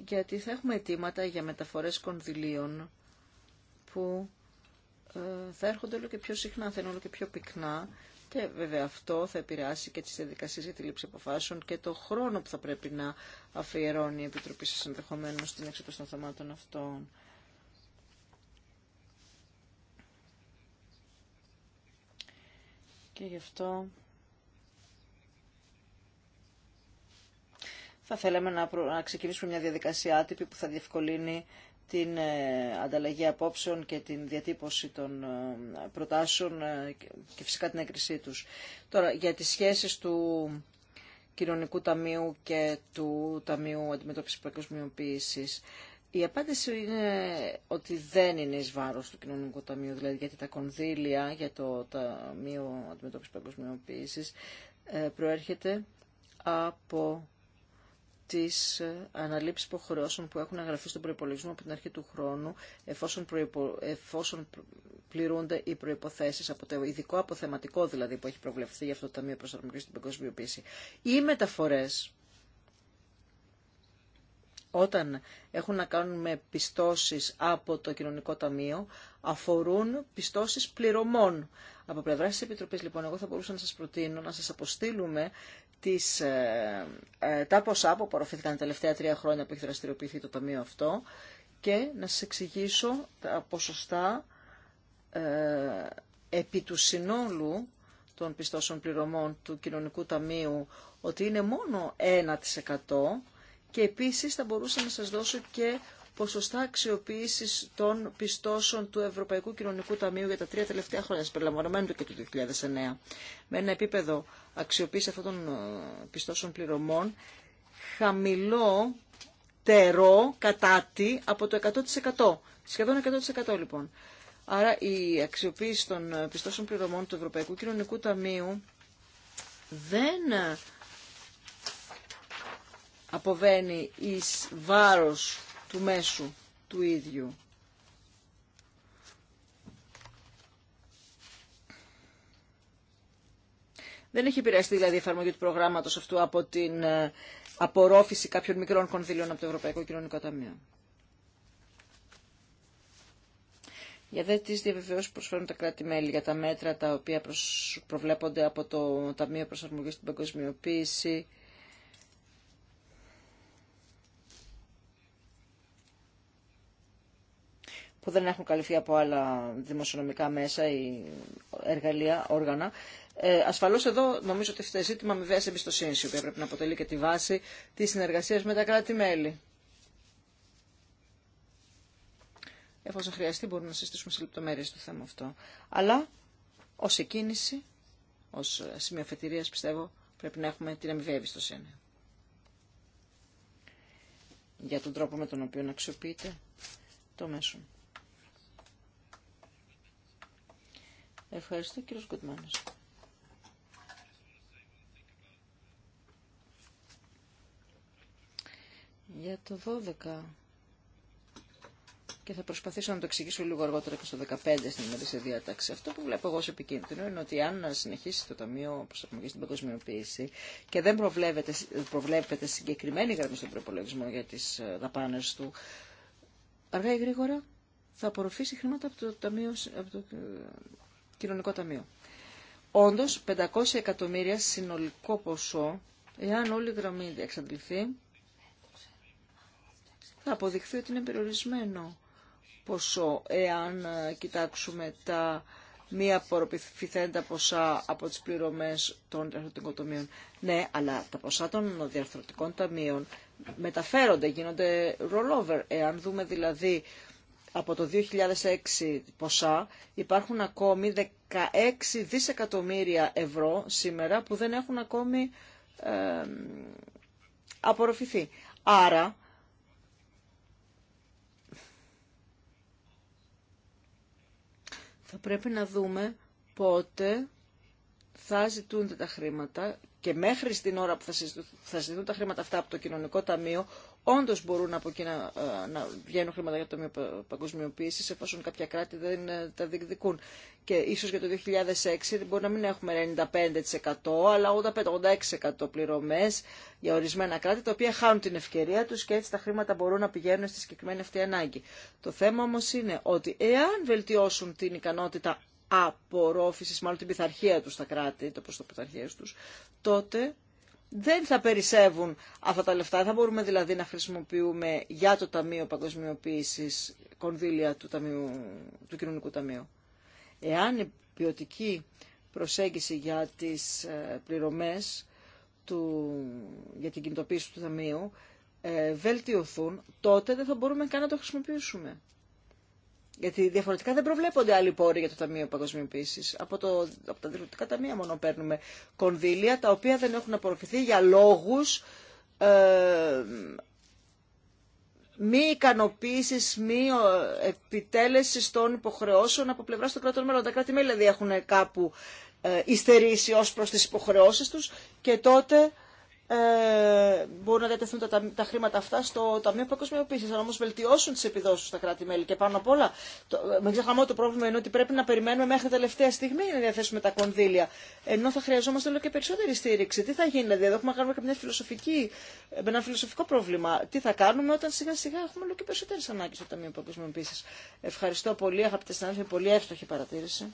γιατί θα έχουμε αιτήματα για μεταφορές κονδυλίων που ε, θα έρχονται όλο και πιο συχνά, θα είναι όλο και πιο πυκνά και βέβαια αυτό θα επηρεάσει και τι διαδικασίε για τη λήψη αποφάσεων και το χρόνο που θα πρέπει να αφιερώνει η Επιτροπή σα ενδεχομένω στην έξοδο των θεμάτων αυτών. Και γι' αυτό θα θέλαμε να, ξεκινήσουμε μια διαδικασία άτυπη που θα διευκολύνει την ε, ανταλλαγή απόψεων και την διατύπωση των ε, προτάσεων ε, και φυσικά την έγκρισή τους. Τώρα, για τις σχέσεις του Κοινωνικού Ταμείου και του Ταμείου Αντιμετώπισης Παγκοσμιοποίησης. Η απάντηση είναι ότι δεν είναι εις βάρος του Κοινωνικού Ταμείου, δηλαδή γιατί τα κονδύλια για το Ταμείο Αντιμετώπισης Παγκοσμιοποίησης προέρχεται από τι ε, αναλήψει υποχρεώσεων που έχουν εγγραφεί στον προπολογισμό από την αρχή του χρόνου εφόσον, προϋπο, πληρούνται οι προποθέσει από το ειδικό αποθεματικό δηλαδή που έχει προβλεφθεί για αυτό το Ταμείο προσαρμογή στην Παγκοσμιοποίηση. Οι μεταφορέ, όταν έχουν να κάνουν με πιστώσεις από το Κοινωνικό Ταμείο αφορούν πιστώσεις πληρωμών. Από πλευρά τη Επιτροπή, λοιπόν, εγώ θα μπορούσα να σα προτείνω να σα αποστείλουμε τις, ε, ε, τα ποσά που απορροφήθηκαν τα τελευταία τρία χρόνια που έχει δραστηριοποιηθεί το ταμείο αυτό και να σας εξηγήσω τα ποσοστά ε, επί του συνόλου των πιστώσεων πληρωμών του Κοινωνικού Ταμείου ότι είναι μόνο 1% και επίσης θα μπορούσα να σας δώσω και ποσοστά αξιοποίηση των πιστώσεων του Ευρωπαϊκού Κοινωνικού Ταμείου για τα τρία τελευταία χρόνια, συμπεριλαμβανομένου και του 2009. Με ένα επίπεδο αξιοποίηση αυτών των ε, πιστώσεων πληρωμών χαμηλό τερό κατάτι από το 100%. Σχεδόν 100% λοιπόν. Άρα η αξιοποίηση των ε, πιστώσεων πληρωμών του Ευρωπαϊκού Κοινωνικού Ταμείου δεν ε, αποβαίνει εις βάρος του μέσου του ίδιου. Δεν έχει επηρεαστεί δηλαδή η εφαρμογή του προγράμματος αυτού από την ε, απορρόφηση κάποιων μικρών κονδύλων από το Ευρωπαϊκό Κοινωνικό Ταμείο. Για δε τις διαβεβαιώσεις που προσφέρουν τα κράτη-μέλη για τα μέτρα τα οποία προβλέπονται από το Ταμείο Προσαρμογής στην Παγκοσμιοποίηση, που δεν έχουν καλυφθεί από άλλα δημοσιονομικά μέσα ή εργαλεία, όργανα. Ε, ασφαλώς εδώ νομίζω ότι αυτό ζήτημα αμοιβαία εμπιστοσύνη, η οποία πρέπει να αποτελεί και τη βάση τη συνεργασία με τα κράτη-μέλη. Εφόσον χρειαστεί μπορούμε να συζητήσουμε σε λεπτομέρειε το θέμα αυτό. Αλλά ω εκκίνηση, ω σημείο αφετηρία, πιστεύω, πρέπει να έχουμε την αμοιβαία εμπιστοσύνη. Για τον τρόπο με τον οποίο να αξιοποιείται το μέσο. Ευχαριστώ κύριο Κουτμάνος. Για το 12 και θα προσπαθήσω να το εξηγήσω λίγο αργότερα και στο 15 στην ημερήσια διάταξη. Αυτό που βλέπω εγώ σε επικίνδυνο είναι ότι αν συνεχίσει το Ταμείο Προσαρμογή στην Παγκοσμιοποίηση και δεν προβλέπεται, συγκεκριμένη γραμμή στον προπολογισμό για τι ε, δαπάνε του, αργά ή γρήγορα θα απορροφήσει χρήματα από το, ταμείο, από το ε, κοινωνικό ταμείο. Όντως, 500 εκατομμύρια συνολικό ποσό, εάν όλη η γραμμή εξαντληθεί, θα αποδειχθεί ότι είναι περιορισμένο ποσό, εάν ε, κοιτάξουμε τα μη απορροπηθέντα ποσά από τις πληρωμές των διαρθρωτικών ταμείων. Ναι, αλλά τα ποσά των διαρθρωτικών ταμείων μεταφέρονται, γίνονται rollover. Εάν δούμε δηλαδή από το 2006 ποσά υπάρχουν ακόμη 16 δισεκατομμύρια ευρώ σήμερα που δεν έχουν ακόμη απορροφηθεί. Άρα, θα πρέπει να δούμε πότε θα ζητούνται τα χρήματα και μέχρι την ώρα που θα ζητούν τα χρήματα αυτά από το κοινωνικό ταμείο, Όντω μπορούν από εκεί να, ε, να βγαίνουν χρήματα για το παγκοσμιοποίηση εφόσον κάποια κράτη δεν ε, τα διεκδικούν. Και ίσως για το 2006 μπορεί να μην έχουμε 95% αλλά 85-86% πληρωμές για ορισμένα κράτη τα οποία χάνουν την ευκαιρία τους και έτσι τα χρήματα μπορούν να πηγαίνουν στη συγκεκριμένη αυτή ανάγκη. Το θέμα όμω είναι ότι εάν βελτιώσουν την ικανότητα απορρόφησης, μάλλον την πειθαρχία του στα κράτη, το προ το πειθαρχία τους, τότε δεν θα περισσεύουν αυτά τα λεφτά. θα μπορούμε δηλαδή να χρησιμοποιούμε για το Ταμείο παγκοσμιοποίηση, κονδύλια του, ταμείου, του Κοινωνικού Ταμείου. Εάν η ποιοτική προσέγγιση για τις ε, πληρωμές του, για την κινητοποίηση του Ταμείου ε, βελτιωθούν, τότε δεν θα μπορούμε καν να το χρησιμοποιήσουμε. Γιατί διαφορετικά δεν προβλέπονται άλλοι πόροι για το Ταμείο Παγκοσμιοποίηση. Από, το, από τα διευθυντικά ταμεία μόνο παίρνουμε κονδύλια τα οποία δεν έχουν απορροφηθεί για λόγου ε, μη ικανοποίηση, μη ε, επιτέλεση των υποχρεώσεων από πλευρά των κρατών μέλων. Τα κράτη-μέλη δηλαδή έχουν κάπου ε, υστερήσει ω προ τι υποχρεώσει του και τότε ε, μπορούν να διατεθούν τα, τα, χρήματα αυτά στο Ταμείο Παγκοσμιοποίηση. Αν όμω βελτιώσουν τι επιδόσει στα κράτη-μέλη και πάνω απ' όλα, το, μην ξεχνάμε ότι το πρόβλημα είναι ότι πρέπει να περιμένουμε μέχρι τελευταία στιγμή να διαθέσουμε τα κονδύλια. Ενώ θα χρειαζόμαστε όλο και περισσότερη στήριξη. Τι θα γίνει, δηλαδή, εδώ έχουμε να κάνουμε μια φιλοσοφική, με ένα φιλοσοφικό πρόβλημα. Τι θα κάνουμε όταν σιγά-σιγά έχουμε όλο και περισσότερε ανάγκε στο Ταμείο Παγκοσμιοποίηση. Ευχαριστώ πολύ, αγαπητέ συνάδελφοι, πολύ εύστοχη παρατήρηση.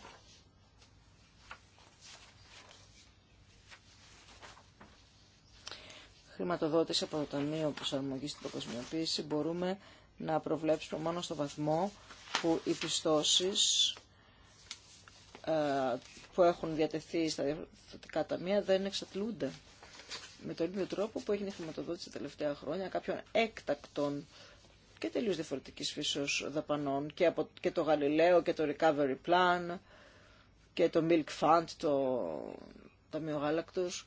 χρηματοδότηση από το Ταμείο Προσαρμογή στην Παγκοσμιοποίηση μπορούμε να προβλέψουμε μόνο στο βαθμό που οι πιστώσει ε, που έχουν διατεθεί στα διαφορετικά ταμεία δεν εξατλούνται. Με τον ίδιο τρόπο που έγινε η χρηματοδότηση τα τελευταία χρόνια κάποιων έκτακτων και τελείως διαφορετικής φύσεως δαπανών και, από, και το Γαλιλαίο και το Recovery Plan και το Milk Fund, το Ταμείο Γάλακτος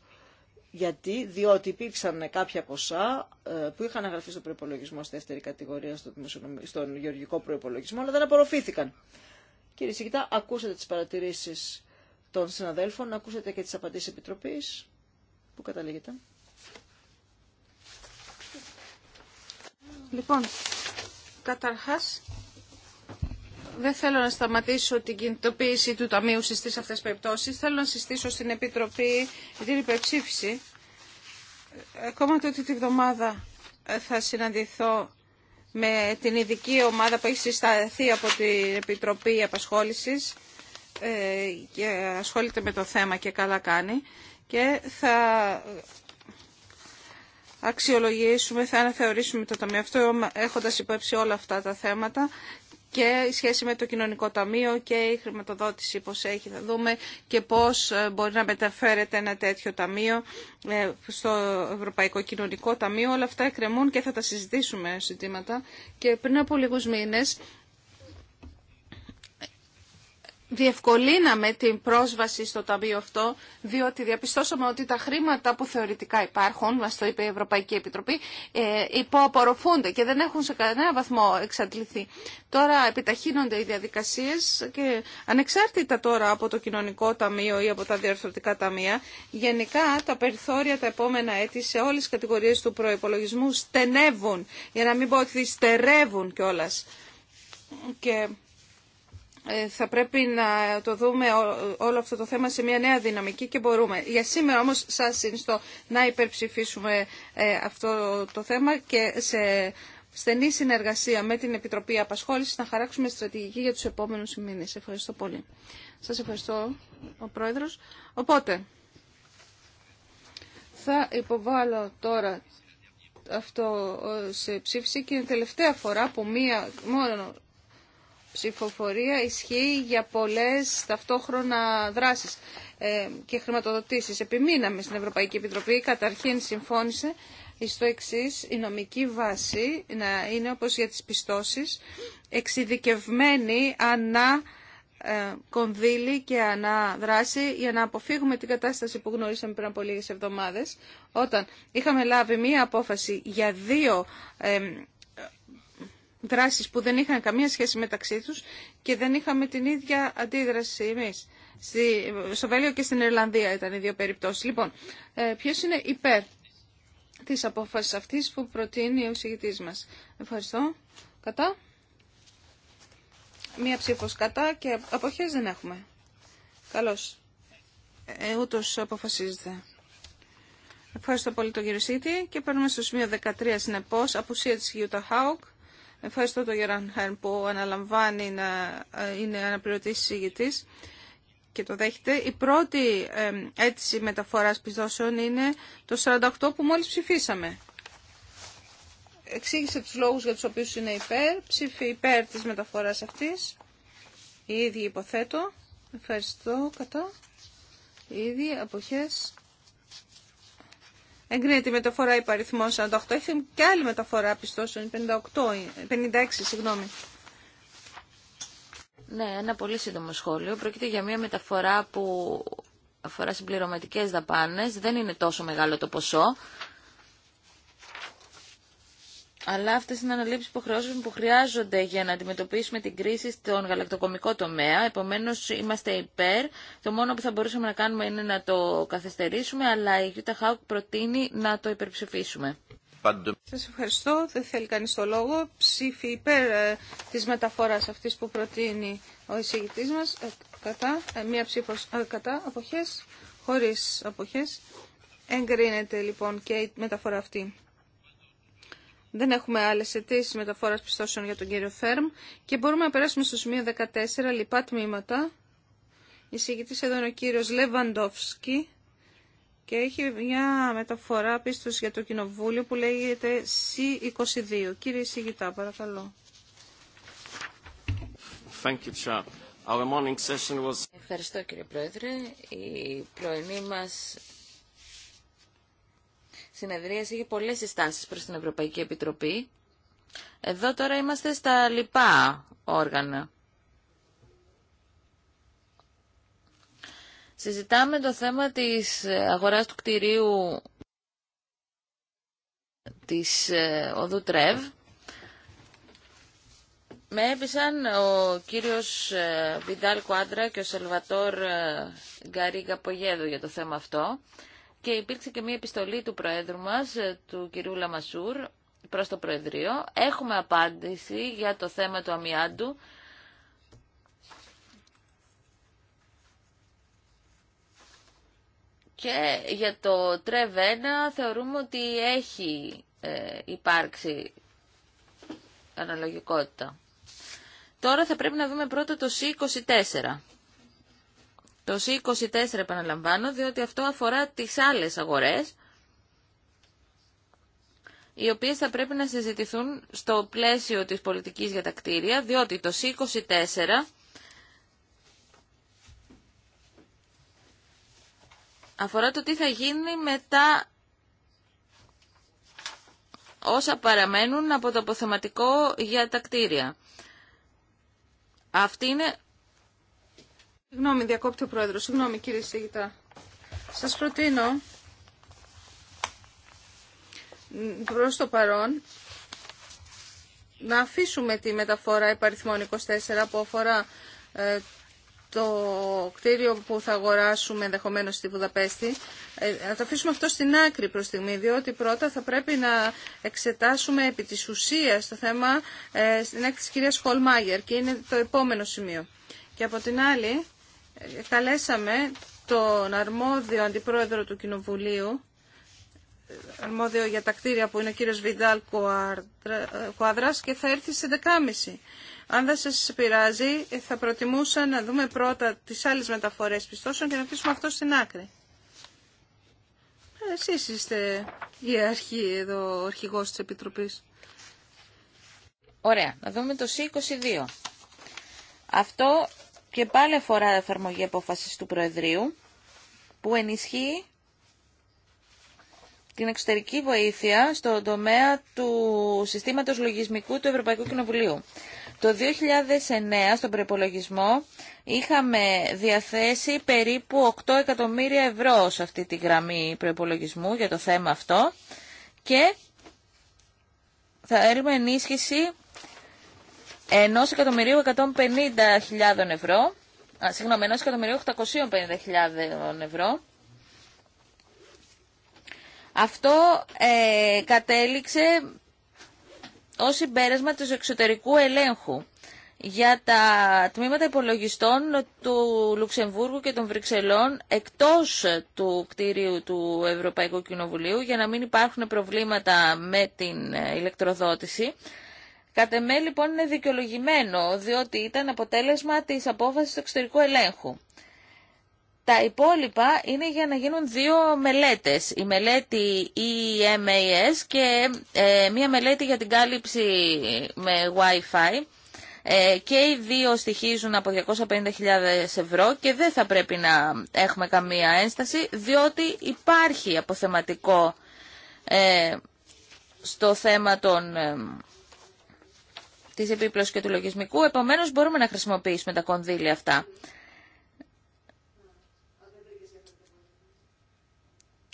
γιατί, διότι υπήρξαν κάποια ποσά ε, που είχαν αγραφεί στο προπολογισμό στη δεύτερη κατηγορία, στο στον γεωργικό προπολογισμό, αλλά δεν απορροφήθηκαν. Κύριε Σιγητά, ακούσατε τις παρατηρήσεις των συναδέλφων, ακούσατε και τις απαντήσεις Επιτροπής. Πού καταλήγετε. Λοιπόν, καταρχάς δεν θέλω να σταματήσω την κινητοποίηση του Ταμείου σε αυτές τις περιπτώσεις. Θέλω να συστήσω στην Επιτροπή την υπερψήφιση. Ακόμα τότε τη βδομάδα θα συναντηθώ με την ειδική ομάδα που έχει συσταθεί από την Επιτροπή Απασχόλησης ε, και ασχολείται με το θέμα και καλά κάνει και θα αξιολογήσουμε, θα αναθεωρήσουμε το ταμείο αυτό έχοντας υπόψη όλα αυτά τα θέματα και η σχέση με το κοινωνικό ταμείο και η χρηματοδότηση πώς έχει. Θα δούμε και πώς ε, μπορεί να μεταφέρεται ένα τέτοιο ταμείο ε, στο Ευρωπαϊκό Κοινωνικό Ταμείο. Όλα αυτά εκκρεμούν και θα τα συζητήσουμε ζητήματα. Και πριν από λίγους μήνες διευκολύναμε την πρόσβαση στο ταμείο αυτό, διότι διαπιστώσαμε ότι τα χρήματα που θεωρητικά υπάρχουν, μας το είπε η Ευρωπαϊκή Επιτροπή, ε, υποαπορροφούνται και δεν έχουν σε κανένα βαθμό εξαντληθεί. Τώρα επιταχύνονται οι διαδικασίες και ανεξάρτητα τώρα από το κοινωνικό ταμείο ή από τα διορθωτικά ταμεία, γενικά τα περιθώρια τα επόμενα έτη σε όλες τις κατηγορίες του προϋπολογισμού στενεύουν, για να μην πω ότι στερεύουν κιόλα. Και ε, θα πρέπει να το δούμε όλο αυτό το θέμα σε μια νέα δυναμική και μπορούμε. Για σήμερα όμως σας συνιστώ να υπερψηφίσουμε ε, αυτό το θέμα και σε στενή συνεργασία με την Επιτροπή Απασχόλησης να χαράξουμε στρατηγική για τους επόμενους μήνες. Ευχαριστώ πολύ. Σας ευχαριστώ ο Πρόεδρος. Οπότε, θα υποβάλω τώρα αυτό ε, σε ψήφιση και είναι τελευταία φορά που μία μόνο ψηφοφορία ισχύει για πολλές ταυτόχρονα δράσεις ε, και χρηματοδοτήσεις. Επιμείναμε στην Ευρωπαϊκή Επιτροπή, καταρχήν συμφώνησε στο εξή η νομική βάση να είναι όπως για τις πιστώσεις εξειδικευμένη ανά ε, κονδύλι και ανά δράση για να αποφύγουμε την κατάσταση που γνωρίσαμε πριν από λίγες εβδομάδες όταν είχαμε λάβει μία απόφαση για δύο ε, δράσεις που δεν είχαν καμία σχέση μεταξύ τους και δεν είχαμε την ίδια αντίδραση εμείς. Στη, στο Βέλιο και στην Ιρλανδία ήταν οι δύο περιπτώσεις. Λοιπόν, ε, ποιος είναι υπέρ της απόφασης αυτής που προτείνει ο συγητής μας. Ευχαριστώ. Κατά. Μία ψήφος κατά και αποχές δεν έχουμε. Καλώς. Ε, ούτως αποφασίζεται. Ευχαριστώ πολύ τον κύριο Σίτη και παίρνουμε στο σημείο 13 συνεπώς απουσία της Γιούτα Χάουκ Ευχαριστώ τον Γεράν Χέρν που αναλαμβάνει να ε, είναι αναπληρωτής συζήτη και το δέχεται. Η πρώτη αίτηση μεταφοράς πιστώσεων είναι το 48 που μόλις ψηφίσαμε. Εξήγησε τους λόγους για τους οποίους είναι υπέρ, ψήφι υπέρ της μεταφοράς αυτής. Οι ίδιοι υποθέτω. Ευχαριστώ κατά. Οι ίδιοι αποχές Εγκρίνεται η μεταφορά υπαριθμών 48. Έχει και άλλη μεταφορά πιστώσεων, 58, 56, συγγνώμη. Ναι, ένα πολύ σύντομο σχόλιο. Πρόκειται για μια μεταφορά που αφορά συμπληρωματικέ δαπάνε. Δεν είναι τόσο μεγάλο το ποσό αλλά αυτέ είναι αναλήψεις υποχρεώσεων που χρειάζονται για να αντιμετωπίσουμε την κρίση στον γαλακτοκομικό τομέα. Επομένω, είμαστε υπέρ. Το μόνο που θα μπορούσαμε να κάνουμε είναι να το καθυστερήσουμε, αλλά η Γιούτα Χάουκ προτείνει να το υπερψηφίσουμε. Σα ευχαριστώ. Δεν θέλει κανεί το λόγο. Ψήφι υπέρ ε, της μεταφοράς που προτείνει ο εισηγητή μα. Ε, κατά, ε, μία ψήφο ε, κατά, αποχέ. χωρίς αποχές. Εγκρίνεται λοιπόν και η μεταφορά αυτή. Δεν έχουμε άλλες αιτήσει μεταφοράς πιστώσεων για τον κύριο Φέρμ και μπορούμε να περάσουμε στο σημείο 14, λοιπά τμήματα. Η συγκητή εδώ είναι ο κύριος Λεβαντόφσκι και έχει μια μεταφορά πίστος για το κοινοβούλιο που λέγεται C22. Κύριε συγκητά, παρακαλώ. Ευχαριστώ κύριε Πρόεδρε. Η πρωινή μας συνεδρίαση είχε πολλές συστάσεις προς την Ευρωπαϊκή Επιτροπή. Εδώ τώρα είμαστε στα λοιπά όργανα. Συζητάμε το θέμα της αγοράς του κτηρίου της ε, οδού Τρεύ. Με έπεισαν ο κύριος ε, Βιντάλ Κουάντρα και ο Σελβατόρ ε, Γκαρίγκα Πογέδου για το θέμα αυτό και υπήρξε και μια επιστολή του Προέδρου μας, ε, του κυρίου Λαμασούρ, προς το Προεδρείο. Έχουμε απάντηση για το θέμα του αμοιάντου. Και για το Τρεβένα θεωρούμε ότι έχει ε, υπάρξει αναλογικότητα. Τώρα θα πρέπει να δούμε πρώτα το C24. Το C24 επαναλαμβάνω, διότι αυτό αφορά τις άλλες αγορές, οι οποίες θα πρέπει να συζητηθούν στο πλαίσιο της πολιτικής για τα κτίρια, διότι το C24 αφορά το τι θα γίνει μετά όσα παραμένουν από το αποθεματικό για τα κτίρια. Αυτή είναι Συγγνώμη, διακόπτει ο Πρόεδρος. Συγγνώμη, κύριε Σίγητα. Σας προτείνω προς το παρόν να αφήσουμε τη μεταφορά υπαριθμών 24 που αφορά ε, το κτίριο που θα αγοράσουμε ενδεχομένω στη Βουδαπέστη. να ε, ε, το αφήσουμε αυτό στην άκρη προς στιγμή, διότι πρώτα θα πρέπει να εξετάσουμε επί της ουσίας το θέμα στην έκθεση της κυρίας Χολμάγερ και είναι το επόμενο σημείο. Και από την άλλη, καλέσαμε τον αρμόδιο αντιπρόεδρο του Κοινοβουλίου, αρμόδιο για τα κτίρια που είναι ο κύριος Βιντάλ Κουάδρας και θα έρθει σε δεκάμιση. Αν δεν σας πειράζει, θα προτιμούσα να δούμε πρώτα τις άλλες μεταφορές πιστώσεων και να αφήσουμε αυτό στην άκρη. Εσείς είστε η αρχή εδώ, ο αρχηγός της Επιτροπής. Ωραία, να δούμε το C22. Αυτό και πάλι αφορά εφαρμογή απόφαση του Προεδρείου, που ενισχύει την εξωτερική βοήθεια στον τομέα του συστήματος λογισμικού του Ευρωπαϊκού Κοινοβουλίου. Το 2009 στον προπολογισμό είχαμε διαθέσει περίπου 8 εκατομμύρια ευρώ σε αυτή τη γραμμή προπολογισμού για το θέμα αυτό και θα έρουμε ενίσχυση ενός εκατομμυρίου 150.000 ευρώ, α, συγγνώμη, ενός 850.000 ευρώ. Αυτό ε, κατέληξε ως συμπέρασμα του εξωτερικού ελέγχου για τα τμήματα υπολογιστών του Λουξεμβούργου και των Βρυξελών εκτός του κτίριου του Ευρωπαϊκού Κοινοβουλίου για να μην υπάρχουν προβλήματα με την ε, ηλεκτροδότηση Κατ' εμέ λοιπόν είναι δικαιολογημένο, διότι ήταν αποτέλεσμα της απόφασης του εξωτερικού ελέγχου. Τα υπόλοιπα είναι για να γίνουν δύο μελέτες. Η μελέτη EMAS και ε, μία μελέτη για την κάλυψη με Wi-Fi. Ε, και οι δύο στοιχίζουν από 250.000 ευρώ και δεν θα πρέπει να έχουμε καμία ένσταση, διότι υπάρχει αποθεματικό ε, στο θέμα των της επίπλωσης και του λογισμικού, επομένως μπορούμε να χρησιμοποιήσουμε τα κονδύλια αυτά.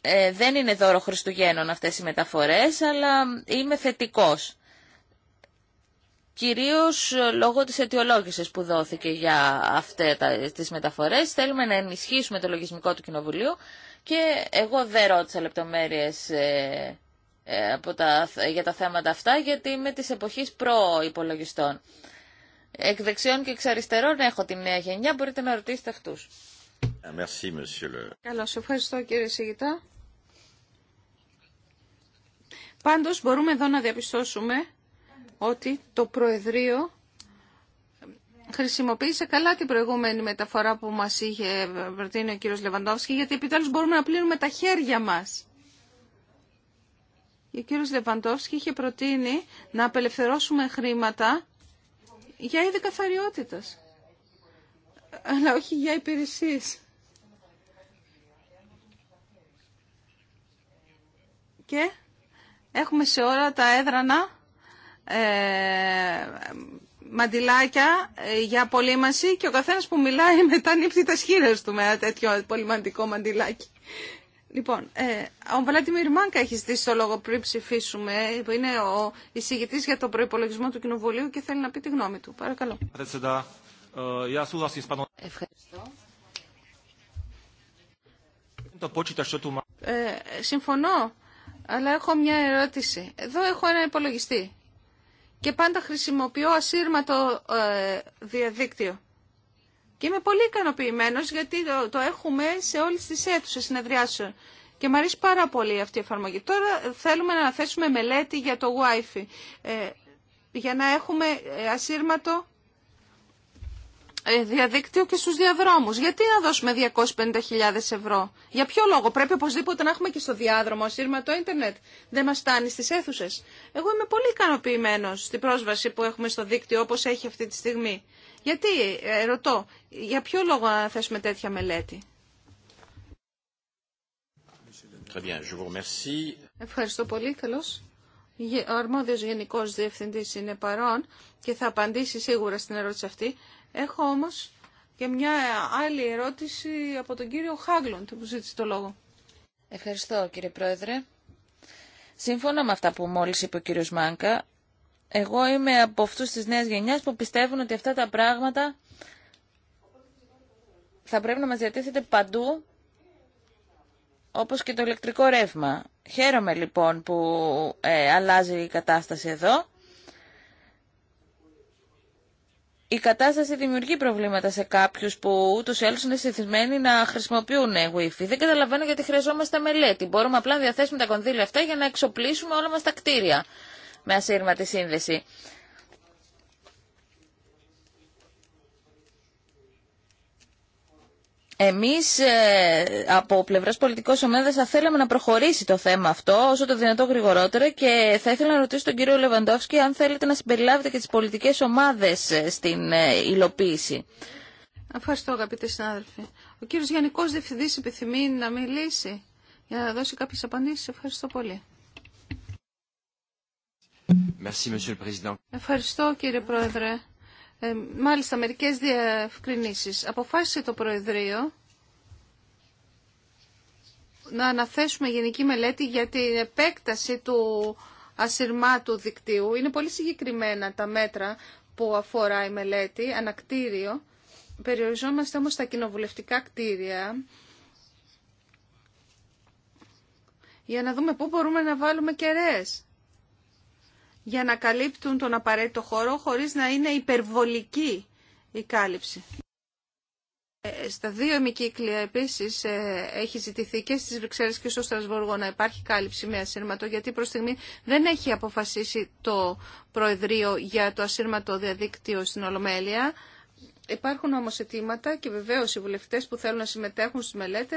Ε, δεν είναι δώρο Χριστουγέννων αυτές οι μεταφορές, αλλά είμαι θετικός. Κυρίως ε, λόγω της αιτιολόγησης που δόθηκε για αυτές τις μεταφορές. Θέλουμε να ενισχύσουμε το λογισμικό του Κοινοβουλίου και εγώ δεν ρώτησα λεπτομέρειες ε, για τα θέματα αυτά, γιατί είμαι τη εποχή προ προ-υπολογιστών. Εκ δεξιών και εξ αριστερών έχω τη νέα γενιά, μπορείτε να ρωτήσετε αυτούς. Καλώ ευχαριστώ κύριε Σιγητά. Πάντως μπορούμε εδώ να διαπιστώσουμε ότι το Προεδρείο χρησιμοποίησε καλά την προηγούμενη μεταφορά που μας είχε προτείνει ο κύριος Λεβαντόφσκι, γιατί επιτέλους μπορούμε να πλύνουμε τα χέρια μας. Ο κύριος Λεβαντόφσκι είχε προτείνει να απελευθερώσουμε χρήματα για είδη καθαριότητας, αλλά όχι για υπηρεσίες. Και έχουμε σε ώρα τα έδρανα ε, μαντιλάκια ε, για απολύμανση και ο καθένας που μιλάει μετά νύπτει τα σχήρες του με ένα τέτοιο πολυμαντικό μαντιλάκι. Λοιπόν, ε, ο Βαλάντι Μάνκα έχει ζητήσει το λόγο πριν ψηφίσουμε, που είναι ο εισηγητή για τον προπολογισμό του Κοινοβουλίου και θέλει να πει τη γνώμη του. Παρακαλώ. Ε, Ευχαριστώ. Ε, συμφωνώ, αλλά έχω μια ερώτηση. Εδώ έχω ένα υπολογιστή και πάντα χρησιμοποιώ ασύρματο ε, διαδίκτυο. Και είμαι πολύ ικανοποιημένο γιατί το, έχουμε σε όλε τι αίθουσε συνεδριάσεων. Και μου αρέσει πάρα πολύ αυτή η εφαρμογή. Τώρα θέλουμε να αναθέσουμε μελέτη για το Wi-Fi, ε, για να έχουμε ε, ασύρματο ε, διαδίκτυο και στους διαδρόμους. Γιατί να δώσουμε 250.000 ευρώ. Για ποιο λόγο. Πρέπει οπωσδήποτε να έχουμε και στο διάδρομο ασύρματο ίντερνετ. Δεν μας στάνει στις αίθουσες. Εγώ είμαι πολύ ικανοποιημένος στην πρόσβαση που έχουμε στο δίκτυο όπως έχει αυτή τη στιγμή. Γιατί, ε, ρωτώ, για ποιο λόγο να θέσουμε τέτοια μελέτη. Ευχαριστώ πολύ, καλώς. Ο αρμόδιος γενικός διευθυντής είναι παρόν και θα απαντήσει σίγουρα στην ερώτηση αυτή. Έχω όμως και μια άλλη ερώτηση από τον κύριο Χάγλοντ που ζήτησε το λόγο. Ευχαριστώ κύριε Πρόεδρε. Σύμφωνα με αυτά που μόλις είπε ο κύριος Μάνκα, εγώ είμαι από αυτού τη νέα γενιά που πιστεύουν ότι αυτά τα πράγματα θα πρέπει να μα διατίθεται παντού, όπως και το ηλεκτρικό ρεύμα. Χαίρομαι λοιπόν που ε, αλλάζει η κατάσταση εδώ. Η κατάσταση δημιουργεί προβλήματα σε κάποιους που ούτως ή άλλως είναι συνηθισμένοι να χρησιμοποιουν WIFI. Δεν καταλαβαίνω γιατί χρειαζόμαστε μελέτη. Μπορούμε απλά να διαθέσουμε τα κονδύλια αυτά για να εξοπλίσουμε όλα μας τα κτίρια με ασύρματη σύνδεση. Εμείς ε, από πλευράς πολιτικών ομάδας θα θέλαμε να προχωρήσει το θέμα αυτό όσο το δυνατό γρηγορότερα και θα ήθελα να ρωτήσω τον κύριο Λεβαντόφσκι αν θέλετε να συμπεριλάβετε και τις πολιτικές ομάδες ε, στην ε, υλοποίηση. Ευχαριστώ αγαπητοί συνάδελφοι. Ο κύριος Γενικός Διευθυντής επιθυμεί να μιλήσει για να δώσει κάποιες απαντήσεις. Ευχαριστώ πολύ. Ευχαριστώ κύριε Πρόεδρε. Ε, μάλιστα μερικές διευκρινήσεις. Αποφάσισε το Προεδρείο να αναθέσουμε γενική μελέτη για την επέκταση του ασυρμάτου δικτύου. Είναι πολύ συγκεκριμένα τα μέτρα που αφορά η μελέτη, ανακτήριο. Περιοριζόμαστε όμως στα κοινοβουλευτικά κτίρια για να δούμε πού μπορούμε να βάλουμε κεραίες για να καλύπτουν τον απαραίτητο χώρο χωρίς να είναι υπερβολική η κάλυψη. Ε, στα δύο ημικύκλια επίσης ε, έχει ζητηθεί και στι Βρυξέλλες και στο Στρασβούργο να υπάρχει κάλυψη με ασύρματο γιατί προς στιγμή δεν έχει αποφασίσει το Προεδρείο για το ασύρματο διαδίκτυο στην Ολομέλεια. Υπάρχουν όμω αιτήματα και βεβαίω οι βουλευτές που θέλουν να συμμετέχουν στι μελέτε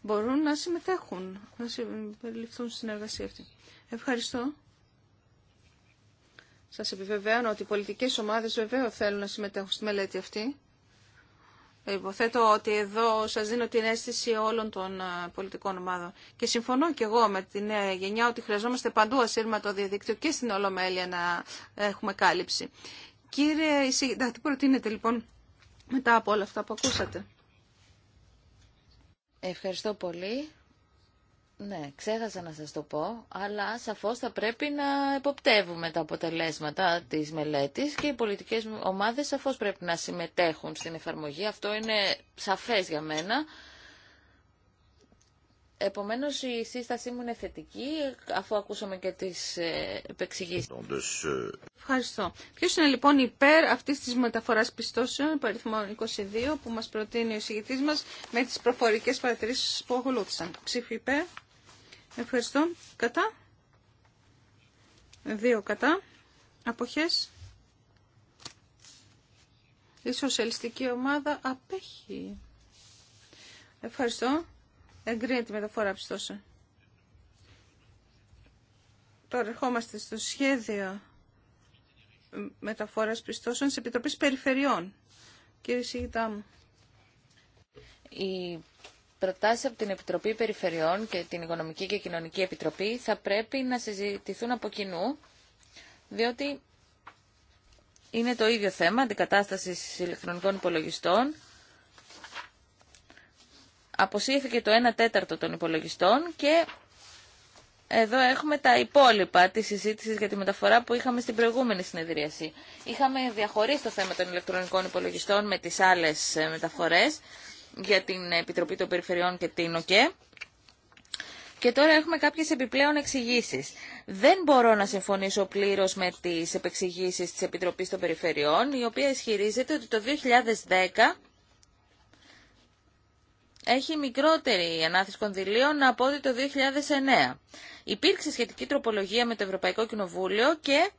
μπορούν να συμμετέχουν, να συμπεριληφθούν στην εργασία αυτή. Ευχαριστώ. Σας επιβεβαίωνω ότι οι πολιτικές ομάδες βεβαίως θέλουν να συμμετέχουν στη μελέτη αυτή. Υποθέτω ότι εδώ σας δίνω την αίσθηση όλων των πολιτικών ομάδων. Και συμφωνώ και εγώ με τη νέα ε, γενιά ότι χρειαζόμαστε παντού ασύρματο διαδίκτυο και στην Ολομέλεια να έχουμε κάλυψη. Κύριε τι προτείνετε λοιπόν μετά από όλα αυτά που ακούσατε. Ευχαριστώ πολύ. Ναι, ξέχασα να σας το πω, αλλά σαφώς θα πρέπει να εποπτεύουμε τα αποτελέσματα της μελέτης και οι πολιτικές ομάδες σαφώς πρέπει να συμμετέχουν στην εφαρμογή. Αυτό είναι σαφές για μένα. Επομένως, η σύστασή μου είναι θετική, αφού ακούσαμε και τις ε, επεξηγήσεις. Ευχαριστώ. Ποιος είναι λοιπόν υπέρ αυτής της μεταφοράς πιστώσεων, υπέρ 22, που μας προτείνει ο συγητής μας, με τις προφορικές παρατηρήσεις που ακολούθησαν. Ψήφι υπέρ. Ευχαριστώ. Κατά. Δύο κατά. Αποχές. Η σοσιαλιστική ομάδα απέχει. Ευχαριστώ. Εγκρίνεται τη μεταφορά πιστώσα. Τώρα ερχόμαστε στο σχέδιο μεταφοράς πιστώσεων της Επιτροπής Περιφερειών. Κύριε Σιγητά μου. Προτάσει από την Επιτροπή Περιφερειών και την Οικονομική και Κοινωνική Επιτροπή θα πρέπει να συζητηθούν από κοινού, διότι είναι το ίδιο θέμα αντικατάσταση ηλεκτρονικών υπολογιστών. Αποσύρθηκε το 1 τέταρτο των υπολογιστών και εδώ έχουμε τα υπόλοιπα τη συζήτηση για τη μεταφορά που είχαμε στην προηγούμενη συνεδρίαση. Είχαμε διαχωρίσει το θέμα των ηλεκτρονικών υπολογιστών με τις άλλες ε, μεταφορές για την Επιτροπή των Περιφερειών και την ΟΚΕ. Και τώρα έχουμε κάποιες επιπλέον εξηγήσει. Δεν μπορώ να συμφωνήσω πλήρως με τις επεξηγήσει της Επιτροπής των Περιφερειών, η οποία ισχυρίζεται ότι το 2010 έχει μικρότερη ανάθεση κονδυλίων από ότι το 2009. Υπήρξε σχετική τροπολογία με το Ευρωπαϊκό Κοινοβούλιο και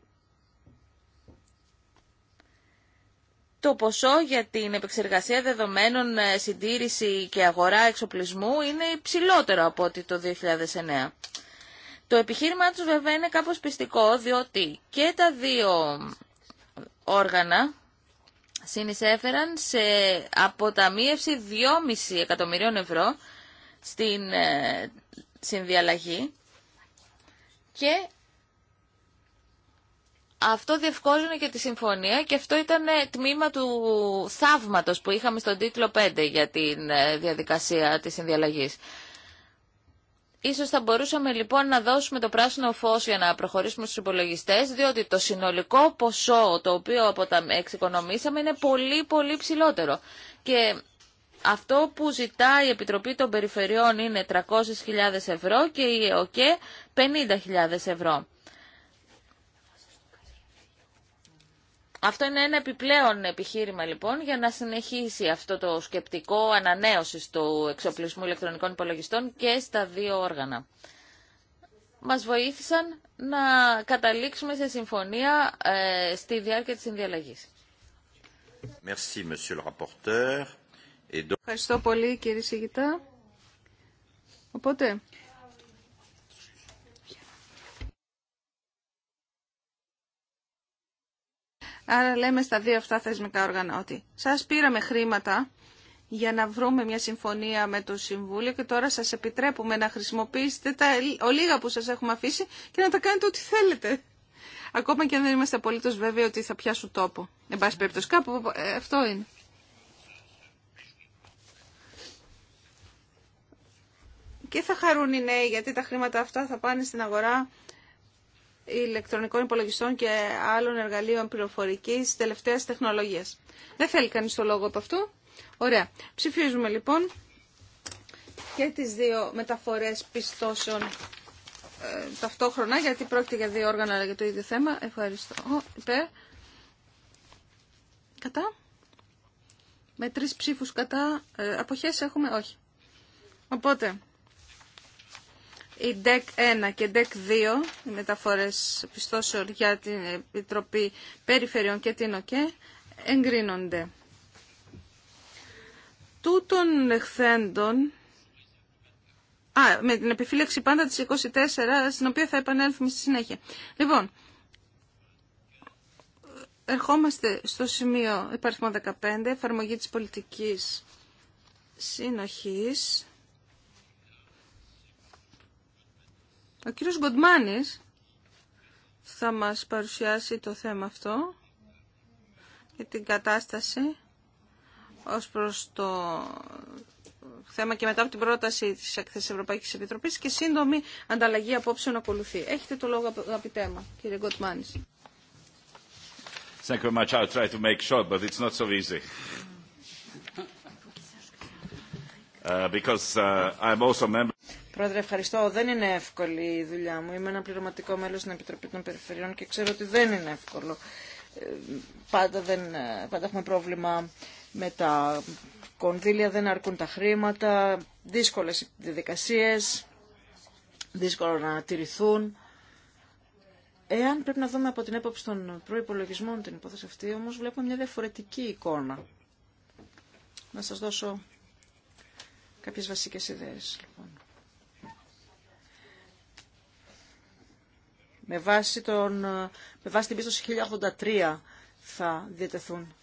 το ποσό για την επεξεργασία δεδομένων ε, συντήρηση και αγορά εξοπλισμού είναι υψηλότερο από ότι το 2009. Το επιχείρημά τους βέβαια είναι κάπως πιστικό, διότι και τα δύο όργανα συνεισέφεραν σε αποταμίευση 2,5 εκατομμυρίων ευρώ στην ε, συνδιαλλαγή και αυτό διευκόλυνε και τη συμφωνία και αυτό ήταν ε, τμήμα του θαύματος που είχαμε στον τίτλο 5 για τη ε, διαδικασία της συνδιαλλαγής. Ίσως θα μπορούσαμε λοιπόν να δώσουμε το πράσινο φως για να προχωρήσουμε στους υπολογιστέ, διότι το συνολικό ποσό το οποίο από τα εξοικονομήσαμε είναι πολύ πολύ ψηλότερο. Και αυτό που ζητά η Επιτροπή των Περιφερειών είναι 300.000 ευρώ και η ΕΟΚΕ 50.000 ευρώ. Αυτό είναι ένα επιπλέον επιχείρημα λοιπόν για να συνεχίσει αυτό το σκεπτικό ανανέωσης του εξοπλισμού ηλεκτρονικών υπολογιστών και στα δύο όργανα. Μας βοήθησαν να καταλήξουμε σε συμφωνία ε, στη διάρκεια της συνδιαλλαγής. Merci, Ευχαριστώ πολύ κύριε Σιγητά. Οπότε Άρα λέμε στα δύο αυτά θεσμικά όργανα ότι σας πήραμε χρήματα για να βρούμε μια συμφωνία με το Συμβούλιο και τώρα σας επιτρέπουμε να χρησιμοποιήσετε τα ολίγα που σας έχουμε αφήσει και να τα κάνετε ό,τι θέλετε. Ακόμα και αν δεν είμαστε απολύτως βέβαιοι ότι θα πιάσουν τόπο. Εν πάση περιπτώσει κάπου ε, αυτό είναι. Και θα χαρούν οι νέοι γιατί τα χρήματα αυτά θα πάνε στην αγορά ηλεκτρονικών υπολογιστών και άλλων εργαλείων πληροφορική τελευταίας τεχνολογίας. Δεν θέλει κανεί το λόγο από αυτού. Ωραία. Ψηφίζουμε λοιπόν και τις δύο μεταφορές πιστώσεων ε, ταυτόχρονα, γιατί πρόκειται για δύο όργανα αλλά για το ίδιο θέμα. Ευχαριστώ. Υπέρ. Κατά. Με τρεις ψήφους κατά. Ε, αποχές έχουμε. Όχι. Οπότε, η ΔΕΚ 1 και ΔΕΚ 2, οι μεταφορές πιστώσεων για την Επιτροπή Περιφερειών και την ΟΚΕ, εγκρίνονται. Τούτων εχθέντων, α, με την επιφύλαξη πάντα της 24, στην οποία θα επανέλθουμε στη συνέχεια. Λοιπόν, ερχόμαστε στο σημείο 15, εφαρμογή της πολιτικής συνοχής Ο κύριος Γκοντμάνης θα μας παρουσιάσει το θέμα αυτό και την κατάσταση ως προς το θέμα και μετά από την πρόταση της Εκθέσης Ευρωπαϊκής Επιτροπής και σύντομη ανταλλαγή απόψεων ακολουθεί. Έχετε το λόγο αγαπητέ μου, κύριε Γκοτμάνης. Πρόεδρε, ευχαριστώ. Δεν είναι εύκολη η δουλειά μου. Είμαι ένα πληρωματικό μέλο στην Επιτροπή των Περιφερειών και ξέρω ότι δεν είναι εύκολο. Ε, πάντα, δεν, πάντα έχουμε πρόβλημα με τα κονδύλια, δεν αρκούν τα χρήματα, δύσκολες διαδικασίε, δύσκολο να τηρηθούν. Εάν πρέπει να δούμε από την έποψη των προϋπολογισμών την υπόθεση αυτή, όμως βλέπουμε μια διαφορετική εικόνα. Να σας δώσω κάποιες βασικές ιδέες, λοιπόν. Με βάση, τον, ε, με βάση την πίστοση 1083 θα διατεθούν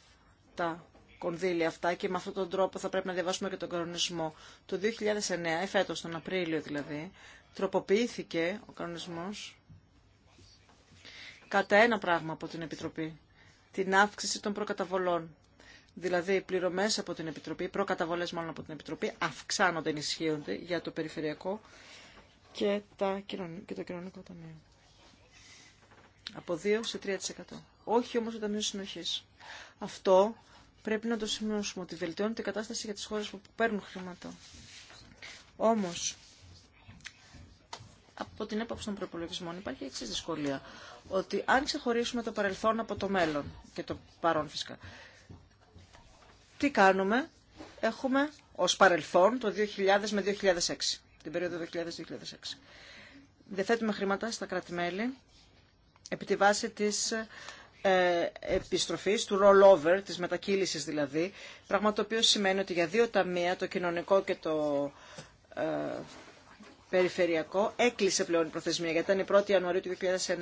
τα κονδύλια αυτά και με αυτόν τον τρόπο θα πρέπει να διαβάσουμε και τον κανονισμό. Το 2009, εφέτος τον Απρίλιο δηλαδή, τροποποιήθηκε ο κανονισμός κατά ένα πράγμα από την Επιτροπή, την αύξηση των προκαταβολών. Δηλαδή, οι πληρωμέ από την Επιτροπή, οι προκαταβολέ μάλλον από την Επιτροπή, αυξάνονται, ενισχύονται για το περιφερειακό και, τα, και το κοινωνικό ταμείο. Από 2 σε 3%. Όχι όμω το Ταμείο συνοχή. Αυτό πρέπει να το σημειώσουμε ότι βελτιώνεται η κατάσταση για τι χώρε που παίρνουν χρήματα. Όμω, από την έπαψη των προπολογισμών υπάρχει εξή δυσκολία. Ότι αν ξεχωρίσουμε το παρελθόν από το μέλλον και το παρόν φυσικά, τι κάνουμε, έχουμε ως παρελθόν το 2000 με 2006, την περίοδο 2000-2006. Διαθέτουμε χρήματα στα κράτη-μέλη επί τη βάση της ε, επιστροφής, του rollover, της μετακύλησης δηλαδή, πράγμα το οποίο σημαίνει ότι για δύο ταμεία, το κοινωνικό και το ε, περιφερειακό, έκλεισε πλέον η προθεσμία, γιατί ήταν η 1η Ιανουαρίου του 2009.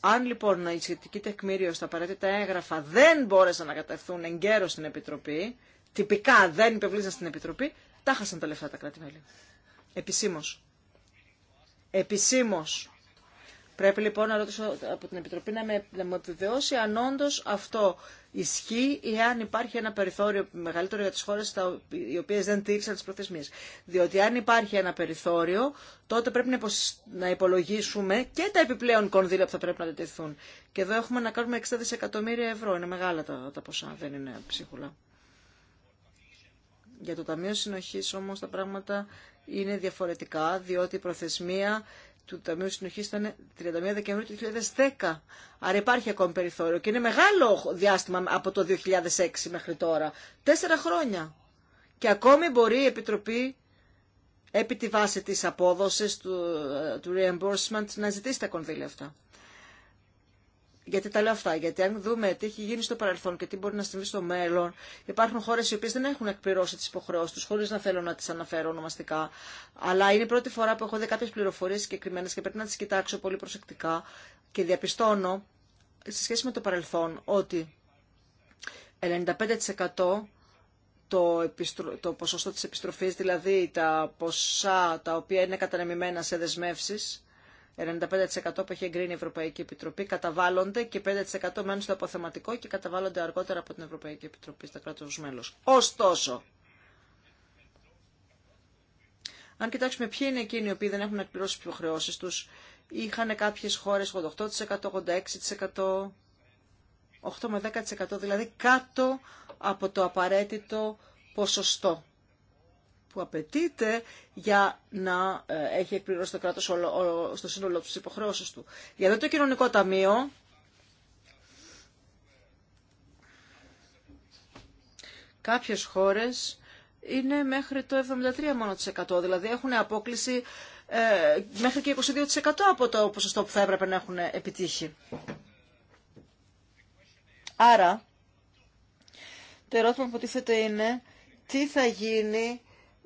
Αν λοιπόν η σχετική τεκμήριο στα απαραίτητα έγγραφα δεν μπόρεσαν να κατευθούν εγκαίρως στην Επιτροπή, τυπικά δεν υπευλίζαν στην Επιτροπή, τα χάσαν τα λεφτά τα κράτη-μέλη. Επισήμως. Επισήμως. Πρέπει λοιπόν να ρωτήσω από την Επιτροπή να, με, να μου επιβεβαιώσει αν όντω αυτό ισχύει ή αν υπάρχει ένα περιθώριο μεγαλύτερο για τι χώρε, οι οποίε δεν τήρησαν τι προθεσμίε. Διότι αν υπάρχει ένα περιθώριο, τότε πρέπει να υπολογίσουμε και τα επιπλέον κονδύλια που θα πρέπει να τεθούν. Και εδώ έχουμε να κάνουμε 60 δισεκατομμύρια ευρώ. Είναι μεγάλα τα, τα ποσά, δεν είναι ψίχουλα. Για το Ταμείο συνοχή, όμω τα πράγματα είναι διαφορετικά, διότι η προθεσμία του Ταμείου Συνοχή ήταν 31 Δεκεμβρίου του 2010. Άρα υπάρχει ακόμη περιθώριο και είναι μεγάλο διάστημα από το 2006 μέχρι τώρα. Τέσσερα χρόνια. Και ακόμη μπορεί η Επιτροπή επί τη βάση της απόδοσης του, ε, του reimbursement να ζητήσει τα κονδύλια αυτά. Γιατί τα λέω αυτά, γιατί αν δούμε τι έχει γίνει στο παρελθόν και τι μπορεί να συμβεί στο μέλλον, υπάρχουν χώρε οι οποίε δεν έχουν εκπληρώσει τι υποχρεώσει του, χωρί να θέλω να τι αναφέρω ονομαστικά. Αλλά είναι η πρώτη φορά που έχω δει κάποιε πληροφορίε συγκεκριμένε και πρέπει να τι κοιτάξω πολύ προσεκτικά και διαπιστώνω σε σχέση με το παρελθόν ότι 95% το, το ποσοστό της επιστροφής, δηλαδή τα ποσά τα οποία είναι κατανεμημένα σε δεσμεύσεις, 95% που έχει εγκρίνει η Ευρωπαϊκή Επιτροπή καταβάλλονται και 5% μένουν στο αποθεματικό και καταβάλλονται αργότερα από την Ευρωπαϊκή Επιτροπή στα ως μέλος. Ωστόσο, αν κοιτάξουμε ποιοι είναι εκείνοι οι οποίοι δεν έχουν εκπληρώσει τις υποχρεώσεις τους, είχαν κάποιες χώρες 88%, 86%, 8 με 10% δηλαδή κάτω από το απαραίτητο ποσοστό που απαιτείται για να ε, έχει εκπληρώσει το κράτος στο σύνολο της υποχρεώσεις του. Για το κοινωνικό ταμείο, κάποιες χώρες είναι μέχρι το 73% μόνο, δηλαδή έχουν απόκληση ε, μέχρι και 22% από το ποσοστό που θα έπρεπε να έχουν επιτύχει. Άρα, το ερώτημα που τίθεται είναι τι θα γίνει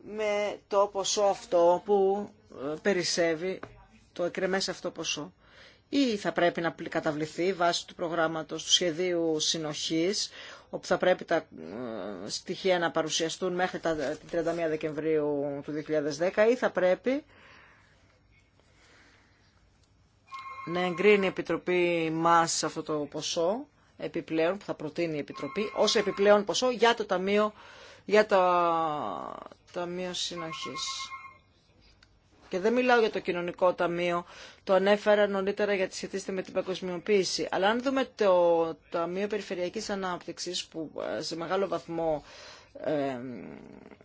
με το ποσό αυτό που ε, περισσεύει, το εκκρεμές αυτό ποσό. Ή θα πρέπει να καταβληθεί βάσει του προγράμματος του σχεδίου συνοχής, όπου θα πρέπει τα ε, στοιχεία να παρουσιαστούν μέχρι τα 31 Δεκεμβρίου του 2010, ή θα πρέπει να εγκρίνει η Επιτροπή μας αυτό το ποσό, επιπλέον, που θα προτείνει η Επιτροπή, ως επιπλέον ποσό για το Ταμείο για το Ταμείο Συνοχής. Και δεν μιλάω για το κοινωνικό ταμείο, το ανέφερα νωρίτερα γιατί σχετίζεται με την παγκοσμιοποίηση. Αλλά αν δούμε το Ταμείο Περιφερειακής Ανάπτυξης που ε, σε μεγάλο βαθμό ε,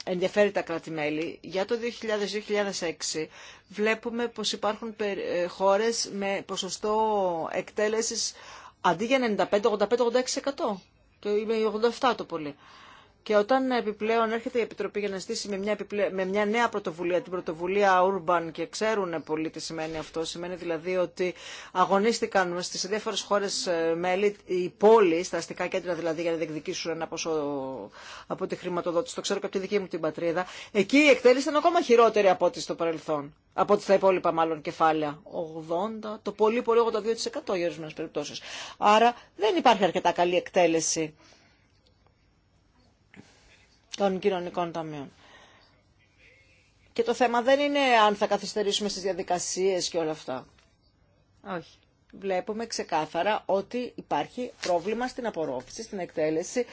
ενδιαφέρει τα κράτη-μέλη, για το 2000-2006 βλέπουμε πως υπάρχουν ε, χώρες με ποσοστό εκτέλεσης αντί για 95-85-86% και είμαι 87% το πολύ. Και όταν επιπλέον έρχεται η Επιτροπή για να στήσει με μια, επιπλέ... με μια νέα πρωτοβουλία, την πρωτοβουλία Urban και ξέρουν πολύ τι σημαίνει αυτό, σημαίνει δηλαδή ότι αγωνίστηκαν στι διάφορε χώρε ε, μέλη, οι πόλει, τα αστικά κέντρα δηλαδή για να διεκδικήσουν ένα ποσό από τη χρηματοδότηση, το ξέρω και από τη δική μου την πατρίδα, εκεί η εκτέλεση ήταν ακόμα χειρότερη από ό,τι στο παρελθόν, από ό,τι στα υπόλοιπα μάλλον κεφάλαια, 80, το πολύ πολύ 82% για ορισμένε περιπτώσει. Άρα δεν υπάρχει αρκετά καλή εκτέλεση των κοινωνικών ταμείων. Και το θέμα δεν είναι αν θα καθυστερήσουμε στις διαδικασίες και όλα αυτά. Όχι. Βλέπουμε ξεκάθαρα ότι υπάρχει πρόβλημα στην απορρόφηση, στην εκτέλεση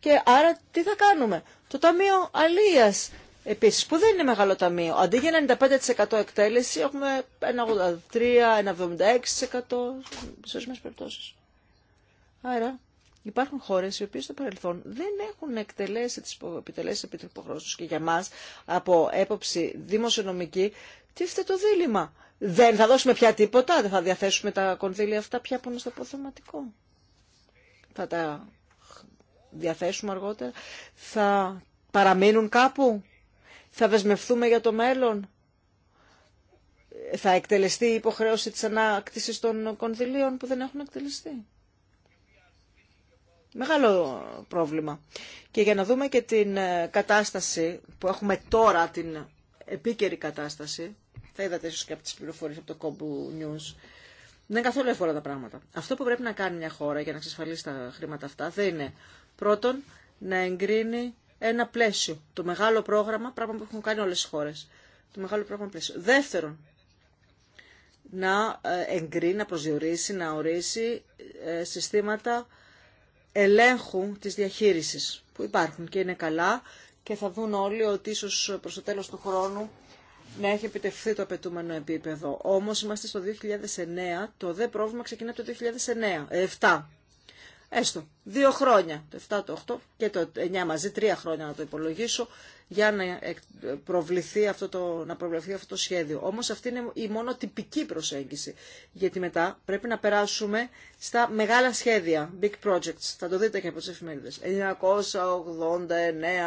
και άρα τι θα κάνουμε. Το Ταμείο Αλίας επίσης που δεν είναι μεγάλο ταμείο. Αντί για 95% εκτέλεση έχουμε 1,83, 1,76% σε ορισμένες περιπτώσεις. Άρα Υπάρχουν χώρε οι οποίε στο παρελθόν δεν έχουν εκτελέσει τι επιτελέσει επιτροποχρώσεω και για μα από έποψη δημοσιονομική τίθεται το δίλημα. Δεν θα δώσουμε πια τίποτα, δεν θα διαθέσουμε τα κονδύλια αυτά πια που είναι στο αποθεματικό. Θα τα διαθέσουμε αργότερα, θα παραμείνουν κάπου, θα δεσμευτούμε για το μέλλον, θα εκτελεστεί η υποχρέωση της ανάκτησης των κονδυλίων που δεν έχουν εκτελεστεί. Μεγάλο πρόβλημα. Και για να δούμε και την ε, κατάσταση που έχουμε τώρα, την επίκαιρη κατάσταση, θα είδατε ίσως και από τις πληροφορίες από το Κόμπου News, δεν είναι καθόλου εύκολα τα πράγματα. Αυτό που πρέπει να κάνει μια χώρα για να εξασφαλίσει τα χρήματα αυτά θα είναι πρώτον να εγκρίνει ένα πλαίσιο, το μεγάλο πρόγραμμα, πράγμα που έχουν κάνει όλες οι χώρες. Το μεγάλο πρόγραμμα πλαίσιο. Δεύτερον, να ε, εγκρίνει, να προσδιορίσει, να ορίσει ε, συστήματα ελέγχου της διαχείρισης που υπάρχουν και είναι καλά και θα δουν όλοι ότι ίσως προς το τέλος του χρόνου να έχει επιτευχθεί το απαιτούμενο επίπεδο. Όμως είμαστε στο 2009, το δε πρόβλημα ξεκινάει από το 2009, έστω δύο χρόνια, το 7, το 8 και το 9 μαζί, τρία χρόνια να το υπολογίσω, για να προβληθεί αυτό το, να προβληθεί αυτό το σχέδιο. Όμως αυτή είναι η μόνο τυπική προσέγγιση, γιατί μετά πρέπει να περάσουμε στα μεγάλα σχέδια, big projects, θα το δείτε και από τις εφημερίδες. 989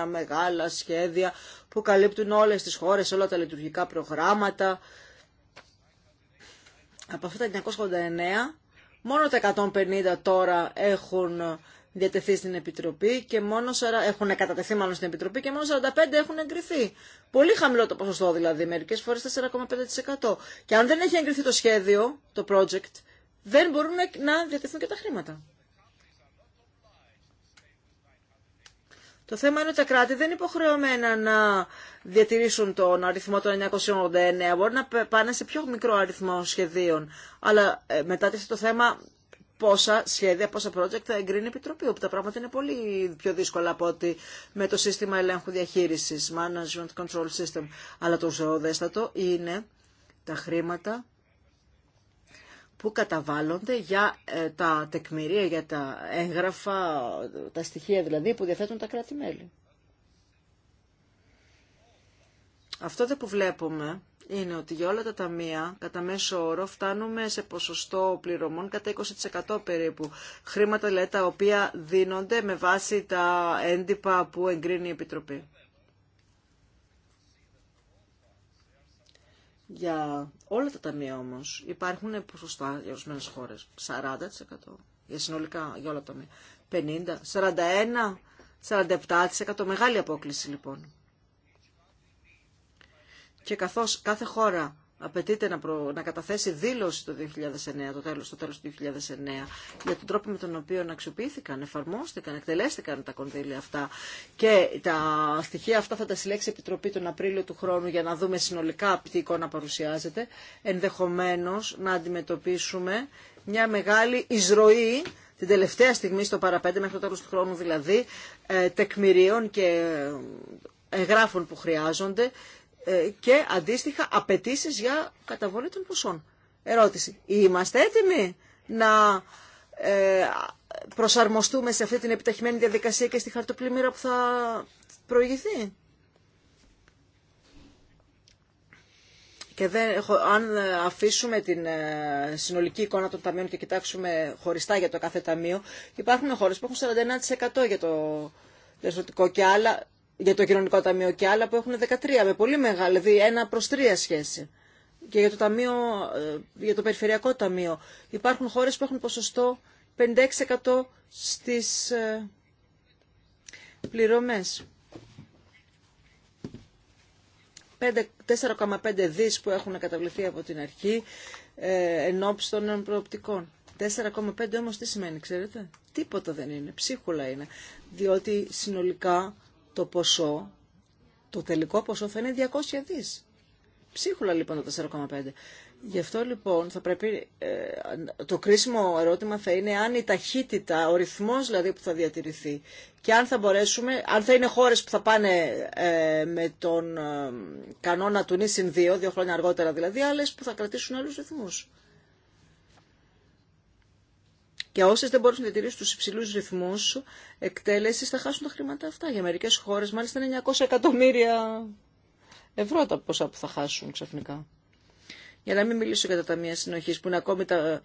μεγάλα σχέδια που καλύπτουν όλες τις χώρες, όλα τα λειτουργικά προγράμματα. Από αυτά τα 989 Μόνο τα 150 τώρα έχουν διατεθεί στην Επιτροπή και μόνο έχουν κατατεθεί μάλλον στην Επιτροπή και μόνο 45 έχουν εγκριθεί. Πολύ χαμηλό το ποσοστό δηλαδή, μερικέ φορέ 4,5%. Και αν δεν έχει εγκριθεί το σχέδιο, το project, δεν μπορούν να διατεθούν και τα χρήματα. Το θέμα είναι ότι τα κράτη δεν είναι υποχρεωμένα να διατηρήσουν τον αριθμό των 989. Μπορεί να πάνε σε πιο μικρό αριθμό σχεδίων. Αλλά ε, μετά το θέμα πόσα σχέδια, πόσα project θα εγκρίνει η Επιτροπή, όπου τα πράγματα είναι πολύ πιο δύσκολα από ότι με το σύστημα ελέγχου διαχείρισης, Management Control System. Αλλά το ζωοδέστατο είναι τα χρήματα που καταβάλλονται για ε, τα τεκμηρία, για τα έγγραφα, τα στοιχεία δηλαδή που διαθέτουν τα κράτη-μέλη. Αυτό που βλέπουμε είναι ότι για όλα τα ταμεία, κατά μέσο όρο, φτάνουμε σε ποσοστό πληρωμών κατά 20% περίπου. Χρήματα, τα οποία δίνονται με βάση τα έντυπα που εγκρίνει η Επιτροπή. Για όλα τα ταμεία όμω, υπάρχουν ποσοστά για ορισμένε χώρες. 40% για συνολικά για όλα τα ταμεία. 50, 41, 47% μεγάλη απόκληση λοιπόν. Και καθώς κάθε χώρα απαιτείται να, να καταθέσει δήλωση το 2009, το τέλος, το τέλος του 2009, για τον τρόπο με τον οποίο αξιοποιήθηκαν, εφαρμόστηκαν, εκτελέστηκαν τα κονδύλια αυτά. Και τα στοιχεία αυτά θα τα συλλέξει η Επιτροπή τον Απρίλιο του χρόνου για να δούμε συνολικά τι εικόνα παρουσιάζεται. Ενδεχομένως να αντιμετωπίσουμε μια μεγάλη εισρωή την τελευταία στιγμή στο παραπέντε, μέχρι το τέλος του χρόνου δηλαδή, ε, τεκμηρίων και ε, εγγράφων που χρειάζονται ε, και αντίστοιχα απαιτήσει για καταβολή των ποσών. Ερώτηση. Είμαστε έτοιμοι να ε, προσαρμοστούμε σε αυτή την επιταχυμένη διαδικασία και στη χαρτοπλημμύρα που θα προηγηθεί. Και δεν, αν αφήσουμε την ε, συνολική εικόνα των ταμείων και κοιτάξουμε χωριστά για το κάθε ταμείο, υπάρχουν χώρες που έχουν 49% για το διαστροτικό και άλλα για το κοινωνικό ταμείο και άλλα που έχουν 13 με πολύ μεγάλη, δηλαδή ένα προς τρία σχέση. Και για το, ταμείο, ε, για το περιφερειακό ταμείο υπάρχουν χώρες που έχουν ποσοστό 56% στις ε, πληρωμές. 4,5 δις που έχουν καταβληθεί από την αρχή ε, των προοπτικών. 4,5 όμως τι σημαίνει, ξέρετε. Τίποτα δεν είναι, ψίχουλα είναι. Διότι συνολικά το ποσό, το τελικό ποσό θα είναι 200 δις. Ψίχουλα λοιπόν το 4,5. Γι' αυτό λοιπόν θα πρέπει, ε, το κρίσιμο ερώτημα θα είναι αν η ταχύτητα, ο ρυθμός δηλαδή που θα διατηρηθεί και αν θα μπορέσουμε, αν θα είναι χώρες που θα πάνε ε, με τον ε, κανόνα του νησιν 2, δύο χρόνια αργότερα δηλαδή, άλλες που θα κρατήσουν άλλους ρυθμούς. Και όσε δεν μπορούν να διατηρήσουν του υψηλού ρυθμού εκτέλεση θα χάσουν τα χρήματα αυτά. Για μερικέ χώρε μάλιστα είναι 900 εκατομμύρια ευρώ τα ποσά που θα χάσουν ξαφνικά. Για να μην μιλήσω για τα ταμεία συνοχή που είναι ακόμη τα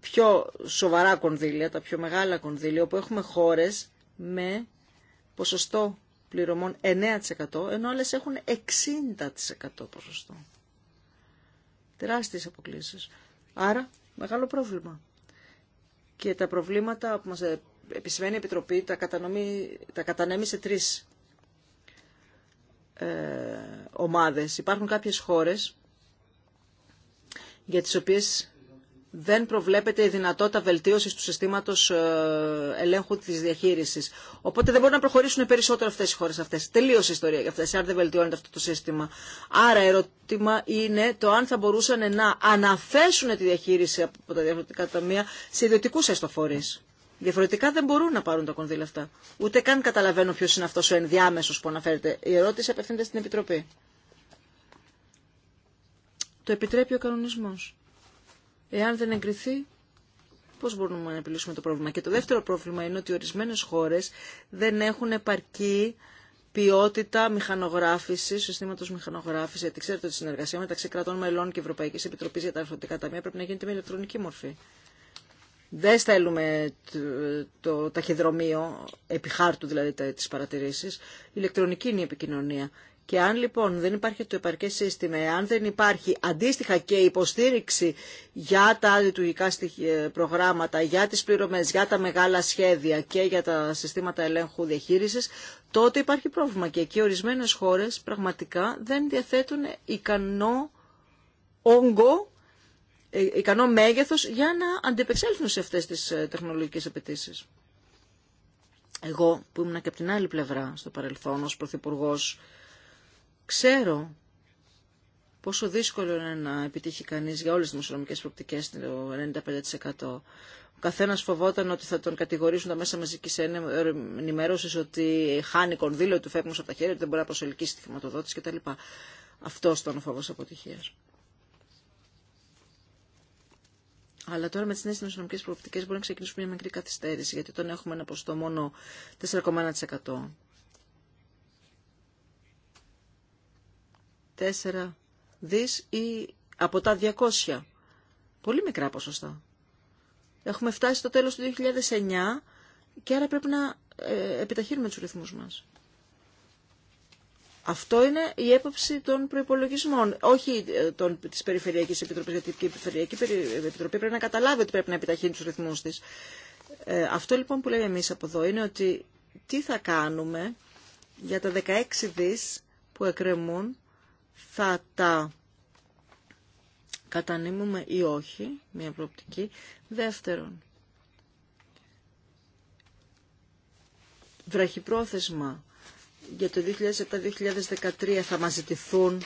πιο σοβαρά κονδύλια, τα πιο μεγάλα κονδύλια, όπου έχουμε χώρε με ποσοστό πληρωμών 9% ενώ άλλε έχουν 60% ποσοστό. Τεράστιες αποκλήσεις. Άρα, μεγάλο πρόβλημα και τα προβλήματα που μας επισημαίνει η Επιτροπή τα, κατανομή, τα κατανέμει σε τρεις ε, ομάδες. Υπάρχουν κάποιες χώρες για τις οποίες δεν προβλέπεται η δυνατότητα βελτίωσης του συστήματος ε, ελέγχου της διαχείρισης. Οπότε δεν μπορούν να προχωρήσουν περισσότερο αυτές οι χώρες αυτές. Τελείωσε η ιστορία για αυτές, αν δεν βελτιώνεται αυτό το σύστημα. Άρα ερώτημα είναι το αν θα μπορούσαν να αναθέσουν τη διαχείριση από τα διαφορετικά ταμεία σε ιδιωτικού αισθοφορεί. Διαφορετικά δεν μπορούν να πάρουν τα κονδύλια αυτά. Ούτε καν καταλαβαίνω ποιο είναι αυτό ο ενδιάμεσο που αναφέρεται. Η ερώτηση απευθύνεται στην Επιτροπή. Το επιτρέπει ο κανονισμός. Εάν δεν εγκριθεί, πώς μπορούμε να επιλύσουμε το πρόβλημα. Και το δεύτερο πρόβλημα είναι ότι ορισμένες χώρες δεν έχουν επαρκή ποιότητα μηχανογράφηση, συστήματο μηχανογράφηση, γιατί ξέρετε ότι η συνεργασία μεταξύ κρατών μελών και Ευρωπαϊκή Επιτροπή για τα τα Ταμεία πρέπει να γίνεται με ηλεκτρονική μορφή. Δεν στέλνουμε το, ταχυδρομείο, επί χάρτου δηλαδή τι παρατηρήσει. Ηλεκτρονική είναι η επικοινωνία. Και αν λοιπόν δεν υπάρχει το επαρκές σύστημα, αν δεν υπάρχει αντίστοιχα και υποστήριξη για τα λειτουργικά ε, προγράμματα, για τις πληρωμές, για τα μεγάλα σχέδια και για τα συστήματα ελέγχου διαχείρισης, τότε υπάρχει πρόβλημα. Και εκεί ορισμένες χώρες πραγματικά δεν διαθέτουν ικανό όγκο, ε, ικανό μέγεθος για να αντιπεξέλθουν σε αυτές τις ε, τεχνολογικές απαιτήσει. Εγώ που ήμουν και από την άλλη πλευρά στο παρελθόν ως Πρωθυπουργός Ξέρω πόσο δύσκολο είναι να επιτύχει κανείς για όλες τις δημοσιονομικές προοπτικές το 95%. Ο καθένα φοβόταν ότι θα τον κατηγορήσουν τα μέσα μαζική ενημέρωση ότι χάνει κονδύλιο του φεύγουν από τα χέρια, ότι δεν μπορεί να προσελκύσει τη χρηματοδότηση κτλ. Αυτό ήταν ο φόβο αποτυχία. Αλλά τώρα με τι νέε δημοσιονομικέ προοπτικέ μπορεί να ξεκινήσουμε μια μικρή καθυστέρηση, γιατί όταν έχουμε ένα ποσοστό μόνο 4,1% 4 δις ή από τα 200. Πολύ μικρά ποσοστά. Έχουμε φτάσει στο τέλος του 2009 και άρα πρέπει να ε, επιταχύνουμε τους ρυθμούς μας. Αυτό είναι η έποψη των προϋπολογισμών. όχι ε, των, της Περιφερειακής Επιτροπής, γιατί η Περιφερειακή ε, Επιτροπή πρέπει να καταλάβει ότι πρέπει να επιταχύνει τους ρυθμούς της. αυτό λοιπόν που λέμε εμείς από εδώ είναι ότι τι θα κάνουμε για τα 16 δις που εκκρεμούν θα τα κατανείμουμε ή όχι, μια προοπτική. Δεύτερον, βραχυπρόθεσμα για το 2007-2013 θα μας ζητηθούν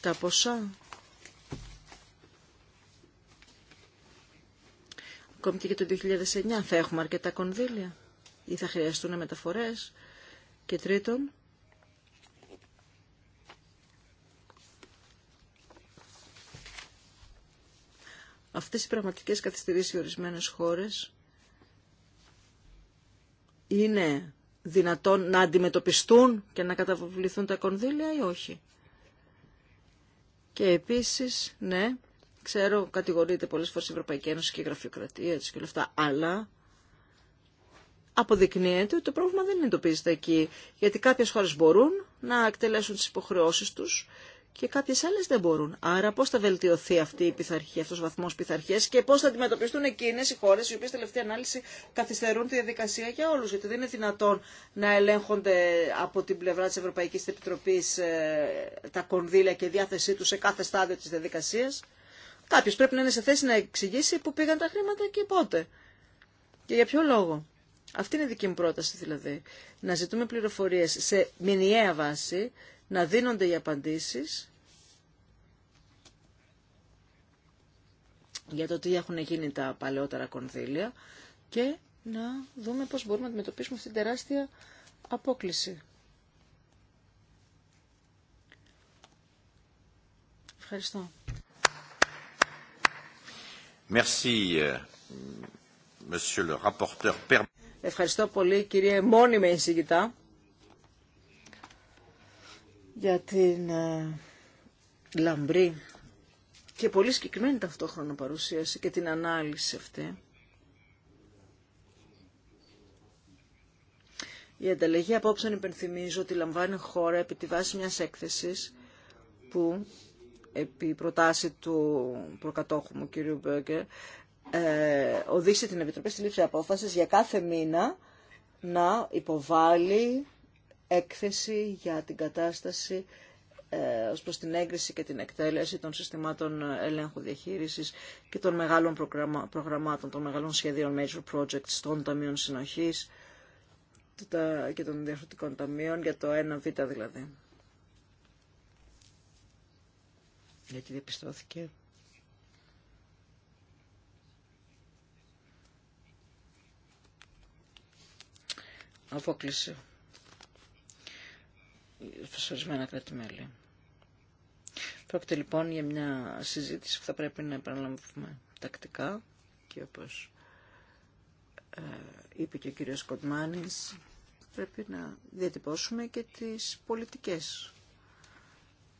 τα ποσά. Ακόμη και για το 2009 θα έχουμε αρκετά κονδύλια ή θα χρειαστούν μεταφορές. Και τρίτον, αυτές οι πραγματικές καθυστερήσεις σε ορισμένες χώρες είναι δυνατόν να αντιμετωπιστούν και να καταβληθούν τα κονδύλια ή όχι. Και επίσης, ναι, ξέρω, κατηγορείται πολλές φορές η Ευρωπαϊκή Ένωση και η γραφειοκρατία και όλα αυτά, αλλά αποδεικνύεται ότι το πρόβλημα δεν εντοπίζεται εκεί, γιατί κάποιες χώρες μπορούν να εκτελέσουν τις υποχρεώσεις τους και κάποιε άλλε δεν μπορούν. Άρα πώ θα βελτιωθεί αυτή η πειθαρχία, αυτό ο βαθμό πειθαρχία και πώ θα αντιμετωπιστούν εκείνε οι χώρε οι οποίε τελευταία ανάλυση καθυστερούν τη διαδικασία για όλου. Γιατί δεν είναι δυνατόν να ελέγχονται από την πλευρά τη Ευρωπαϊκή Επιτροπή ε, τα κονδύλια και η διάθεσή του σε κάθε στάδιο τη διαδικασία. Κάποιο πρέπει να είναι σε θέση να εξηγήσει πού πήγαν τα χρήματα και πότε. Και για ποιο λόγο. Αυτή είναι η δική μου πρόταση δηλαδή. Να ζητούμε πληροφορίε σε μηνιαία βάση να δίνονται οι απαντήσεις για το τι έχουν γίνει τα παλαιότερα κονδύλια και να δούμε πώς μπορούμε να αντιμετωπίσουμε αυτήν την τεράστια απόκληση. Ευχαριστώ. Merci, euh, le rapporteur. Ευχαριστώ πολύ κύριε μόνιμη εισηγητά για την ε, λαμπρή και πολύ συγκεκριμένη ταυτόχρονα παρουσίαση και την ανάλυση αυτή. Η ανταλλαγή απόψεων υπενθυμίζω ότι λαμβάνει χώρα επί τη βάση μιας έκθεσης που επί προτάση του προκατόχου μου κ. Μπέγκερ ε, οδήγησε την Επιτροπή στη λήψη απόφασης για κάθε μήνα να υποβάλει έκθεση για την κατάσταση ε, ως προς την έγκριση και την εκτέλεση των συστημάτων ελέγχου διαχείρισης και των μεγάλων προγραμμάτων, των μεγάλων σχεδίων major projects των Ταμείων Συνοχής και των διαφορετικών ταμείων για το 1β δηλαδή. Γιατί διαπιστώθηκε Αφόκληση σε ορισμένα κράτη-μέλη. Πρόκειται λοιπόν για μια συζήτηση που θα πρέπει να επαναλαμβάνουμε τακτικά και όπως ε, είπε και ο κύριος Κοντμάνης, πρέπει να διατυπώσουμε και τις πολιτικές,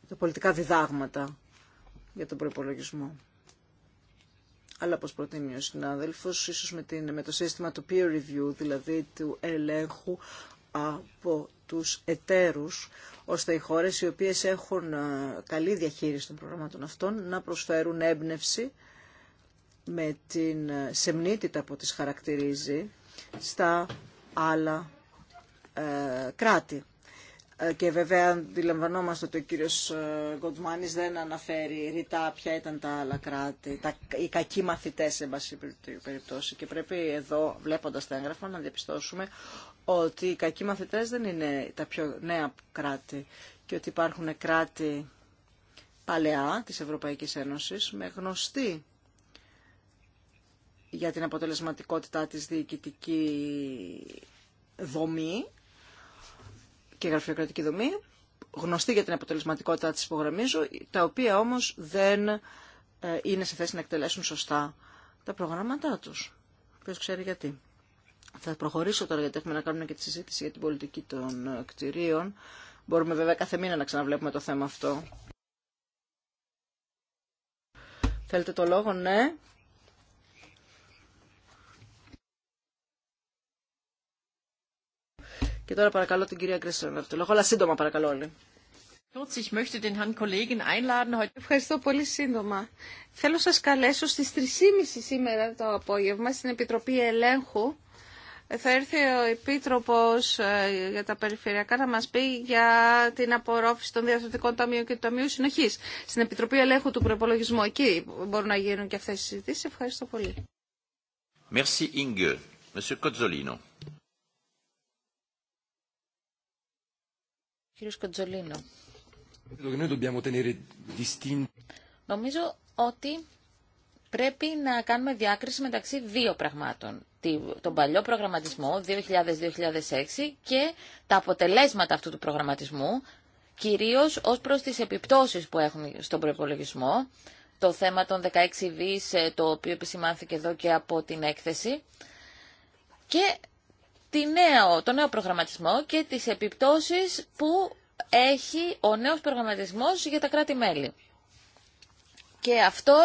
τα πολιτικά διδάγματα για τον προϋπολογισμό. Αλλά όπως προτείνει ο συνάδελφος, ίσως με, την, με το σύστημα του peer review, δηλαδή του ελέγχου από τους εταίρους, ώστε οι χώρες οι οποίες έχουν ε, καλή διαχείριση των προγραμμάτων αυτών να προσφέρουν έμπνευση με την ε, σεμνήτητα που τις χαρακτηρίζει στα άλλα ε, κράτη. Και βέβαια αντιλαμβανόμαστε ότι ο κύριος Γκοντμάνης δεν αναφέρει ρητά ποια ήταν τα άλλα κράτη, οι κακοί μαθητές σε περιπτώσει. Και πρέπει εδώ, βλέποντας τα έγγραφα, να διαπιστώσουμε ότι οι κακοί μαθητές δεν είναι τα πιο νέα κράτη και ότι υπάρχουν κράτη παλαιά της Ευρωπαϊκής Ένωσης με γνωστή για την αποτελεσματικότητά της διοικητική δομή και γραφειοκρατική δομή, γνωστή για την αποτελεσματικότητά της υπογραμμίζω, τα οποία όμως δεν ε, είναι σε θέση να εκτελέσουν σωστά τα προγράμματά τους. Ποιος ξέρει γιατί. Θα προχωρήσω τώρα γιατί έχουμε να κάνουμε και τη συζήτηση για την πολιτική των ε, κτηρίων. Μπορούμε βέβαια κάθε μήνα να ξαναβλέπουμε το θέμα αυτό. Θέλετε το λόγο, ναι. Και τώρα παρακαλώ την κυρία Κρίσσα να το λόγο, αλλά σύντομα παρακαλώ όλοι. Ευχαριστώ πολύ σύντομα. Θέλω σας καλέσω στις 3.30 σήμερα το απόγευμα στην Επιτροπή Ελέγχου ε, θα έρθει ο Επίτροπος ε, για τα Περιφερειακά να μας πει για την απορρόφηση των διαστατικών ταμείων και του Ταμείου Συνοχής. Στην Επιτροπή Ελέγχου του Προπολογισμού εκεί μπορούν να γίνουν και αυτές οι συζητήσεις. Ευχαριστώ πολύ. Merci Inge. Monsieur Κοτζολίνο. Κύριος Κοτζολίνο. Νομίζω ότι πρέπει να κάνουμε διάκριση μεταξύ δύο πραγμάτων. Τον παλιό προγραμματισμό 2000-2006 και τα αποτελέσματα αυτού του προγραμματισμού, κυρίως ως προς τις επιπτώσεις που έχουν στον προπολογισμό, το θέμα των 16 δις, ε, το οποίο επισημάνθηκε εδώ και από την έκθεση, και τη νέο, το νέο προγραμματισμό και τις επιπτώσεις που έχει ο νέος προγραμματισμός για τα κράτη-μέλη. Και αυτό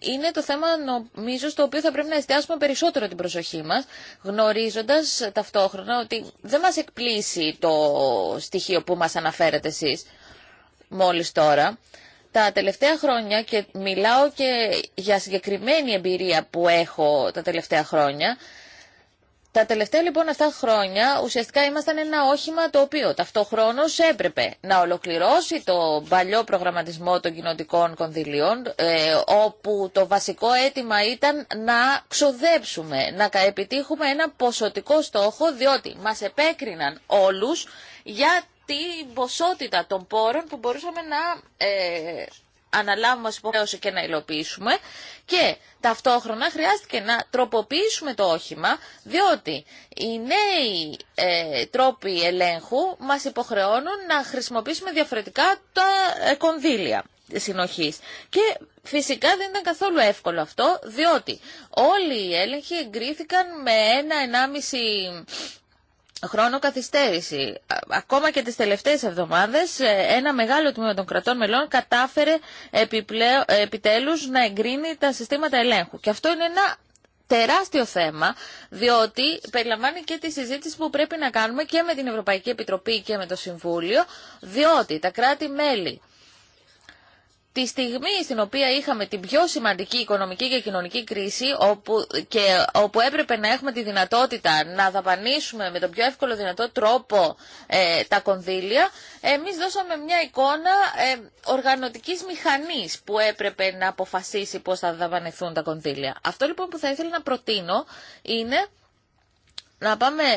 είναι το θέμα νομίζω στο οποίο θα πρέπει να εστιάσουμε περισσότερο την προσοχή μας, γνωρίζοντας ταυτόχρονα ότι δεν μας εκπλήσει το στοιχείο που μας αναφέρετε εσείς μόλις τώρα. Τα τελευταία χρόνια και μιλάω και για συγκεκριμένη εμπειρία που έχω τα τελευταία χρόνια, τα τελευταία λοιπόν αυτά χρόνια ουσιαστικά ήμασταν ένα όχημα το οποίο ταυτόχρόνο έπρεπε να ολοκληρώσει το παλιό προγραμματισμό των κοινοτικών κονδυλίων ε, όπου το βασικό αίτημα ήταν να ξοδέψουμε, να επιτύχουμε ένα ποσοτικό στόχο διότι μας επέκριναν όλους για την ποσότητα των πόρων που μπορούσαμε να ε, αναλάβουμε ως υποχρέωση και να υλοποιήσουμε και ταυτόχρονα χρειάστηκε να τροποποιήσουμε το όχημα διότι οι νέοι ε, τρόποι ελέγχου μας υποχρεώνουν να χρησιμοποιήσουμε διαφορετικά τα ε, κονδύλια συνοχής. Και φυσικά δεν ήταν καθόλου εύκολο αυτό διότι όλοι οι έλεγχοι εγκρίθηκαν με ένα-ενάμιση χρόνο καθυστέρηση. Ακόμα και τις τελευταίες εβδομάδες ε, ένα μεγάλο τμήμα των κρατών μελών κατάφερε επιπλέον, ε, επιτέλους να εγκρίνει τα συστήματα ελέγχου. Και αυτό είναι ένα τεράστιο θέμα, διότι περιλαμβάνει και τη συζήτηση που πρέπει να κάνουμε και με την Ευρωπαϊκή Επιτροπή και με το Συμβούλιο, διότι τα κράτη-μέλη τη στιγμή στην οποία είχαμε την πιο σημαντική οικονομική και κοινωνική κρίση όπου, και όπου έπρεπε να έχουμε τη δυνατότητα να δαπανίσουμε με τον πιο εύκολο δυνατό τρόπο ε, τα κονδύλια, εμείς δώσαμε μια εικόνα ε, οργανωτικής μηχανής που έπρεπε να αποφασίσει πώς θα δαπανηθούν τα κονδύλια. Αυτό λοιπόν που θα ήθελα να προτείνω είναι να πάμε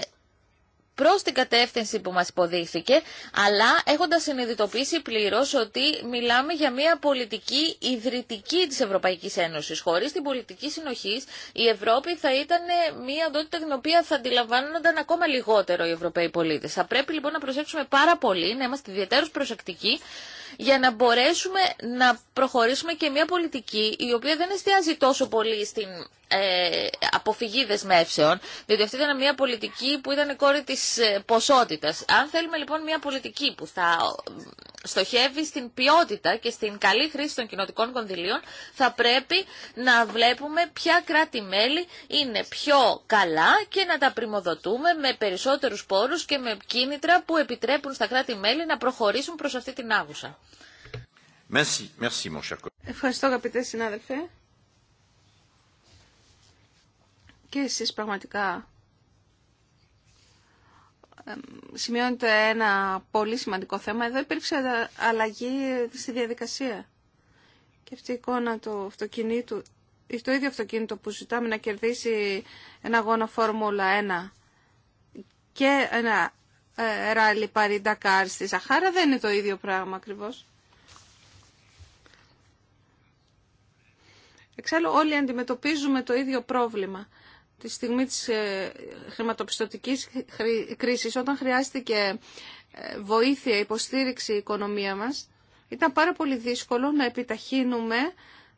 Προ την κατεύθυνση που μα υποδείχθηκε, αλλά έχοντα συνειδητοποιήσει πλήρω ότι μιλάμε για μια πολιτική ιδρυτική τη Ευρωπαϊκή Ένωση, χωρί την πολιτική συνοχή η Ευρώπη θα ήταν μια οντότητα την οποία θα αντιλαμβάνονταν ακόμα λιγότερο οι Ευρωπαίοι πολίτε. Θα πρέπει λοιπόν να προσέξουμε πάρα πολύ, να είμαστε ιδιαίτερω προσεκτικοί, για να μπορέσουμε να προχωρήσουμε και μια πολιτική η οποία δεν εστιάζει τόσο πολύ στην ε, αποφυγή δεσμεύσεων, διότι αυτή ήταν μια πολιτική που ήταν κόρη της ε, ποσότητας. Αν θέλουμε λοιπόν μια πολιτική που θα ε, στοχεύει στην ποιότητα και στην καλή χρήση των κοινοτικών κονδυλίων, θα πρέπει να βλέπουμε ποια κράτη-μέλη είναι πιο καλά και να τα πρημοδοτούμε με περισσότερους πόρους και με κίνητρα που επιτρέπουν στα κράτη-μέλη να προχωρήσουν προς αυτή την άγουσα. Ευχαριστώ αγαπητέ συνάδελφε. και εσείς πραγματικά σημειώνετε ένα πολύ σημαντικό θέμα. Εδώ υπήρξε αλλαγή στη διαδικασία. Και αυτή η εικόνα του αυτοκινήτου, το ίδιο αυτοκίνητο που ζητάμε να κερδίσει ένα αγώνα Φόρμουλα 1 και ένα ε, ράλι παρή Ντακάρ στη Σαχάρα δεν είναι το ίδιο πράγμα ακριβώς. Εξάλλου όλοι αντιμετωπίζουμε το ίδιο πρόβλημα τη στιγμή της ε, χρηματοπιστωτικής κρίσης, όταν χρειάστηκε ε, βοήθεια, υποστήριξη η οικονομία μας, ήταν πάρα πολύ δύσκολο να επιταχύνουμε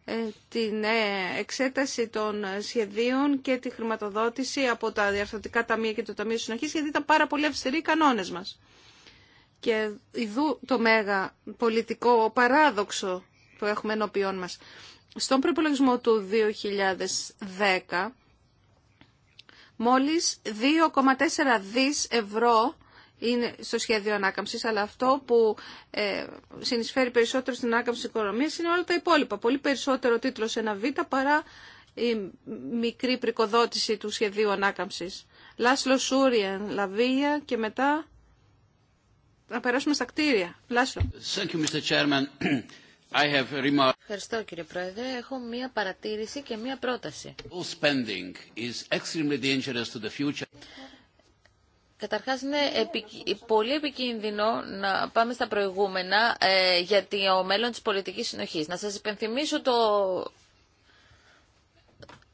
ε, την εξέταση των σχεδίων και τη χρηματοδότηση από τα διαρθρωτικά ταμεία και το Ταμείο Συνοχής, γιατί ήταν πάρα πολύ αυστηροί οι κανόνες μας. Και ειδού το μέγα πολιτικό παράδοξο που έχουμε ενώπιόν μας. Στον προπολογισμό του 2010 Μόλις 2,4 δις ευρώ είναι στο σχέδιο ανάκαμψης, αλλά αυτό που ε, συνεισφέρει περισσότερο στην ανάκαμψη της οικονομίας είναι όλα τα υπόλοιπα. Πολύ περισσότερο τίτλος 1β παρά η μικρή πρικοδότηση του σχεδίου ανάκαμψης. Λάσλο Σούριαν, Λαβία και μετά να περάσουμε στα κτίρια. Λάσλο. Thank you, Ευχαριστώ κύριε Πρόεδρε. Έχω μία παρατήρηση και μία πρόταση. Is Καταρχάς είναι πολύ επικίνδυνο να πάμε στα προηγούμενα ε, για το μέλλον της πολιτικής συνοχής. Να σας υπενθυμίσω το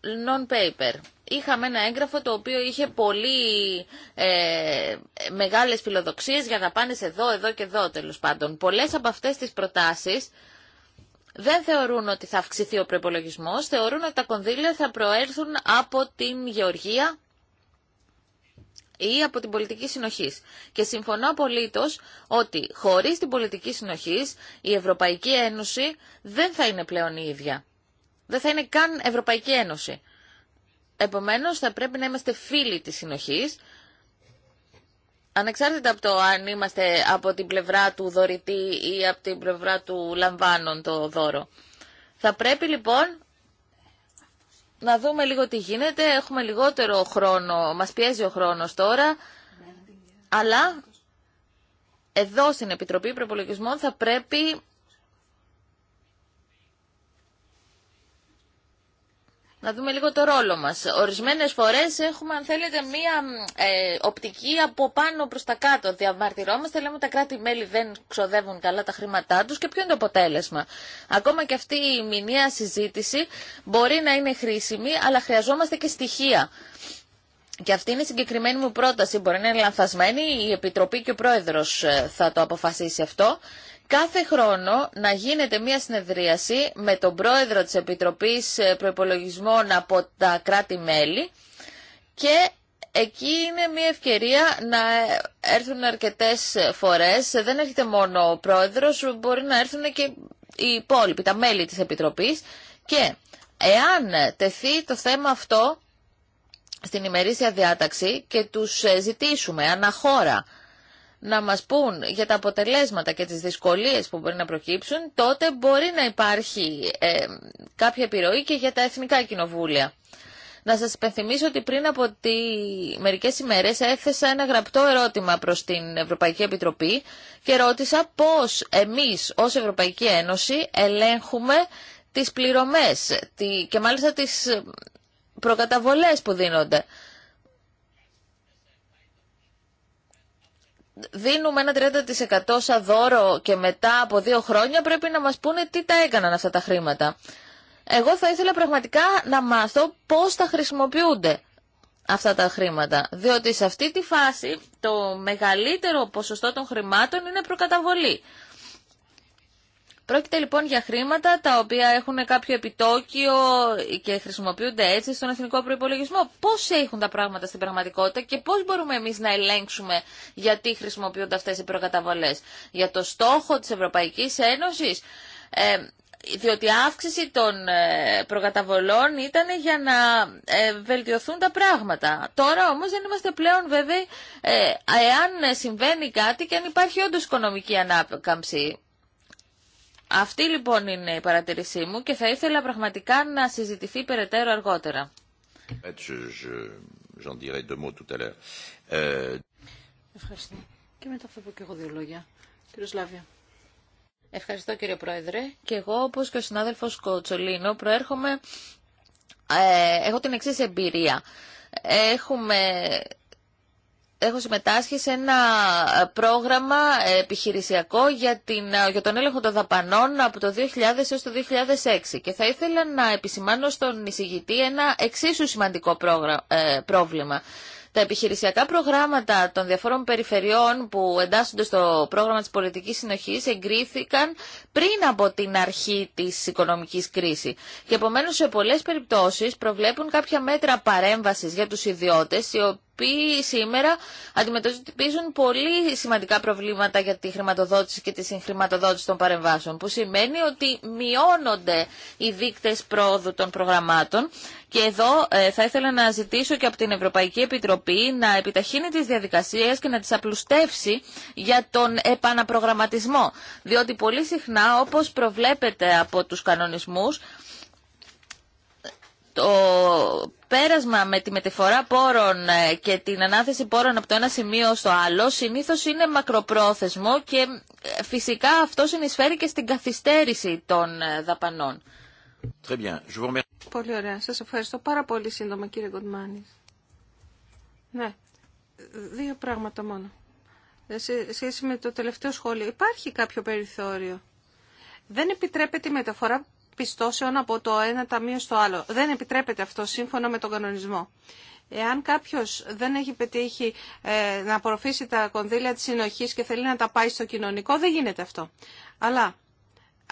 non-paper. Είχαμε ένα έγγραφο το οποίο είχε πολύ ε, μεγάλες φιλοδοξίες για να πάνε εδώ, εδώ και εδώ τέλος πάντων. Πολλές από αυτές τις προτάσεις δεν θεωρούν ότι θα αυξηθεί ο προπολογισμό, θεωρούν ότι τα κονδύλια θα προέρθουν από την γεωργία ή από την πολιτική συνοχή. Και συμφωνώ απολύτω ότι χωρί την πολιτική συνοχή η Ευρωπαϊκή Ένωση δεν θα είναι πλέον η ίδια. Δεν θα είναι καν Ευρωπαϊκή Ένωση. Επομένως θα πρέπει να είμαστε φίλοι της Συνοχή. Ανεξάρτητα από το αν είμαστε από την πλευρά του δωρητή ή από την πλευρά του λαμβάνων το δώρο. Θα πρέπει λοιπόν να δούμε λίγο τι γίνεται. Έχουμε λιγότερο χρόνο, μας πιέζει ο χρόνος τώρα, αλλά εδώ στην Επιτροπή Προπολογισμών θα πρέπει να δούμε λίγο το ρόλο μας. Ορισμένες φορές έχουμε, αν θέλετε, μία ε, οπτική από πάνω προς τα κάτω. Διαμαρτυρόμαστε, λέμε τα κράτη-μέλη δεν ξοδεύουν καλά τα χρήματά τους και ποιο είναι το αποτέλεσμα. Ακόμα και αυτή η μηνιαία συζήτηση μπορεί να είναι χρήσιμη, αλλά χρειαζόμαστε και στοιχεία. Και αυτή είναι η συγκεκριμένη μου πρόταση, μπορεί να είναι λανθασμένη, η Επιτροπή και ο Πρόεδρος ε, θα το αποφασίσει αυτό κάθε χρόνο να γίνεται μια συνεδρίαση με τον πρόεδρο της Επιτροπής ε, Προπολογισμών από τα κράτη-μέλη και εκεί είναι μια ευκαιρία να ε, έρθουν αρκετές φορές. Δεν έρχεται μόνο ο πρόεδρος, μπορεί να έρθουν και οι υπόλοιποι, τα μέλη της Επιτροπής και εάν τεθεί το θέμα αυτό στην ημερήσια διάταξη και τους ε, ζητήσουμε αναχώρα να μας πούν για τα αποτελέσματα και τις δυσκολίες που μπορεί να προκύψουν, τότε μπορεί να υπάρχει ε, κάποια επιρροή και για τα εθνικά κοινοβούλια. Να σας υπενθυμίσω ότι πριν από τη... μερικές ημέρες έθεσα ένα γραπτό ερώτημα προς την Ευρωπαϊκή Επιτροπή και ρώτησα πώς εμείς ως Ευρωπαϊκή Ένωση ελέγχουμε τις πληρωμές και μάλιστα τις προκαταβολές που δίνονται. δίνουμε ένα 30% σαν δώρο και μετά από δύο χρόνια πρέπει να μας πούνε τι τα έκαναν αυτά τα χρήματα. Εγώ θα ήθελα πραγματικά να μάθω πώς τα χρησιμοποιούνται αυτά τα χρήματα, διότι σε αυτή τη φάση το μεγαλύτερο ποσοστό των χρημάτων είναι προκαταβολή. Πρόκειται λοιπόν για χρήματα τα οποία έχουν κάποιο επιτόκιο και χρησιμοποιούνται έτσι στον εθνικό προπολογισμό. Πώ έχουν τα πράγματα στην πραγματικότητα και πώ μπορούμε εμεί να ελέγξουμε γιατί χρησιμοποιούνται αυτέ οι προκαταβολέ. Για το στόχο τη Ευρωπαϊκή Ένωση. Ε, διότι η αύξηση των ε, προκαταβολών ήταν για να ε, βελτιωθούν τα πράγματα. Τώρα όμως δεν είμαστε πλέον βέβαιοι ε, εάν συμβαίνει κάτι και αν υπάρχει όντως οικονομική ανάκαμψη. Αυτή λοιπόν είναι η παρατηρήσή μου και θα ήθελα πραγματικά να συζητηθεί περαιτέρω αργότερα. Ευχαριστώ. Και μετά και εγώ δύο λόγια. Κύριο Ευχαριστώ κύριε Πρόεδρε. Και εγώ όπως και ο συνάδελφος Κοτσολίνο προέρχομαι, ε, έχω την εξής εμπειρία. Έχουμε έχω συμμετάσχει σε ένα ε, πρόγραμμα ε, επιχειρησιακό για, την, ε, για τον έλεγχο των δαπανών από το 2000 έως το 2006 και θα ήθελα να επισημάνω στον εισηγητή ένα εξίσου σημαντικό πρόβλημα. Τα επιχειρησιακά προγράμματα των διαφόρων περιφερειών που εντάσσονται στο πρόγραμμα της πολιτικής συνοχής εγκρίθηκαν πριν από την αρχή της οικονομικής κρίσης. Και επομένως σε πολλές περιπτώσεις προβλέπουν κάποια μέτρα παρέμβασης για τους ιδιώτες οποίοι σήμερα αντιμετωπίζουν πολύ σημαντικά προβλήματα για τη χρηματοδότηση και τη συγχρηματοδότηση των παρεμβάσεων, που σημαίνει ότι μειώνονται οι δείκτες πρόοδου των προγραμμάτων και εδώ ε, θα ήθελα να ζητήσω και από την Ευρωπαϊκή Επιτροπή να επιταχύνει τις διαδικασίες και να τις απλουστεύσει για τον επαναπρογραμματισμό. Διότι πολύ συχνά, όπως προβλέπεται από τους κανονισμούς, το πέρασμα με τη μεταφορά πόρων ε, και την ανάθεση πόρων από το ένα σημείο στο άλλο συνήθως είναι μακροπρόθεσμο και ε, φυσικά αυτό συνεισφέρει και στην καθυστέρηση των ε, δαπανών. Πολύ ωραία. Σας ευχαριστώ πάρα πολύ σύντομα κύριε Γκοντμάνης. Ναι, δύο πράγματα μόνο. Σε σχέση με το τελευταίο σχόλιο, υπάρχει κάποιο περιθώριο. Δεν επιτρέπεται η μεταφορά πιστώσεων από το ένα ταμείο στο άλλο. Δεν επιτρέπεται αυτό σύμφωνα με τον κανονισμό. Εάν κάποιος δεν έχει πετύχει ε, να απορροφήσει τα κονδύλια της συνοχής και θέλει να τα πάει στο κοινωνικό, δεν γίνεται αυτό. Αλλά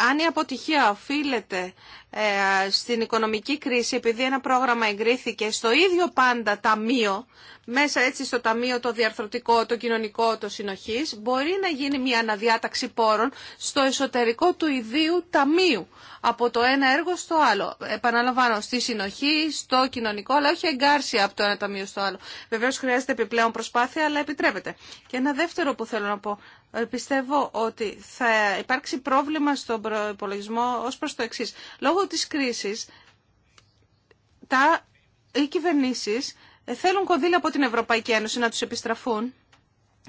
αν η αποτυχία οφείλεται ε, στην οικονομική κρίση επειδή ένα πρόγραμμα εγκρίθηκε στο ίδιο πάντα ταμείο, μέσα έτσι στο ταμείο το διαρθρωτικό, το κοινωνικό, το συνοχής, μπορεί να γίνει μια αναδιάταξη πόρων στο εσωτερικό του ιδίου ταμείου, από το ένα έργο στο άλλο. Επαναλαμβάνω, στη συνοχή, στο κοινωνικό, αλλά όχι εγκάρσια από το ένα ταμείο στο άλλο. Βεβαίω χρειάζεται επιπλέον προσπάθεια, αλλά επιτρέπεται. Και ένα δεύτερο που θέλω να πω, ε, πιστεύω ότι θα υπάρξει πρόβλημα στον προπολογισμό ως προς το εξής. Λόγω της κρίσης, τα, οι κυβερνήσεις ε, θέλουν κονδύλια από την Ευρωπαϊκή Ένωση να τους επιστραφούν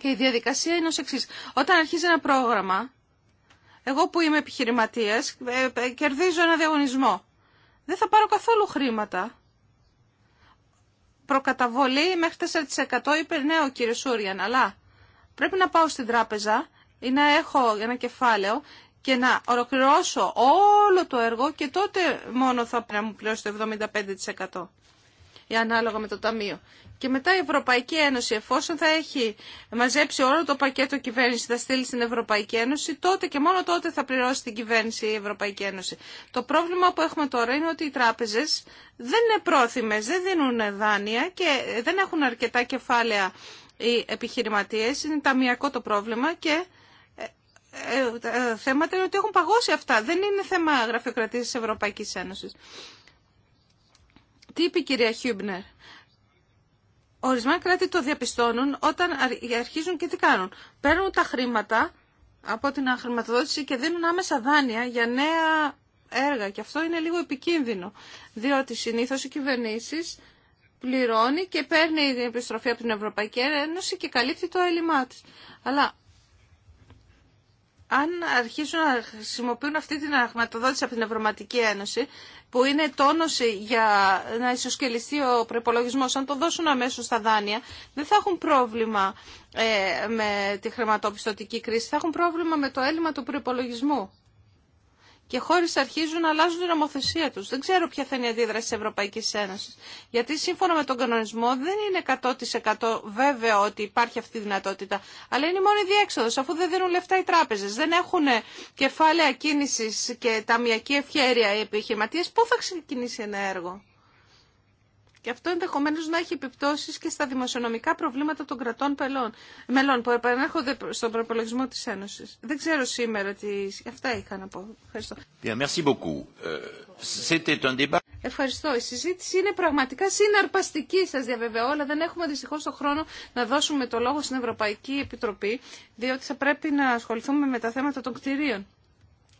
και η διαδικασία είναι ως εξής. Όταν αρχίζει ένα πρόγραμμα, εγώ που είμαι επιχειρηματίας, ε, κερδίζω ένα διαγωνισμό. Δεν θα πάρω καθόλου χρήματα. Προκαταβολή μέχρι 4% είπε ναι ο Σούριαν, αλλά Πρέπει να πάω στην τράπεζα ή να έχω ένα κεφάλαιο και να ολοκληρώσω όλο το έργο και τότε μόνο θα πρέπει να μου πληρώσει το 75% ή ανάλογα με το ταμείο. Και μετά η Ευρωπαϊκή Ένωση, εφόσον θα έχει μαζέψει όλο το πακέτο κυβέρνηση, θα στείλει στην Ευρωπαϊκή Ένωση, τότε και μόνο τότε θα πληρώσει την κυβέρνηση η Ευρωπαϊκή Ένωση. Το πρόβλημα που έχουμε τώρα είναι ότι οι τράπεζε δεν είναι πρόθυμε, δεν δίνουν δάνεια και δεν έχουν αρκετά κεφάλαια οι επιχειρηματίες, είναι ταμιακό το πρόβλημα και ε, ε, ε, θέματα είναι ότι έχουν παγώσει αυτά. Δεν είναι θέμα γραφειοκρατίας της Ευρωπαϊκής Ένωσης. Τι είπε η κυρία Χιούμπνερ. Ορισμένα κράτη το διαπιστώνουν όταν αρχίζουν και τι κάνουν. Παίρνουν τα χρήματα από την χρηματοδότηση και δίνουν άμεσα δάνεια για νέα έργα. Και αυτό είναι λίγο επικίνδυνο, διότι συνήθως οι κυβερνήσεις πληρώνει και παίρνει την επιστροφή από την Ευρωπαϊκή Ένωση και καλύπτει το έλλειμμά τη. Αλλά αν αρχίσουν να χρησιμοποιούν αυτή την αγματοδότηση από την Ευρωπαϊκή Ένωση, που είναι τόνωση για να ισοσκελιστεί ο προπολογισμό, αν το δώσουν αμέσω στα δάνεια, δεν θα έχουν πρόβλημα ε, με τη χρηματοπιστωτική κρίση, θα έχουν πρόβλημα με το έλλειμμα του προπολογισμού και χώρε αρχίζουν να αλλάζουν την νομοθεσία του. Δεν ξέρω ποια θα είναι η αντίδραση τη Ευρωπαϊκή Ένωση. Γιατί σύμφωνα με τον κανονισμό δεν είναι 100% βέβαιο ότι υπάρχει αυτή η δυνατότητα. Αλλά είναι μόνο η διέξοδο, αφού δεν δίνουν λεφτά οι τράπεζε. Δεν έχουν κεφάλαια κίνηση και ταμιακή ευχέρεια οι επιχειρηματίε. Πού θα ξεκινήσει ένα έργο. Και αυτό ενδεχομένω να έχει επιπτώσει και στα δημοσιονομικά προβλήματα των κρατών πελών, μελών που επανέρχονται στον προπολογισμό τη Ένωση. Δεν ξέρω σήμερα τι... Αυτά είχα να πω. Ευχαριστώ. Euh, Ευχαριστώ. Η συζήτηση είναι πραγματικά συναρπαστική, σα διαβεβαιώ, αλλά δεν έχουμε δυστυχώ τον χρόνο να δώσουμε το λόγο στην Ευρωπαϊκή Επιτροπή, διότι θα πρέπει να ασχοληθούμε με τα θέματα των κτηρίων.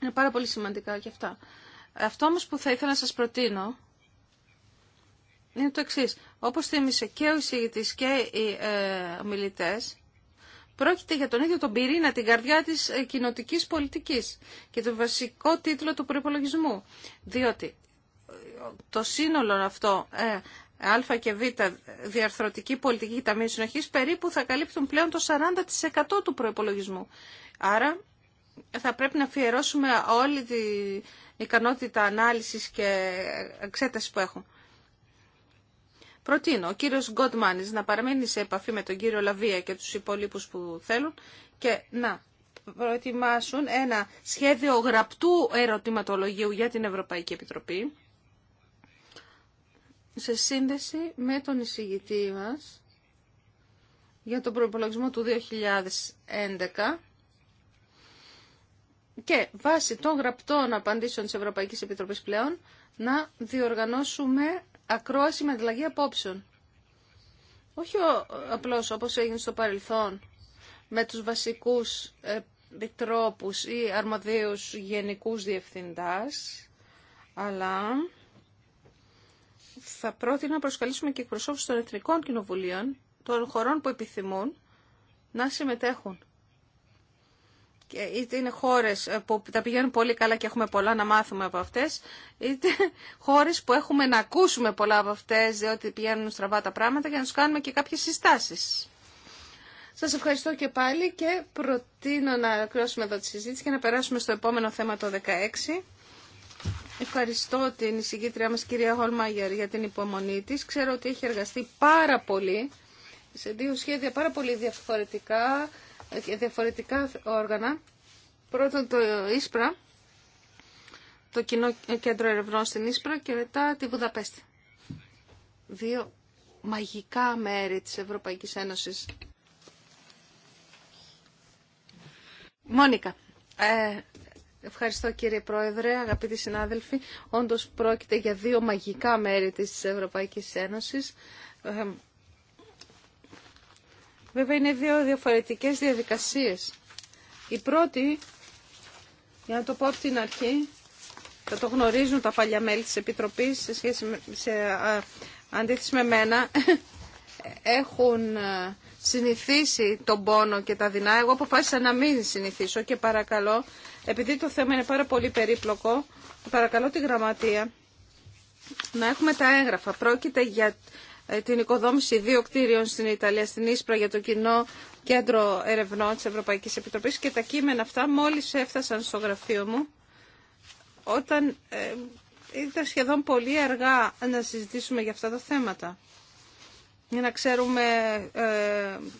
Είναι πάρα πολύ σημαντικά και αυτά. Αυτό όμω που θα ήθελα να σα προτείνω είναι το εξή. Όπως θύμισε και ο εισηγητής και οι ε, πρόκειται για τον ίδιο τον πυρήνα, την καρδιά της ε, κοινοτικής πολιτικής και τον βασικό τίτλο του προϋπολογισμού. Διότι ε, το σύνολο αυτό ε, Α και Β ε, διαρθρωτική πολιτική και ταμείο συνοχής περίπου θα καλύπτουν πλέον το 40% του προϋπολογισμού. Άρα θα πρέπει να αφιερώσουμε όλη την ικανότητα ανάλυσης και εξέταση που έχουμε. Προτείνω ο κύριος Γκοντμάνης να παραμείνει σε επαφή με τον κύριο Λαβία και τους υπολείπους που θέλουν και να προετοιμάσουν ένα σχέδιο γραπτού ερωτηματολογίου για την Ευρωπαϊκή Επιτροπή σε σύνδεση με τον εισηγητή μας για τον προϋπολογισμό του 2011 και βάσει των γραπτών απαντήσεων της Ευρωπαϊκής Επιτροπής πλέον να διοργανώσουμε ακρόαση με ανταλλαγή απόψεων. Όχι απλώς όπως έγινε στο παρελθόν με τους βασικούς διτρόπους ή αρμοδίους γενικούς διευθυντάς, αλλά θα πρότεινα να προσκαλήσουμε και εκπροσώπους των Εθνικών Κοινοβουλίων, των χωρών που επιθυμούν να συμμετέχουν και είτε είναι χώρες ε, που τα πηγαίνουν πολύ καλά και έχουμε πολλά να μάθουμε από αυτές, είτε χώρες που έχουμε να ακούσουμε πολλά από αυτές, διότι πηγαίνουν στραβά τα πράγματα για να τους κάνουμε και κάποιες συστάσεις. Σας ευχαριστώ και πάλι και προτείνω να κλείσουμε εδώ τη συζήτηση και να περάσουμε στο επόμενο θέμα το 16. Ευχαριστώ την εισηγήτριά μας κυρία Χολμάγερ για την υπομονή της. Ξέρω ότι έχει εργαστεί πάρα πολύ σε δύο σχέδια πάρα πολύ διαφορετικά διαφορετικά όργανα. Πρώτον το Ίσπρα, το Κοινό Κέντρο Ερευνών στην Ίσπρα και μετά τη Βουδαπέστη. Δύο μαγικά μέρη της Ευρωπαϊκής Ένωσης. Μόνικα. Ε, ευχαριστώ κύριε Πρόεδρε, αγαπητοί συνάδελφοι. Όντως πρόκειται για δύο μαγικά μέρη της Ευρωπαϊκής Ένωσης. Ε, Βέβαια είναι δύο διαφορετικές διαδικασίες. Η πρώτη, για να το πω από την αρχή, θα το γνωρίζουν τα παλιά μέλη της Επιτροπής σε, σχέση με, σε αντίθεση με μένα, έχουν συνηθίσει τον πόνο και τα δεινά. Εγώ αποφάσισα να μην συνηθίσω και παρακαλώ, επειδή το θέμα είναι πάρα πολύ περίπλοκο, παρακαλώ τη γραμματεία να έχουμε τα έγγραφα. Πρόκειται για ε, την οικοδόμηση δύο κτίριων στην Ιταλία, στην Ίσπρα για το κοινό κέντρο ερευνών της Ευρωπαϊκής Επιτροπής και τα κείμενα αυτά μόλις έφτασαν στο γραφείο μου όταν ε, ήταν σχεδόν πολύ αργά να συζητήσουμε για αυτά τα θέματα για να ξέρουμε ε,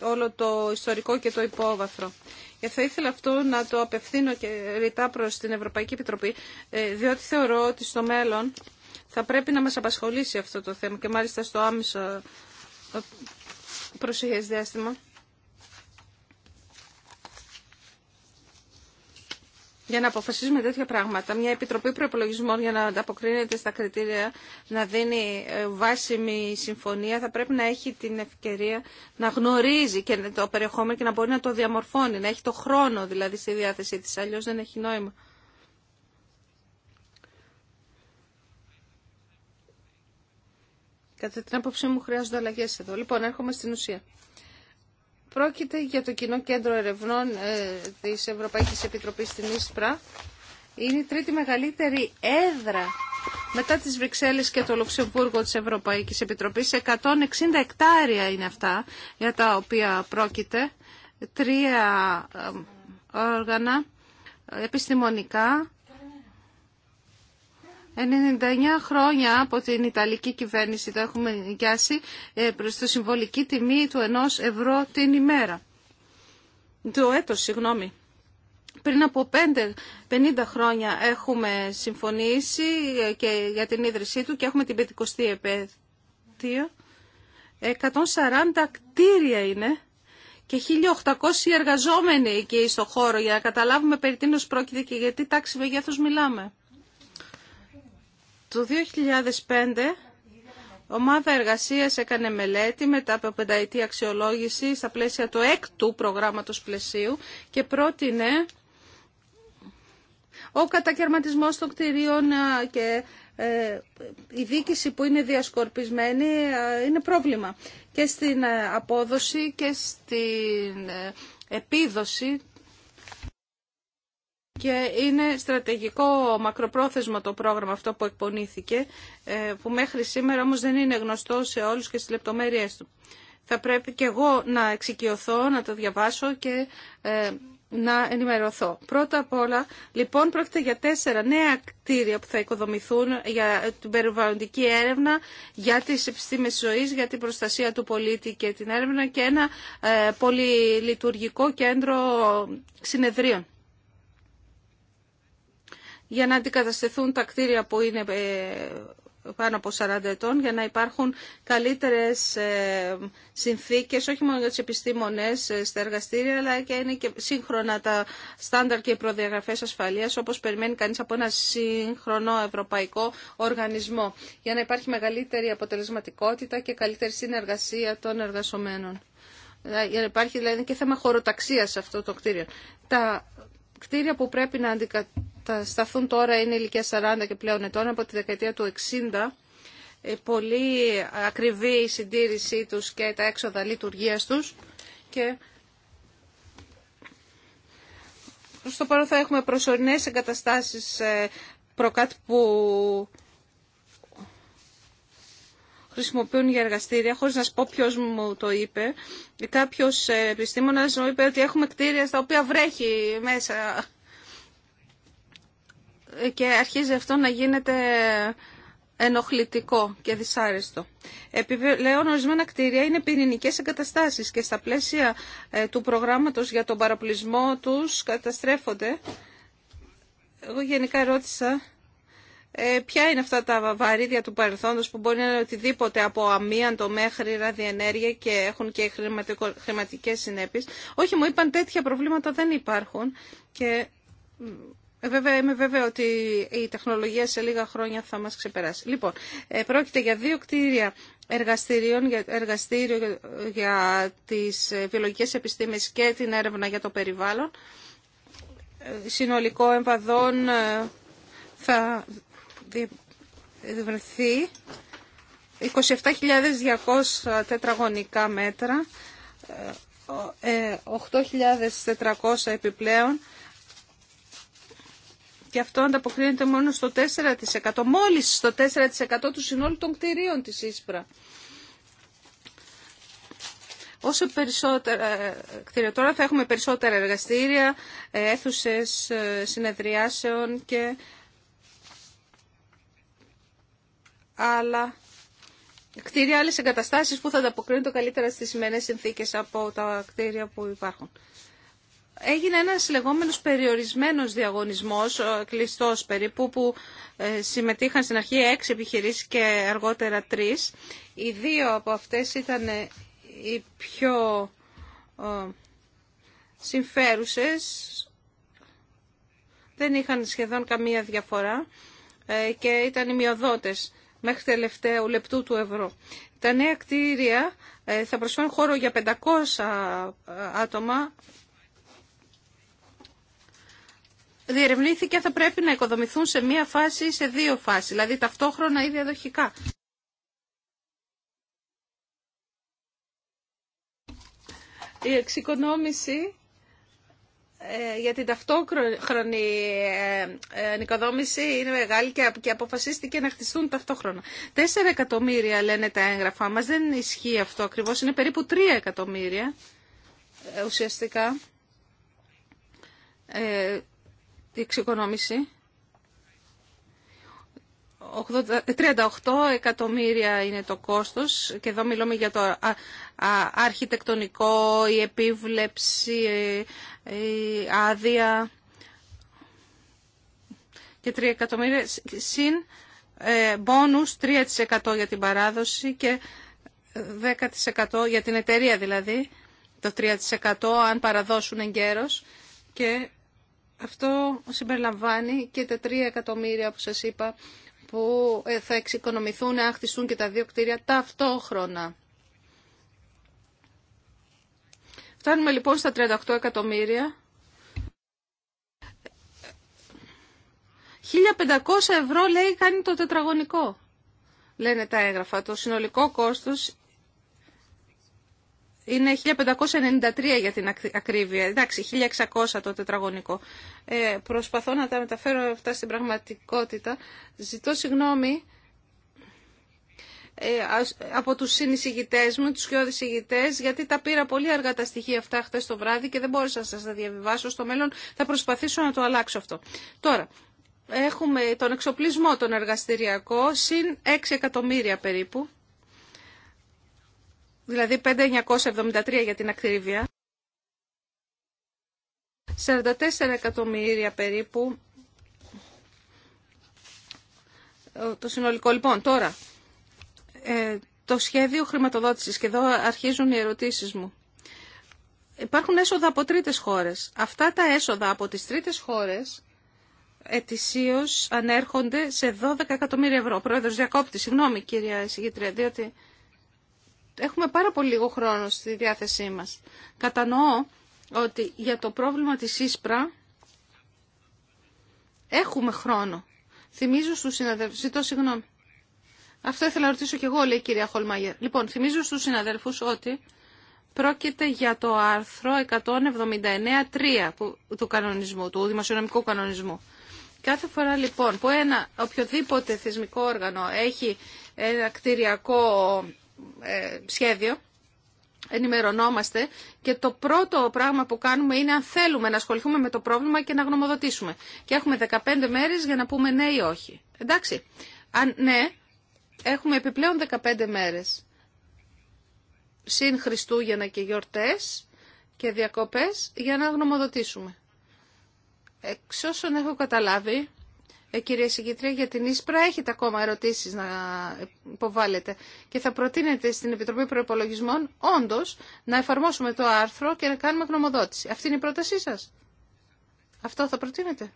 όλο το ιστορικό και το υπόβαθρο. Και θα ήθελα αυτό να το απευθύνω και ρητά προς την Ευρωπαϊκή Επιτροπή, διότι θεωρώ ότι στο μέλλον θα πρέπει να μας απασχολήσει αυτό το θέμα και μάλιστα στο άμεσο προσεχές διάστημα. Για να αποφασίσουμε τέτοια πράγματα, μια επιτροπή προπολογισμών για να ανταποκρίνεται στα κριτήρια, να δίνει ε, βάσιμη συμφωνία, θα πρέπει να έχει την ευκαιρία να γνωρίζει και το περιεχόμενο και να μπορεί να το διαμορφώνει, να έχει το χρόνο δηλαδή στη διάθεσή της, αλλιώς δεν έχει νόημα. Κατά την άποψή μου χρειάζονται αλλαγέ εδώ. Λοιπόν, έρχομαι στην ουσία. Πρόκειται για το Κοινό Κέντρο Ερευνών ε, της Ευρωπαϊκής Επιτροπής στην Ίσπρα. Είναι η τρίτη μεγαλύτερη έδρα μετά τις Βρυξέλλες και το Λουξεμβούργο της Ευρωπαϊκής Επιτροπής. 160 εκτάρια είναι αυτά για τα οποία πρόκειται. Τρία ε, όργανα ε, επιστημονικά 99 χρόνια από την Ιταλική κυβέρνηση το έχουμε νοικιάσει ε, προς το συμβολική τιμή του 1 ευρώ την ημέρα. Το έτος, συγγνώμη. Πριν από 5, 50 χρόνια έχουμε συμφωνήσει ε, και για την ίδρυσή του και έχουμε την 50η επέτειο. 140 κτίρια είναι και 1.800 εργαζόμενοι εκεί στο χώρο για να καταλάβουμε περί τίνος πρόκειται και γιατί τάξη μεγέθους μιλάμε. Το 2005 ομάδα εργασίας έκανε μελέτη μετά από πενταετή αξιολόγηση στα πλαίσια του έκτου προγράμματος πλαισίου και πρότεινε ο κατακαιρματισμός των κτηρίων και ε, η δίκηση που είναι διασκορπισμένη είναι πρόβλημα και στην ε, απόδοση και στην ε, επίδοση και είναι στρατηγικό μακροπρόθεσμο το πρόγραμμα αυτό που εκπονήθηκε, ε, που μέχρι σήμερα όμως δεν είναι γνωστό σε όλους και στις λεπτομέρειές του. Θα πρέπει και εγώ να εξοικειωθώ, να το διαβάσω και ε, να ενημερωθώ. Πρώτα απ' όλα, λοιπόν, πρόκειται για τέσσερα νέα κτίρια που θα οικοδομηθούν για την περιβαλλοντική έρευνα, για τις επιστήμες ζωής, για την προστασία του πολίτη και την έρευνα και ένα ε, πολυλειτουργικό κέντρο συνεδρίων για να αντικαταστεθούν τα κτίρια που είναι ε, πάνω από 40 ετών για να υπάρχουν καλύτερες ε, συνθήκες όχι μόνο για τους επιστήμονες ε, στα εργαστήρια αλλά και είναι και σύγχρονα τα στάνταρ και οι προδιαγραφές ασφαλείας όπως περιμένει κανείς από ένα σύγχρονο ευρωπαϊκό οργανισμό για να υπάρχει μεγαλύτερη αποτελεσματικότητα και καλύτερη συνεργασία των εργασομένων. Για να υπάρχει δηλαδή και θέμα χωροταξίας σε αυτό το κτίριο. Τα κτίρια που πρέπει να αντικατασταθούν τα σταθούν τώρα είναι ηλικία 40 και πλέον ετών από τη δεκαετία του 60 ε, πολύ ακριβή η συντήρησή τους και τα έξοδα λειτουργίας τους και στο παρόν θα έχουμε προσωρινές εγκαταστάσεις ε, προκάτ που χρησιμοποιούν για εργαστήρια, χωρίς να σου πω ποιος μου το είπε. Κάποιος ε, επιστήμονας μου είπε ότι έχουμε κτίρια στα οποία βρέχει μέσα και αρχίζει αυτό να γίνεται ενοχλητικό και δυσάρεστο. Επιπλέον, ορισμένα κτίρια είναι πυρηνικέ εγκαταστάσεις και στα πλαίσια ε, του προγράμματος για τον παραπλησμό τους καταστρέφονται. Εγώ γενικά ρώτησα ε, ποια είναι αυτά τα βαρύδια του παρελθόντος που μπορεί να είναι οτιδήποτε από αμίαντο μέχρι ραδιενέργεια και έχουν και χρηματικές συνέπειες. Όχι, μου είπαν τέτοια προβλήματα δεν υπάρχουν και ε, βέβαια, είμαι βέβαια ότι η τεχνολογία σε λίγα χρόνια θα μας ξεπεράσει. Λοιπόν, ε, πρόκειται για δύο κτίρια εργαστηρίων, για, εργαστήριο για τις ε, βιολογικές επιστήμες και την έρευνα για το περιβάλλον. Συνολικό εμβαδόν θα βρεθεί 27.200 τετραγωνικά μέτρα, 8.400 επιπλέον και αυτό ανταποκρίνεται μόνο στο 4%, μόλις στο 4% του συνόλου των κτηρίων της Ίσπρα. Όσο περισσότερα ε, κτίρια τώρα θα έχουμε περισσότερα εργαστήρια, ε, αίθουσες ε, συνεδριάσεων και άλλα κτίρια, άλλες εγκαταστάσεις που θα ανταποκρίνονται το καλύτερα στις σημερινές συνθήκες από τα κτίρια που υπάρχουν έγινε ένας λεγόμενος περιορισμένος διαγωνισμός, κλειστός περίπου, που ε, συμμετείχαν στην αρχή έξι επιχειρήσεις και αργότερα τρεις. Οι δύο από αυτές ήταν ε, οι πιο ε, συμφέρουσες, δεν είχαν σχεδόν καμία διαφορά και ήταν οι μειοδότες μέχρι τελευταίου λεπτού του ευρώ. Τα νέα κτίρια θα προσφέρουν χώρο για 500 άτομα διερευνήθηκε θα πρέπει να οικοδομηθούν σε μία φάση ή σε δύο φάσεις, δηλαδή ταυτόχρονα ή διαδοχικά. Η εξοικονόμηση ε, για την ταυτόχρονη ε, ε, νοικοδόμηση είναι μεγάλη και αποφασίστηκε να χτιστούν ταυτόχρονα. Τέσσερα εκατομμύρια λένε τα έγγραφά μας, δεν ισχύει αυτό ακριβώς, είναι περίπου τρία εκατομμύρια ουσιαστικά τη εξοικονόμηση. 38 εκατομμύρια είναι το κόστος και εδώ μιλούμε για το αρχιτεκτονικό, η επίβλεψη, η άδεια και 3 εκατομμύρια συν ε, μπόνους 3% για την παράδοση και 10% για την εταιρεία δηλαδή, το 3% αν παραδώσουν εγκαίρως και αυτό συμπεριλαμβάνει και τα 3 εκατομμύρια που σας είπα που ε, θα εξοικονομηθούν αν χτιστούν και τα δύο κτίρια ταυτόχρονα. Φτάνουμε λοιπόν στα 38 εκατομμύρια. 1500 ευρώ λέει κάνει το τετραγωνικό, λένε τα έγγραφα. Το συνολικό κόστος είναι 1593 για την ακρίβεια, εντάξει 1600 το τετραγωνικό. Ε, προσπαθώ να τα μεταφέρω αυτά στην πραγματικότητα. Ζητώ συγγνώμη ε, από τους συνεισηγητές μου, τους πιο συγητές, γιατί τα πήρα πολύ αργά τα στοιχεία αυτά χτες το βράδυ και δεν μπόρεσα να σας τα διαβιβάσω στο μέλλον. Θα προσπαθήσω να το αλλάξω αυτό. Τώρα, έχουμε τον εξοπλισμό τον εργαστηριακό, συν 6 εκατομμύρια περίπου δηλαδή 5.973 για την ακτήρυβια, 44 εκατομμύρια περίπου ε, το συνολικό. Λοιπόν, τώρα, ε, το σχέδιο χρηματοδότησης και εδώ αρχίζουν οι ερωτήσεις μου. Υπάρχουν έσοδα από τρίτες χώρες. Αυτά τα έσοδα από τις τρίτες χώρες ετησίως ανέρχονται σε 12 εκατομμύρια ευρώ. Πρόεδρος Διακόπτη, συγγνώμη κυρία εισηγήτρια, διότι Έχουμε πάρα πολύ λίγο χρόνο στη διάθεσή μας. Κατανοώ ότι για το πρόβλημα της ίσπρα έχουμε χρόνο. Θυμίζω στους συναδέλφους, ζητώ Αυτό ήθελα να ρωτήσω και εγώ, λέει η κυρία Χολμάγερ. Λοιπόν, θυμίζω στους συναδέλφους ότι πρόκειται για το άρθρο 179.3 του κανονισμού, του δημοσιονομικού κανονισμού. Κάθε φορά λοιπόν που ένα οποιοδήποτε θεσμικό όργανο έχει ένα κτηριακό ε, σχέδιο ενημερωνόμαστε και το πρώτο πράγμα που κάνουμε είναι αν θέλουμε να ασχοληθούμε με το πρόβλημα και να γνωμοδοτήσουμε. Και έχουμε 15 μέρες για να πούμε ναι ή όχι. Εντάξει. Αν ναι, έχουμε επιπλέον 15 μέρες. Συν Χριστούγεννα και γιορτές και διακοπές για να γνωμοδοτήσουμε. Εξ όσων έχω καταλάβει, ε, κυρία Συγκητρία, για την Ίσπρα έχετε ακόμα ερωτήσεις να υποβάλλετε και θα προτείνετε στην Επιτροπή Προπολογισμών όντως να εφαρμόσουμε το άρθρο και να κάνουμε γνωμοδότηση. Αυτή είναι η πρότασή σας. Αυτό θα προτείνετε.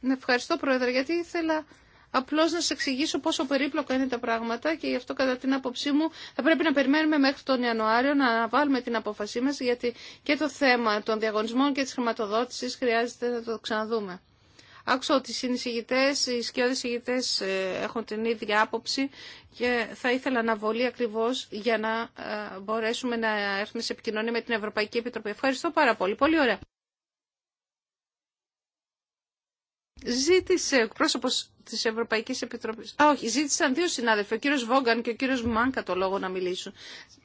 Ναι, ευχαριστώ Πρόεδρε, γιατί ήθελα απλώς να σας εξηγήσω πόσο περίπλοκα είναι τα πράγματα και γι' αυτό κατά την άποψή μου θα πρέπει να περιμένουμε μέχρι τον Ιανουάριο να βάλουμε την απόφασή μας γιατί και το θέμα των διαγωνισμών και της χρηματοδότησης χρειάζεται να το ξαναδούμε. Άκουσα ότι οι συνεισηγητές, οι σκιώδες ηγητές ε, έχουν την ίδια άποψη και θα ήθελα να αναβολή ακριβώς για να ε, μπορέσουμε να έρθουμε σε επικοινωνία με την Ευρωπαϊκή Επιτροπή. Ευχαριστώ πάρα πολύ. Πολύ ωραία. Ζήτησε εκπρόσωπο τη Ευρωπαϊκή Επιτροπή. Α, όχι, ζήτησαν δύο συνάδελφοι, ο κύριο Βόγκαν και ο κύριο Μάνκα, το λόγο να μιλήσουν.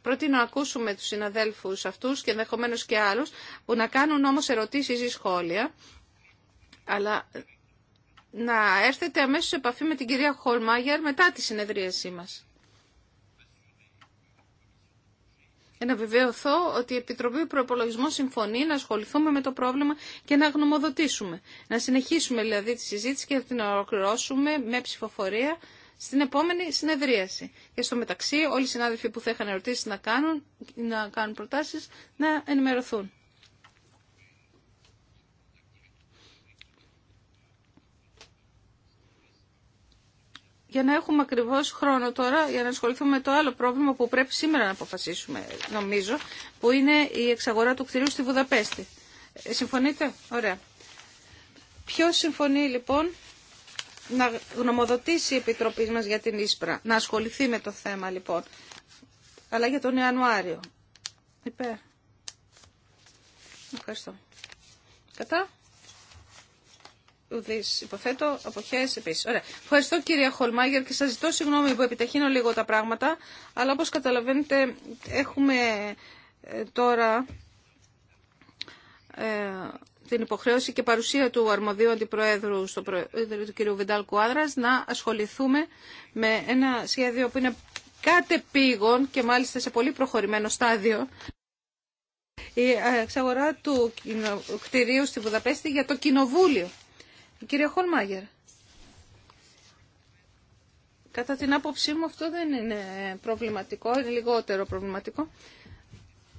Προτείνω να ακούσουμε του συναδέλφου αυτού και ενδεχομένω και άλλου, που να κάνουν όμω ερωτήσει ή σχόλια, αλλά να έρθετε αμέσως σε επαφή με την κυρία Χολμάγερ μετά τη συνεδρίασή μας. Να βεβαιωθώ ότι η Επιτροπή Προπολογισμού συμφωνεί να ασχοληθούμε με το πρόβλημα και να γνωμοδοτήσουμε. Να συνεχίσουμε δηλαδή τη συζήτηση και να την ολοκληρώσουμε με ψηφοφορία στην επόμενη συνεδρίαση. Και στο μεταξύ όλοι οι συνάδελφοι που θα είχαν ερωτήσει να κάνουν, να κάνουν προτάσεις να ενημερωθούν. για να έχουμε ακριβώ χρόνο τώρα για να ασχοληθούμε με το άλλο πρόβλημα που πρέπει σήμερα να αποφασίσουμε, νομίζω, που είναι η εξαγορά του κτηρίου στη Βουδαπέστη. Ε, συμφωνείτε? Ωραία. Ποιο συμφωνεί λοιπόν να γνωμοδοτήσει η Επιτροπή μας για την Ίσπρα, να ασχοληθεί με το θέμα λοιπόν, αλλά για τον Ιανουάριο. Υπέρ. Ευχαριστώ. Κατά. Υποθέτω Ωραία. Ευχαριστώ κύριε Χολμάγερ και σα ζητώ συγγνώμη που επιταχύνω λίγο τα πράγματα, αλλά όπω καταλαβαίνετε έχουμε ε, τώρα ε, την υποχρέωση και παρουσία του αρμοδίου αντιπροέδρου στο προέδρου ε, του κύριου Βιντάλ Κουάδρα να ασχοληθούμε με ένα σχέδιο που είναι κατεπήγον και μάλιστα σε πολύ προχωρημένο στάδιο η εξαγορά του κτηρίου στη Βουδαπέστη για το Κοινοβούλιο. Η κυρία Χολμάγερ. Κατά την άποψή μου αυτό δεν είναι προβληματικό, είναι λιγότερο προβληματικό.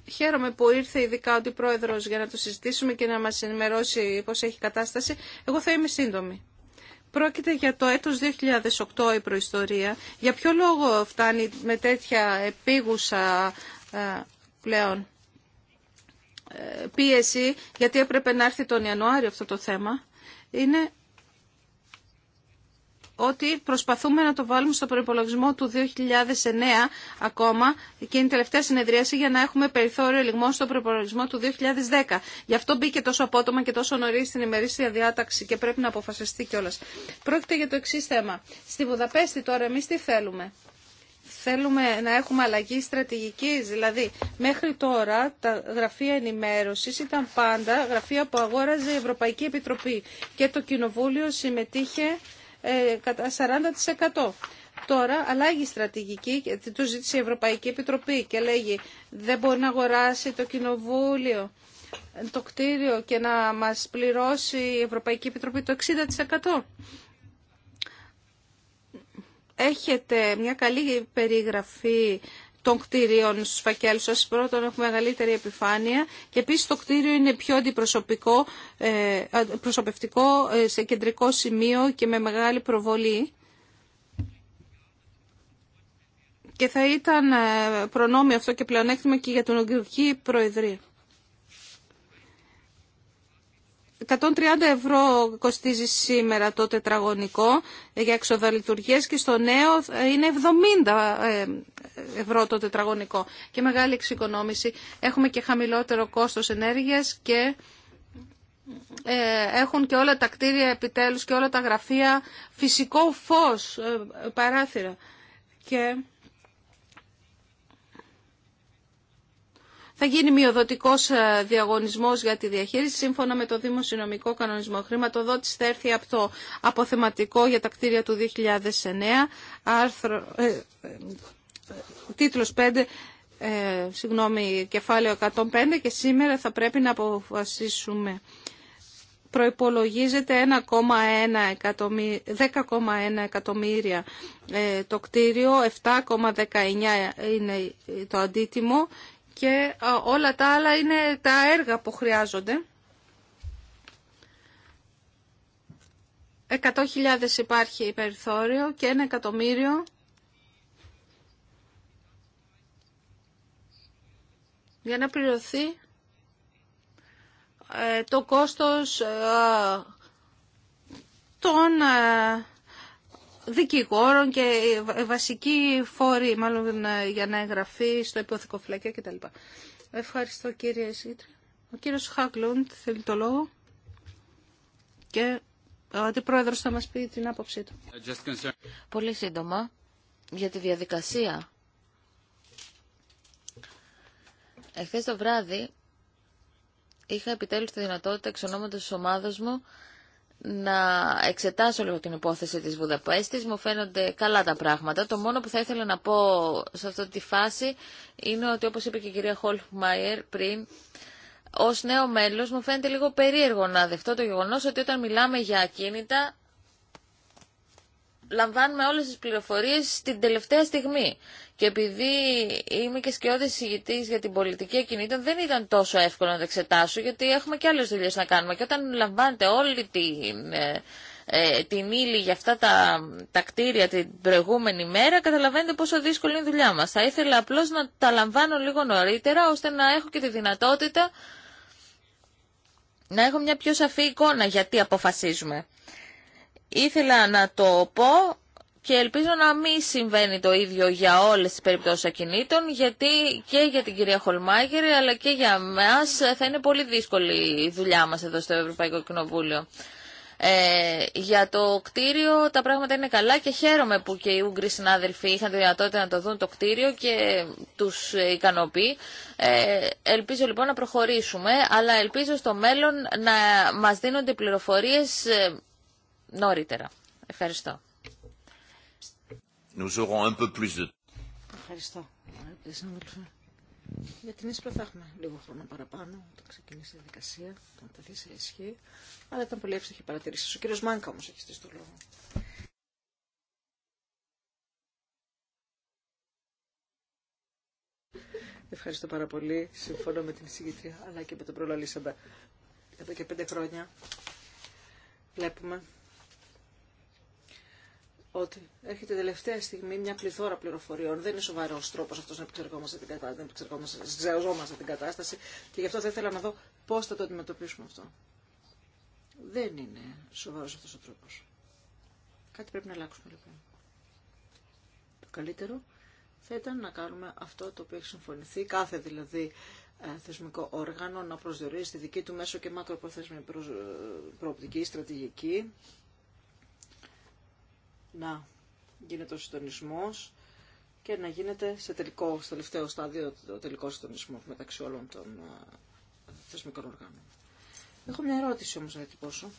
Χαίρομαι που ήρθε ειδικά ο πρόεδρος για να το συζητήσουμε και να μας ενημερώσει πώς έχει κατάσταση. Εγώ θα είμαι σύντομη. Πρόκειται για το έτος 2008 η προϊστορία. Για ποιο λόγο φτάνει με τέτοια επίγουσα ε, πλέον ε, πίεση, γιατί έπρεπε να έρθει τον Ιανουάριο αυτό το θέμα είναι ότι προσπαθούμε να το βάλουμε στο προπολογισμό του 2009 ακόμα και είναι η τελευταία συνεδρίαση για να έχουμε περιθώριο λιγμό στο προπολογισμό του 2010. Γι' αυτό μπήκε τόσο απότομα και τόσο νωρί στην ημερήσια διάταξη και πρέπει να αποφασιστεί κιόλα. Πρόκειται για το εξή θέμα. Στη Βουδαπέστη τώρα εμεί τι θέλουμε θέλουμε να έχουμε αλλαγή στρατηγικής. Δηλαδή, μέχρι τώρα τα γραφεία ενημέρωσης ήταν πάντα γραφεία που αγόραζε η Ευρωπαϊκή Επιτροπή και το Κοινοβούλιο συμμετείχε ε, κατά 40%. Τώρα αλλάγει η στρατηγική, το ζήτησε η Ευρωπαϊκή Επιτροπή και λέγει δεν μπορεί να αγοράσει το Κοινοβούλιο το κτίριο και να μας πληρώσει η Ευρωπαϊκή Επιτροπή το 60% έχετε μια καλή περιγραφή των κτίριων στους φακέλους σας. Πρώτον έχουμε μεγαλύτερη επιφάνεια και επίσης το κτίριο είναι πιο αντιπροσωπικό, ε, προσωπευτικό ε, σε κεντρικό σημείο και με μεγάλη προβολή. Και θα ήταν ε, προνόμιο αυτό και πλεονέκτημα και για τον Ουγγρική Προεδρία. 130 ευρώ κοστίζει σήμερα το τετραγωνικό για έξοδα και στο νέο είναι 70 ε, ευρώ το τετραγωνικό και μεγάλη εξοικονόμηση. Έχουμε και χαμηλότερο κόστος ενέργειας και ε, έχουν και όλα τα κτίρια επιτέλους και όλα τα γραφεία φυσικό φως ε, παράθυρα. Και Θα γίνει μειοδοτικό ε, διαγωνισμός για τη διαχείριση σύμφωνα με το Δημοσιονομικό Κανονισμό. Χρηματοδότηση θα έρθει από το αποθεματικό για τα κτίρια του 2009, άρθρο, ε, ε, τίτλος 5, ε, συγγνώμη, κεφάλαιο 105 και σήμερα θα πρέπει να αποφασίσουμε. Προϋπολογίζεται 10,1 εκατομμύρια, εκατομμύρια το κτίριο, 7,19 είναι το αντίτιμο και όλα τα άλλα είναι τα έργα που χρειάζονται. 100.000 υπάρχει περιθώριο και ένα εκατομμύριο για να πληρωθεί ε, το κόστος ε, των ε, δικηγόρων και βασικοί φόροι μάλλον ε, για να εγγραφεί στο υποθηκοφυλακείο κτλ. Ευχαριστώ κύριε Σίτρη. Ο κύριος Χάγκλουντ θέλει το λόγο και ο αντιπρόεδρος θα μας πει την άποψή του. Πολύ σύντομα για τη διαδικασία. Εχθές το βράδυ είχα επιτέλους τη δυνατότητα εξ ονόματος της ομάδας μου να εξετάσω λίγο την υπόθεση της Βουδαπέστης. Μου φαίνονται καλά τα πράγματα. Το μόνο που θα ήθελα να πω σε αυτή τη φάση είναι ότι όπως είπε και η κυρία Χολφμαϊερ πριν, ως νέο μέλος μου φαίνεται λίγο περίεργο να δεχτώ το γεγονός ότι όταν μιλάμε για ακίνητα λαμβάνουμε όλες τις πληροφορίες στην τελευταία στιγμή. Και επειδή είμαι και σκιώδης συγητής για την πολιτική ακινήτων, δεν ήταν τόσο εύκολο να τα εξετάσω, γιατί έχουμε και άλλες δουλειές να κάνουμε. Και όταν λαμβάνετε όλη την, ε, ε, την ύλη για αυτά τα, τα κτίρια την προηγούμενη μέρα, καταλαβαίνετε πόσο δύσκολη είναι η δουλειά μας. Θα ήθελα απλώς να τα λαμβάνω λίγο νωρίτερα, ώστε να έχω και τη δυνατότητα να έχω μια πιο σαφή εικόνα γιατί αποφασίζουμε. Ήθελα να το πω και ελπίζω να μην συμβαίνει το ίδιο για όλες τις περιπτώσεις ακινήτων, γιατί και για την κυρία Χολμάγερη, αλλά και για μας θα είναι πολύ δύσκολη η δουλειά μας εδώ στο Ευρωπαϊκό Κοινοβούλιο. Ε, για το κτίριο τα πράγματα είναι καλά και χαίρομαι που και οι Ούγγροι συνάδελφοι είχαν τη δυνατότητα να το δουν το κτίριο και τους ικανοποιεί. Ε, ελπίζω λοιπόν να προχωρήσουμε, αλλά ελπίζω στο μέλλον να μας δίνονται πληροφορίες ε, νωρίτερα. Ευχαριστώ. Ευχαριστώ. Γιατί θα έχουμε λίγο χρόνο παραπάνω όταν ξεκινήσει η διαδικασία, όταν τεθεί σε ισχύ. Αλλά ήταν πολύ εύστοχη η παρατήρηση. Ο κύριο Μάνκα όμω έχει στήσει το λόγο. Ευχαριστώ πάρα πολύ. Συμφωνώ με την συγκεκριά αλλά και με τον προλαλήσαντα. Εδώ και πέντε χρόνια βλέπουμε ότι έρχεται τελευταία στιγμή μια πληθώρα πληροφοριών. Δεν είναι σοβαρό τρόπο αυτό να επεξεργόμαστε την κατάσταση, την κατάσταση και γι' αυτό θα ήθελα να δω πώ θα το αντιμετωπίσουμε αυτό. Δεν είναι σοβαρό αυτό ο τρόπο. Κάτι πρέπει να αλλάξουμε λοιπόν. Το καλύτερο θα ήταν να κάνουμε αυτό το οποίο έχει συμφωνηθεί, κάθε δηλαδή ε, θεσμικό όργανο να προσδιορίζει τη δική του μέσο και μακροπροθέσμια προοπτική, στρατηγική να γίνεται ο συντονισμό και να γίνεται σε τελικό, στο τελευταίο στάδιο ο τελικό συντονισμό μεταξύ όλων των ε, θεσμικών οργάνων. Έχω μια ερώτηση όμως να πόσο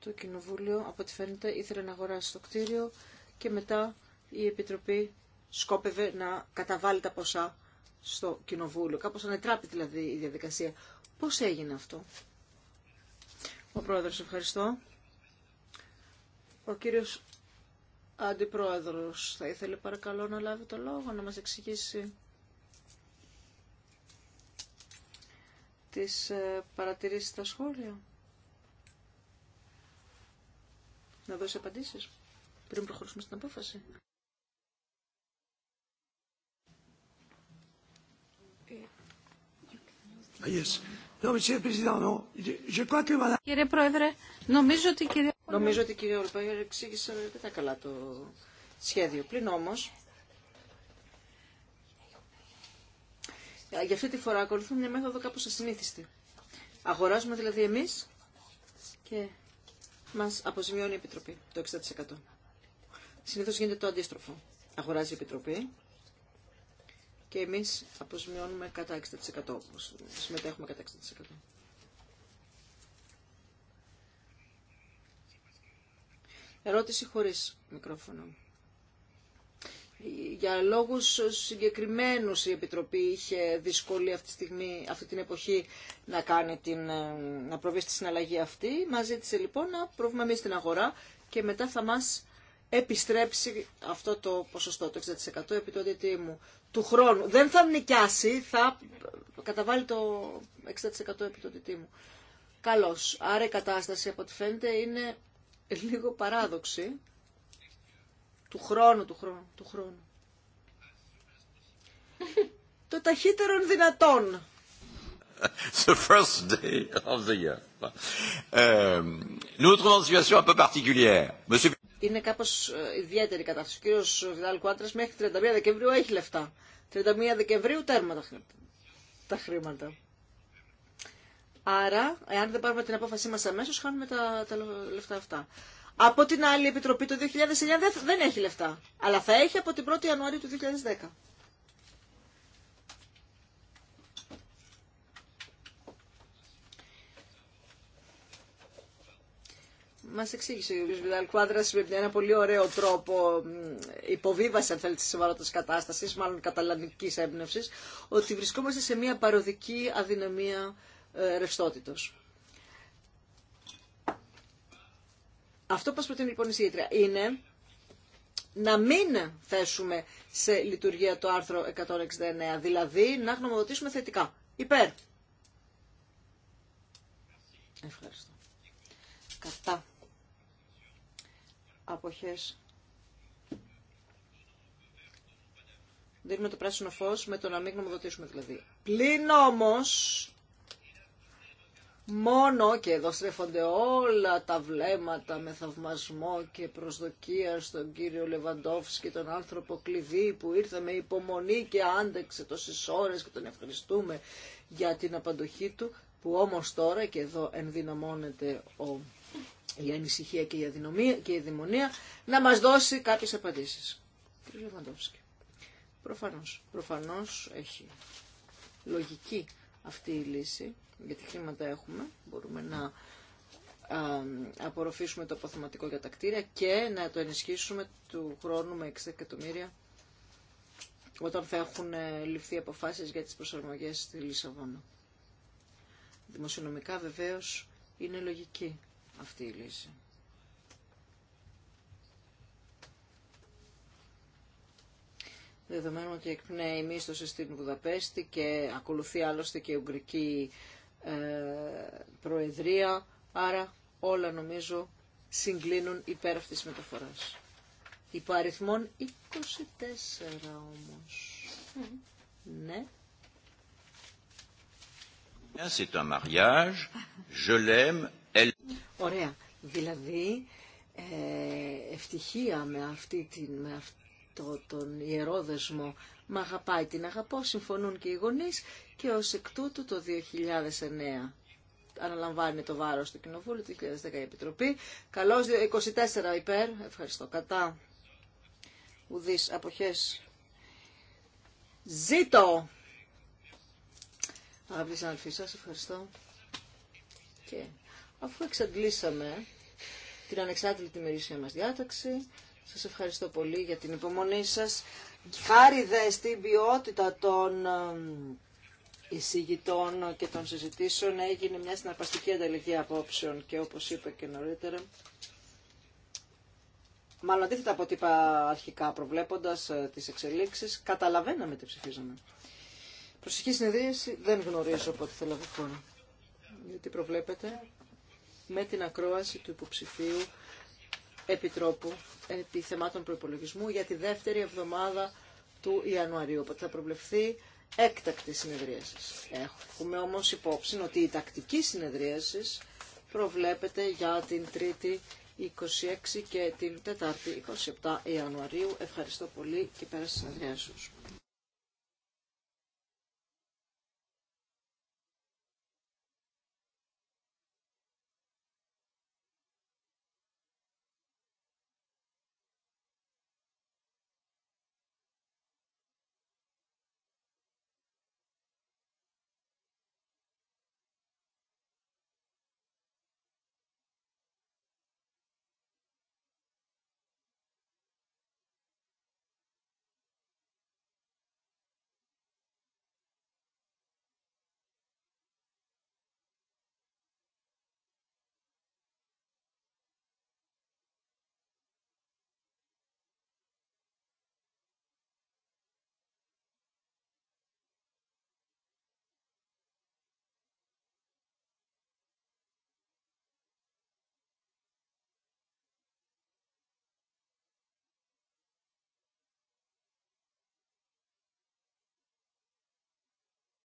Το Κοινοβούλιο, από ό,τι φαίνεται, ήθελε να αγοράσει το κτίριο και μετά η Επιτροπή σκόπευε να καταβάλει τα ποσά στο Κοινοβούλιο. Κάπως ανετράπη δηλαδή η διαδικασία. Πώς έγινε αυτό. Ο Πρόεδρος, ευχαριστώ. Ο κύριος Αντιπρόεδρος θα ήθελε παρακαλώ να λάβει το λόγο, να μας εξηγήσει τις ε, παρατηρήσεις στα σχόλια. Να δώσει απαντήσεις πριν προχωρήσουμε στην απόφαση. Ah, yes. Κύριε Πρόεδρε, νομίζω ότι η κυρία Νομίζω ότι η κυρία Ολπαγέρ εξήγησε αρκετά καλά το σχέδιο. Πλην όμως, για αυτή τη φορά ακολουθούμε μια μέθοδο κάπως ασυνήθιστη. Αγοράζουμε δηλαδή εμείς και μας αποζημιώνει η Επιτροπή το 60%. Συνήθως γίνεται το αντίστροφο. Αγοράζει η Επιτροπή και εμείς αποζημιώνουμε κατά 60%. Συμμετέχουμε κατά 60%. Ερώτηση χωρίς μικρόφωνο. Για λόγους συγκεκριμένους η Επιτροπή είχε δυσκολία αυτή, τη στιγμή, αυτή την εποχή να, κάνει την, ε, να προβεί στη συναλλαγή αυτή. Μας ζήτησε λοιπόν να προβούμε εμείς στην αγορά και μετά θα μας επιστρέψει αυτό το ποσοστό, το 60% επί το μου του χρόνου. Δεν θα νοικιάσει, θα καταβάλει το 60% επί το μου. Καλώς. Άρα η κατάσταση από ό,τι φαίνεται είναι λίγο παράδοξη του χρόνου, του χρόνου, του χρόνου. Το ταχύτερο δυνατόν. Είναι κάπω ε, ιδιαίτερη κατάσταση. Ο κύριο Βιδάλ Κουάντρας μέχρι 31 Δεκεμβρίου έχει λεφτά. 31 Δεκεμβρίου τέρμα τα χρήματα. Άρα, εάν δεν πάρουμε την απόφασή μας αμέσω, χάνουμε τα, τα λεφτά αυτά. Από την άλλη, η Επιτροπή το 2009 δεν έχει λεφτά, αλλά θα έχει από την 1η Ιανουαρίου του 2010. Μα εξήγησε ο κ. Βιδάλ με ένα πολύ ωραίο τρόπο υποβίβαση, αν θέλετε, τη σοβαρότητα κατάσταση, μάλλον καταλανική έμπνευση, ότι βρισκόμαστε σε μια παροδική αδυναμία ε, ρευστότητος. Αυτό που προτείνει λοιπόν η Σύγητρια είναι να μην θέσουμε σε λειτουργία το άρθρο 169, δηλαδή να γνωμοδοτήσουμε θετικά. Υπέρ. Ευχαριστώ. Κατά. Αποχές. Δίνουμε το πράσινο φως με το να μην γνωμοδοτήσουμε δηλαδή. Πλην όμως μόνο και εδώ στρέφονται όλα τα βλέμματα με θαυμασμό και προσδοκία στον κύριο και τον άνθρωπο κλειδί που ήρθε με υπομονή και άντεξε τόσες ώρες και τον ευχαριστούμε για την απαντοχή του, που όμως τώρα και εδώ ενδυναμώνεται ο, η ανησυχία και η, αδυνομία, και η δημονία, να μας δώσει κάποιες απαντήσεις. Κύριε Λεβαντόφσκι, προφανώς, προφανώς έχει λογική αυτή η λύση γιατί χρήματα έχουμε, μπορούμε να απορροφήσουμε το αποθεματικό για τα κτίρια και να το ενισχύσουμε του χρόνου με 6 εκατομμύρια όταν θα έχουν ε, ληφθεί αποφάσεις για τις προσαρμογές στη Λισαβόνα. Δημοσιονομικά βεβαίως είναι λογική αυτή η λύση. Δεδομένου ότι εκπνέει μίσθωση στην Βουδαπέστη και ακολουθεί άλλωστε και η Ουγγρική ε, προεδρία, άρα όλα νομίζω συγκλίνουν υπέρ αυτής της μεταφοράς. αριθμών 24 όμως. Mm. Ναι. C'est un mariage, je l'aime, elle... Ωραία. Δηλαδή, ε, ευτυχία με, αυτή την, με αυτό τον ιερό δεσμό με αγαπάει, την αγαπώ, συμφωνούν και οι γονείς και ως εκ τούτου το 2009 αναλαμβάνει το βάρος του Κοινοβούλου, το 2010 η Επιτροπή. Καλώς 24 υπέρ, ευχαριστώ, κατά ουδείς αποχές. Ζήτω! Αγαπητοί συναδελφοί, σας ευχαριστώ. Και αφού εξαντλήσαμε την ανεξάρτητη μερίσια μας διάταξη, σας ευχαριστώ πολύ για την υπομονή σας. Χάρη δε στην ποιότητα των εισηγητών και των συζητήσεων έγινε μια συναρπαστική ανταλλαγή απόψεων και όπως είπα και νωρίτερα, μάλλον αντίθετα από ό,τι είπα αρχικά προβλέποντας ε, τις εξελίξεις, καταλαβαίναμε τι ψηφίζαμε. Προσεχή συνεδρίαση δεν γνωρίζω πότε θέλω να Γιατί προβλέπετε με την ακρόαση του υποψηφίου Επιτρόπου επί θεμάτων προπολογισμού για τη δεύτερη εβδομάδα του Ιανουαρίου. Οπότε θα προβλεφθεί έκτακτη συνεδρίαση. Έχουμε όμως υπόψη ότι η τακτική συνεδρίαση προβλέπεται για την Τρίτη 26 και την Τετάρτη 27 Ιανουαρίου. Ευχαριστώ πολύ και πέρα στις συνεδριάσεις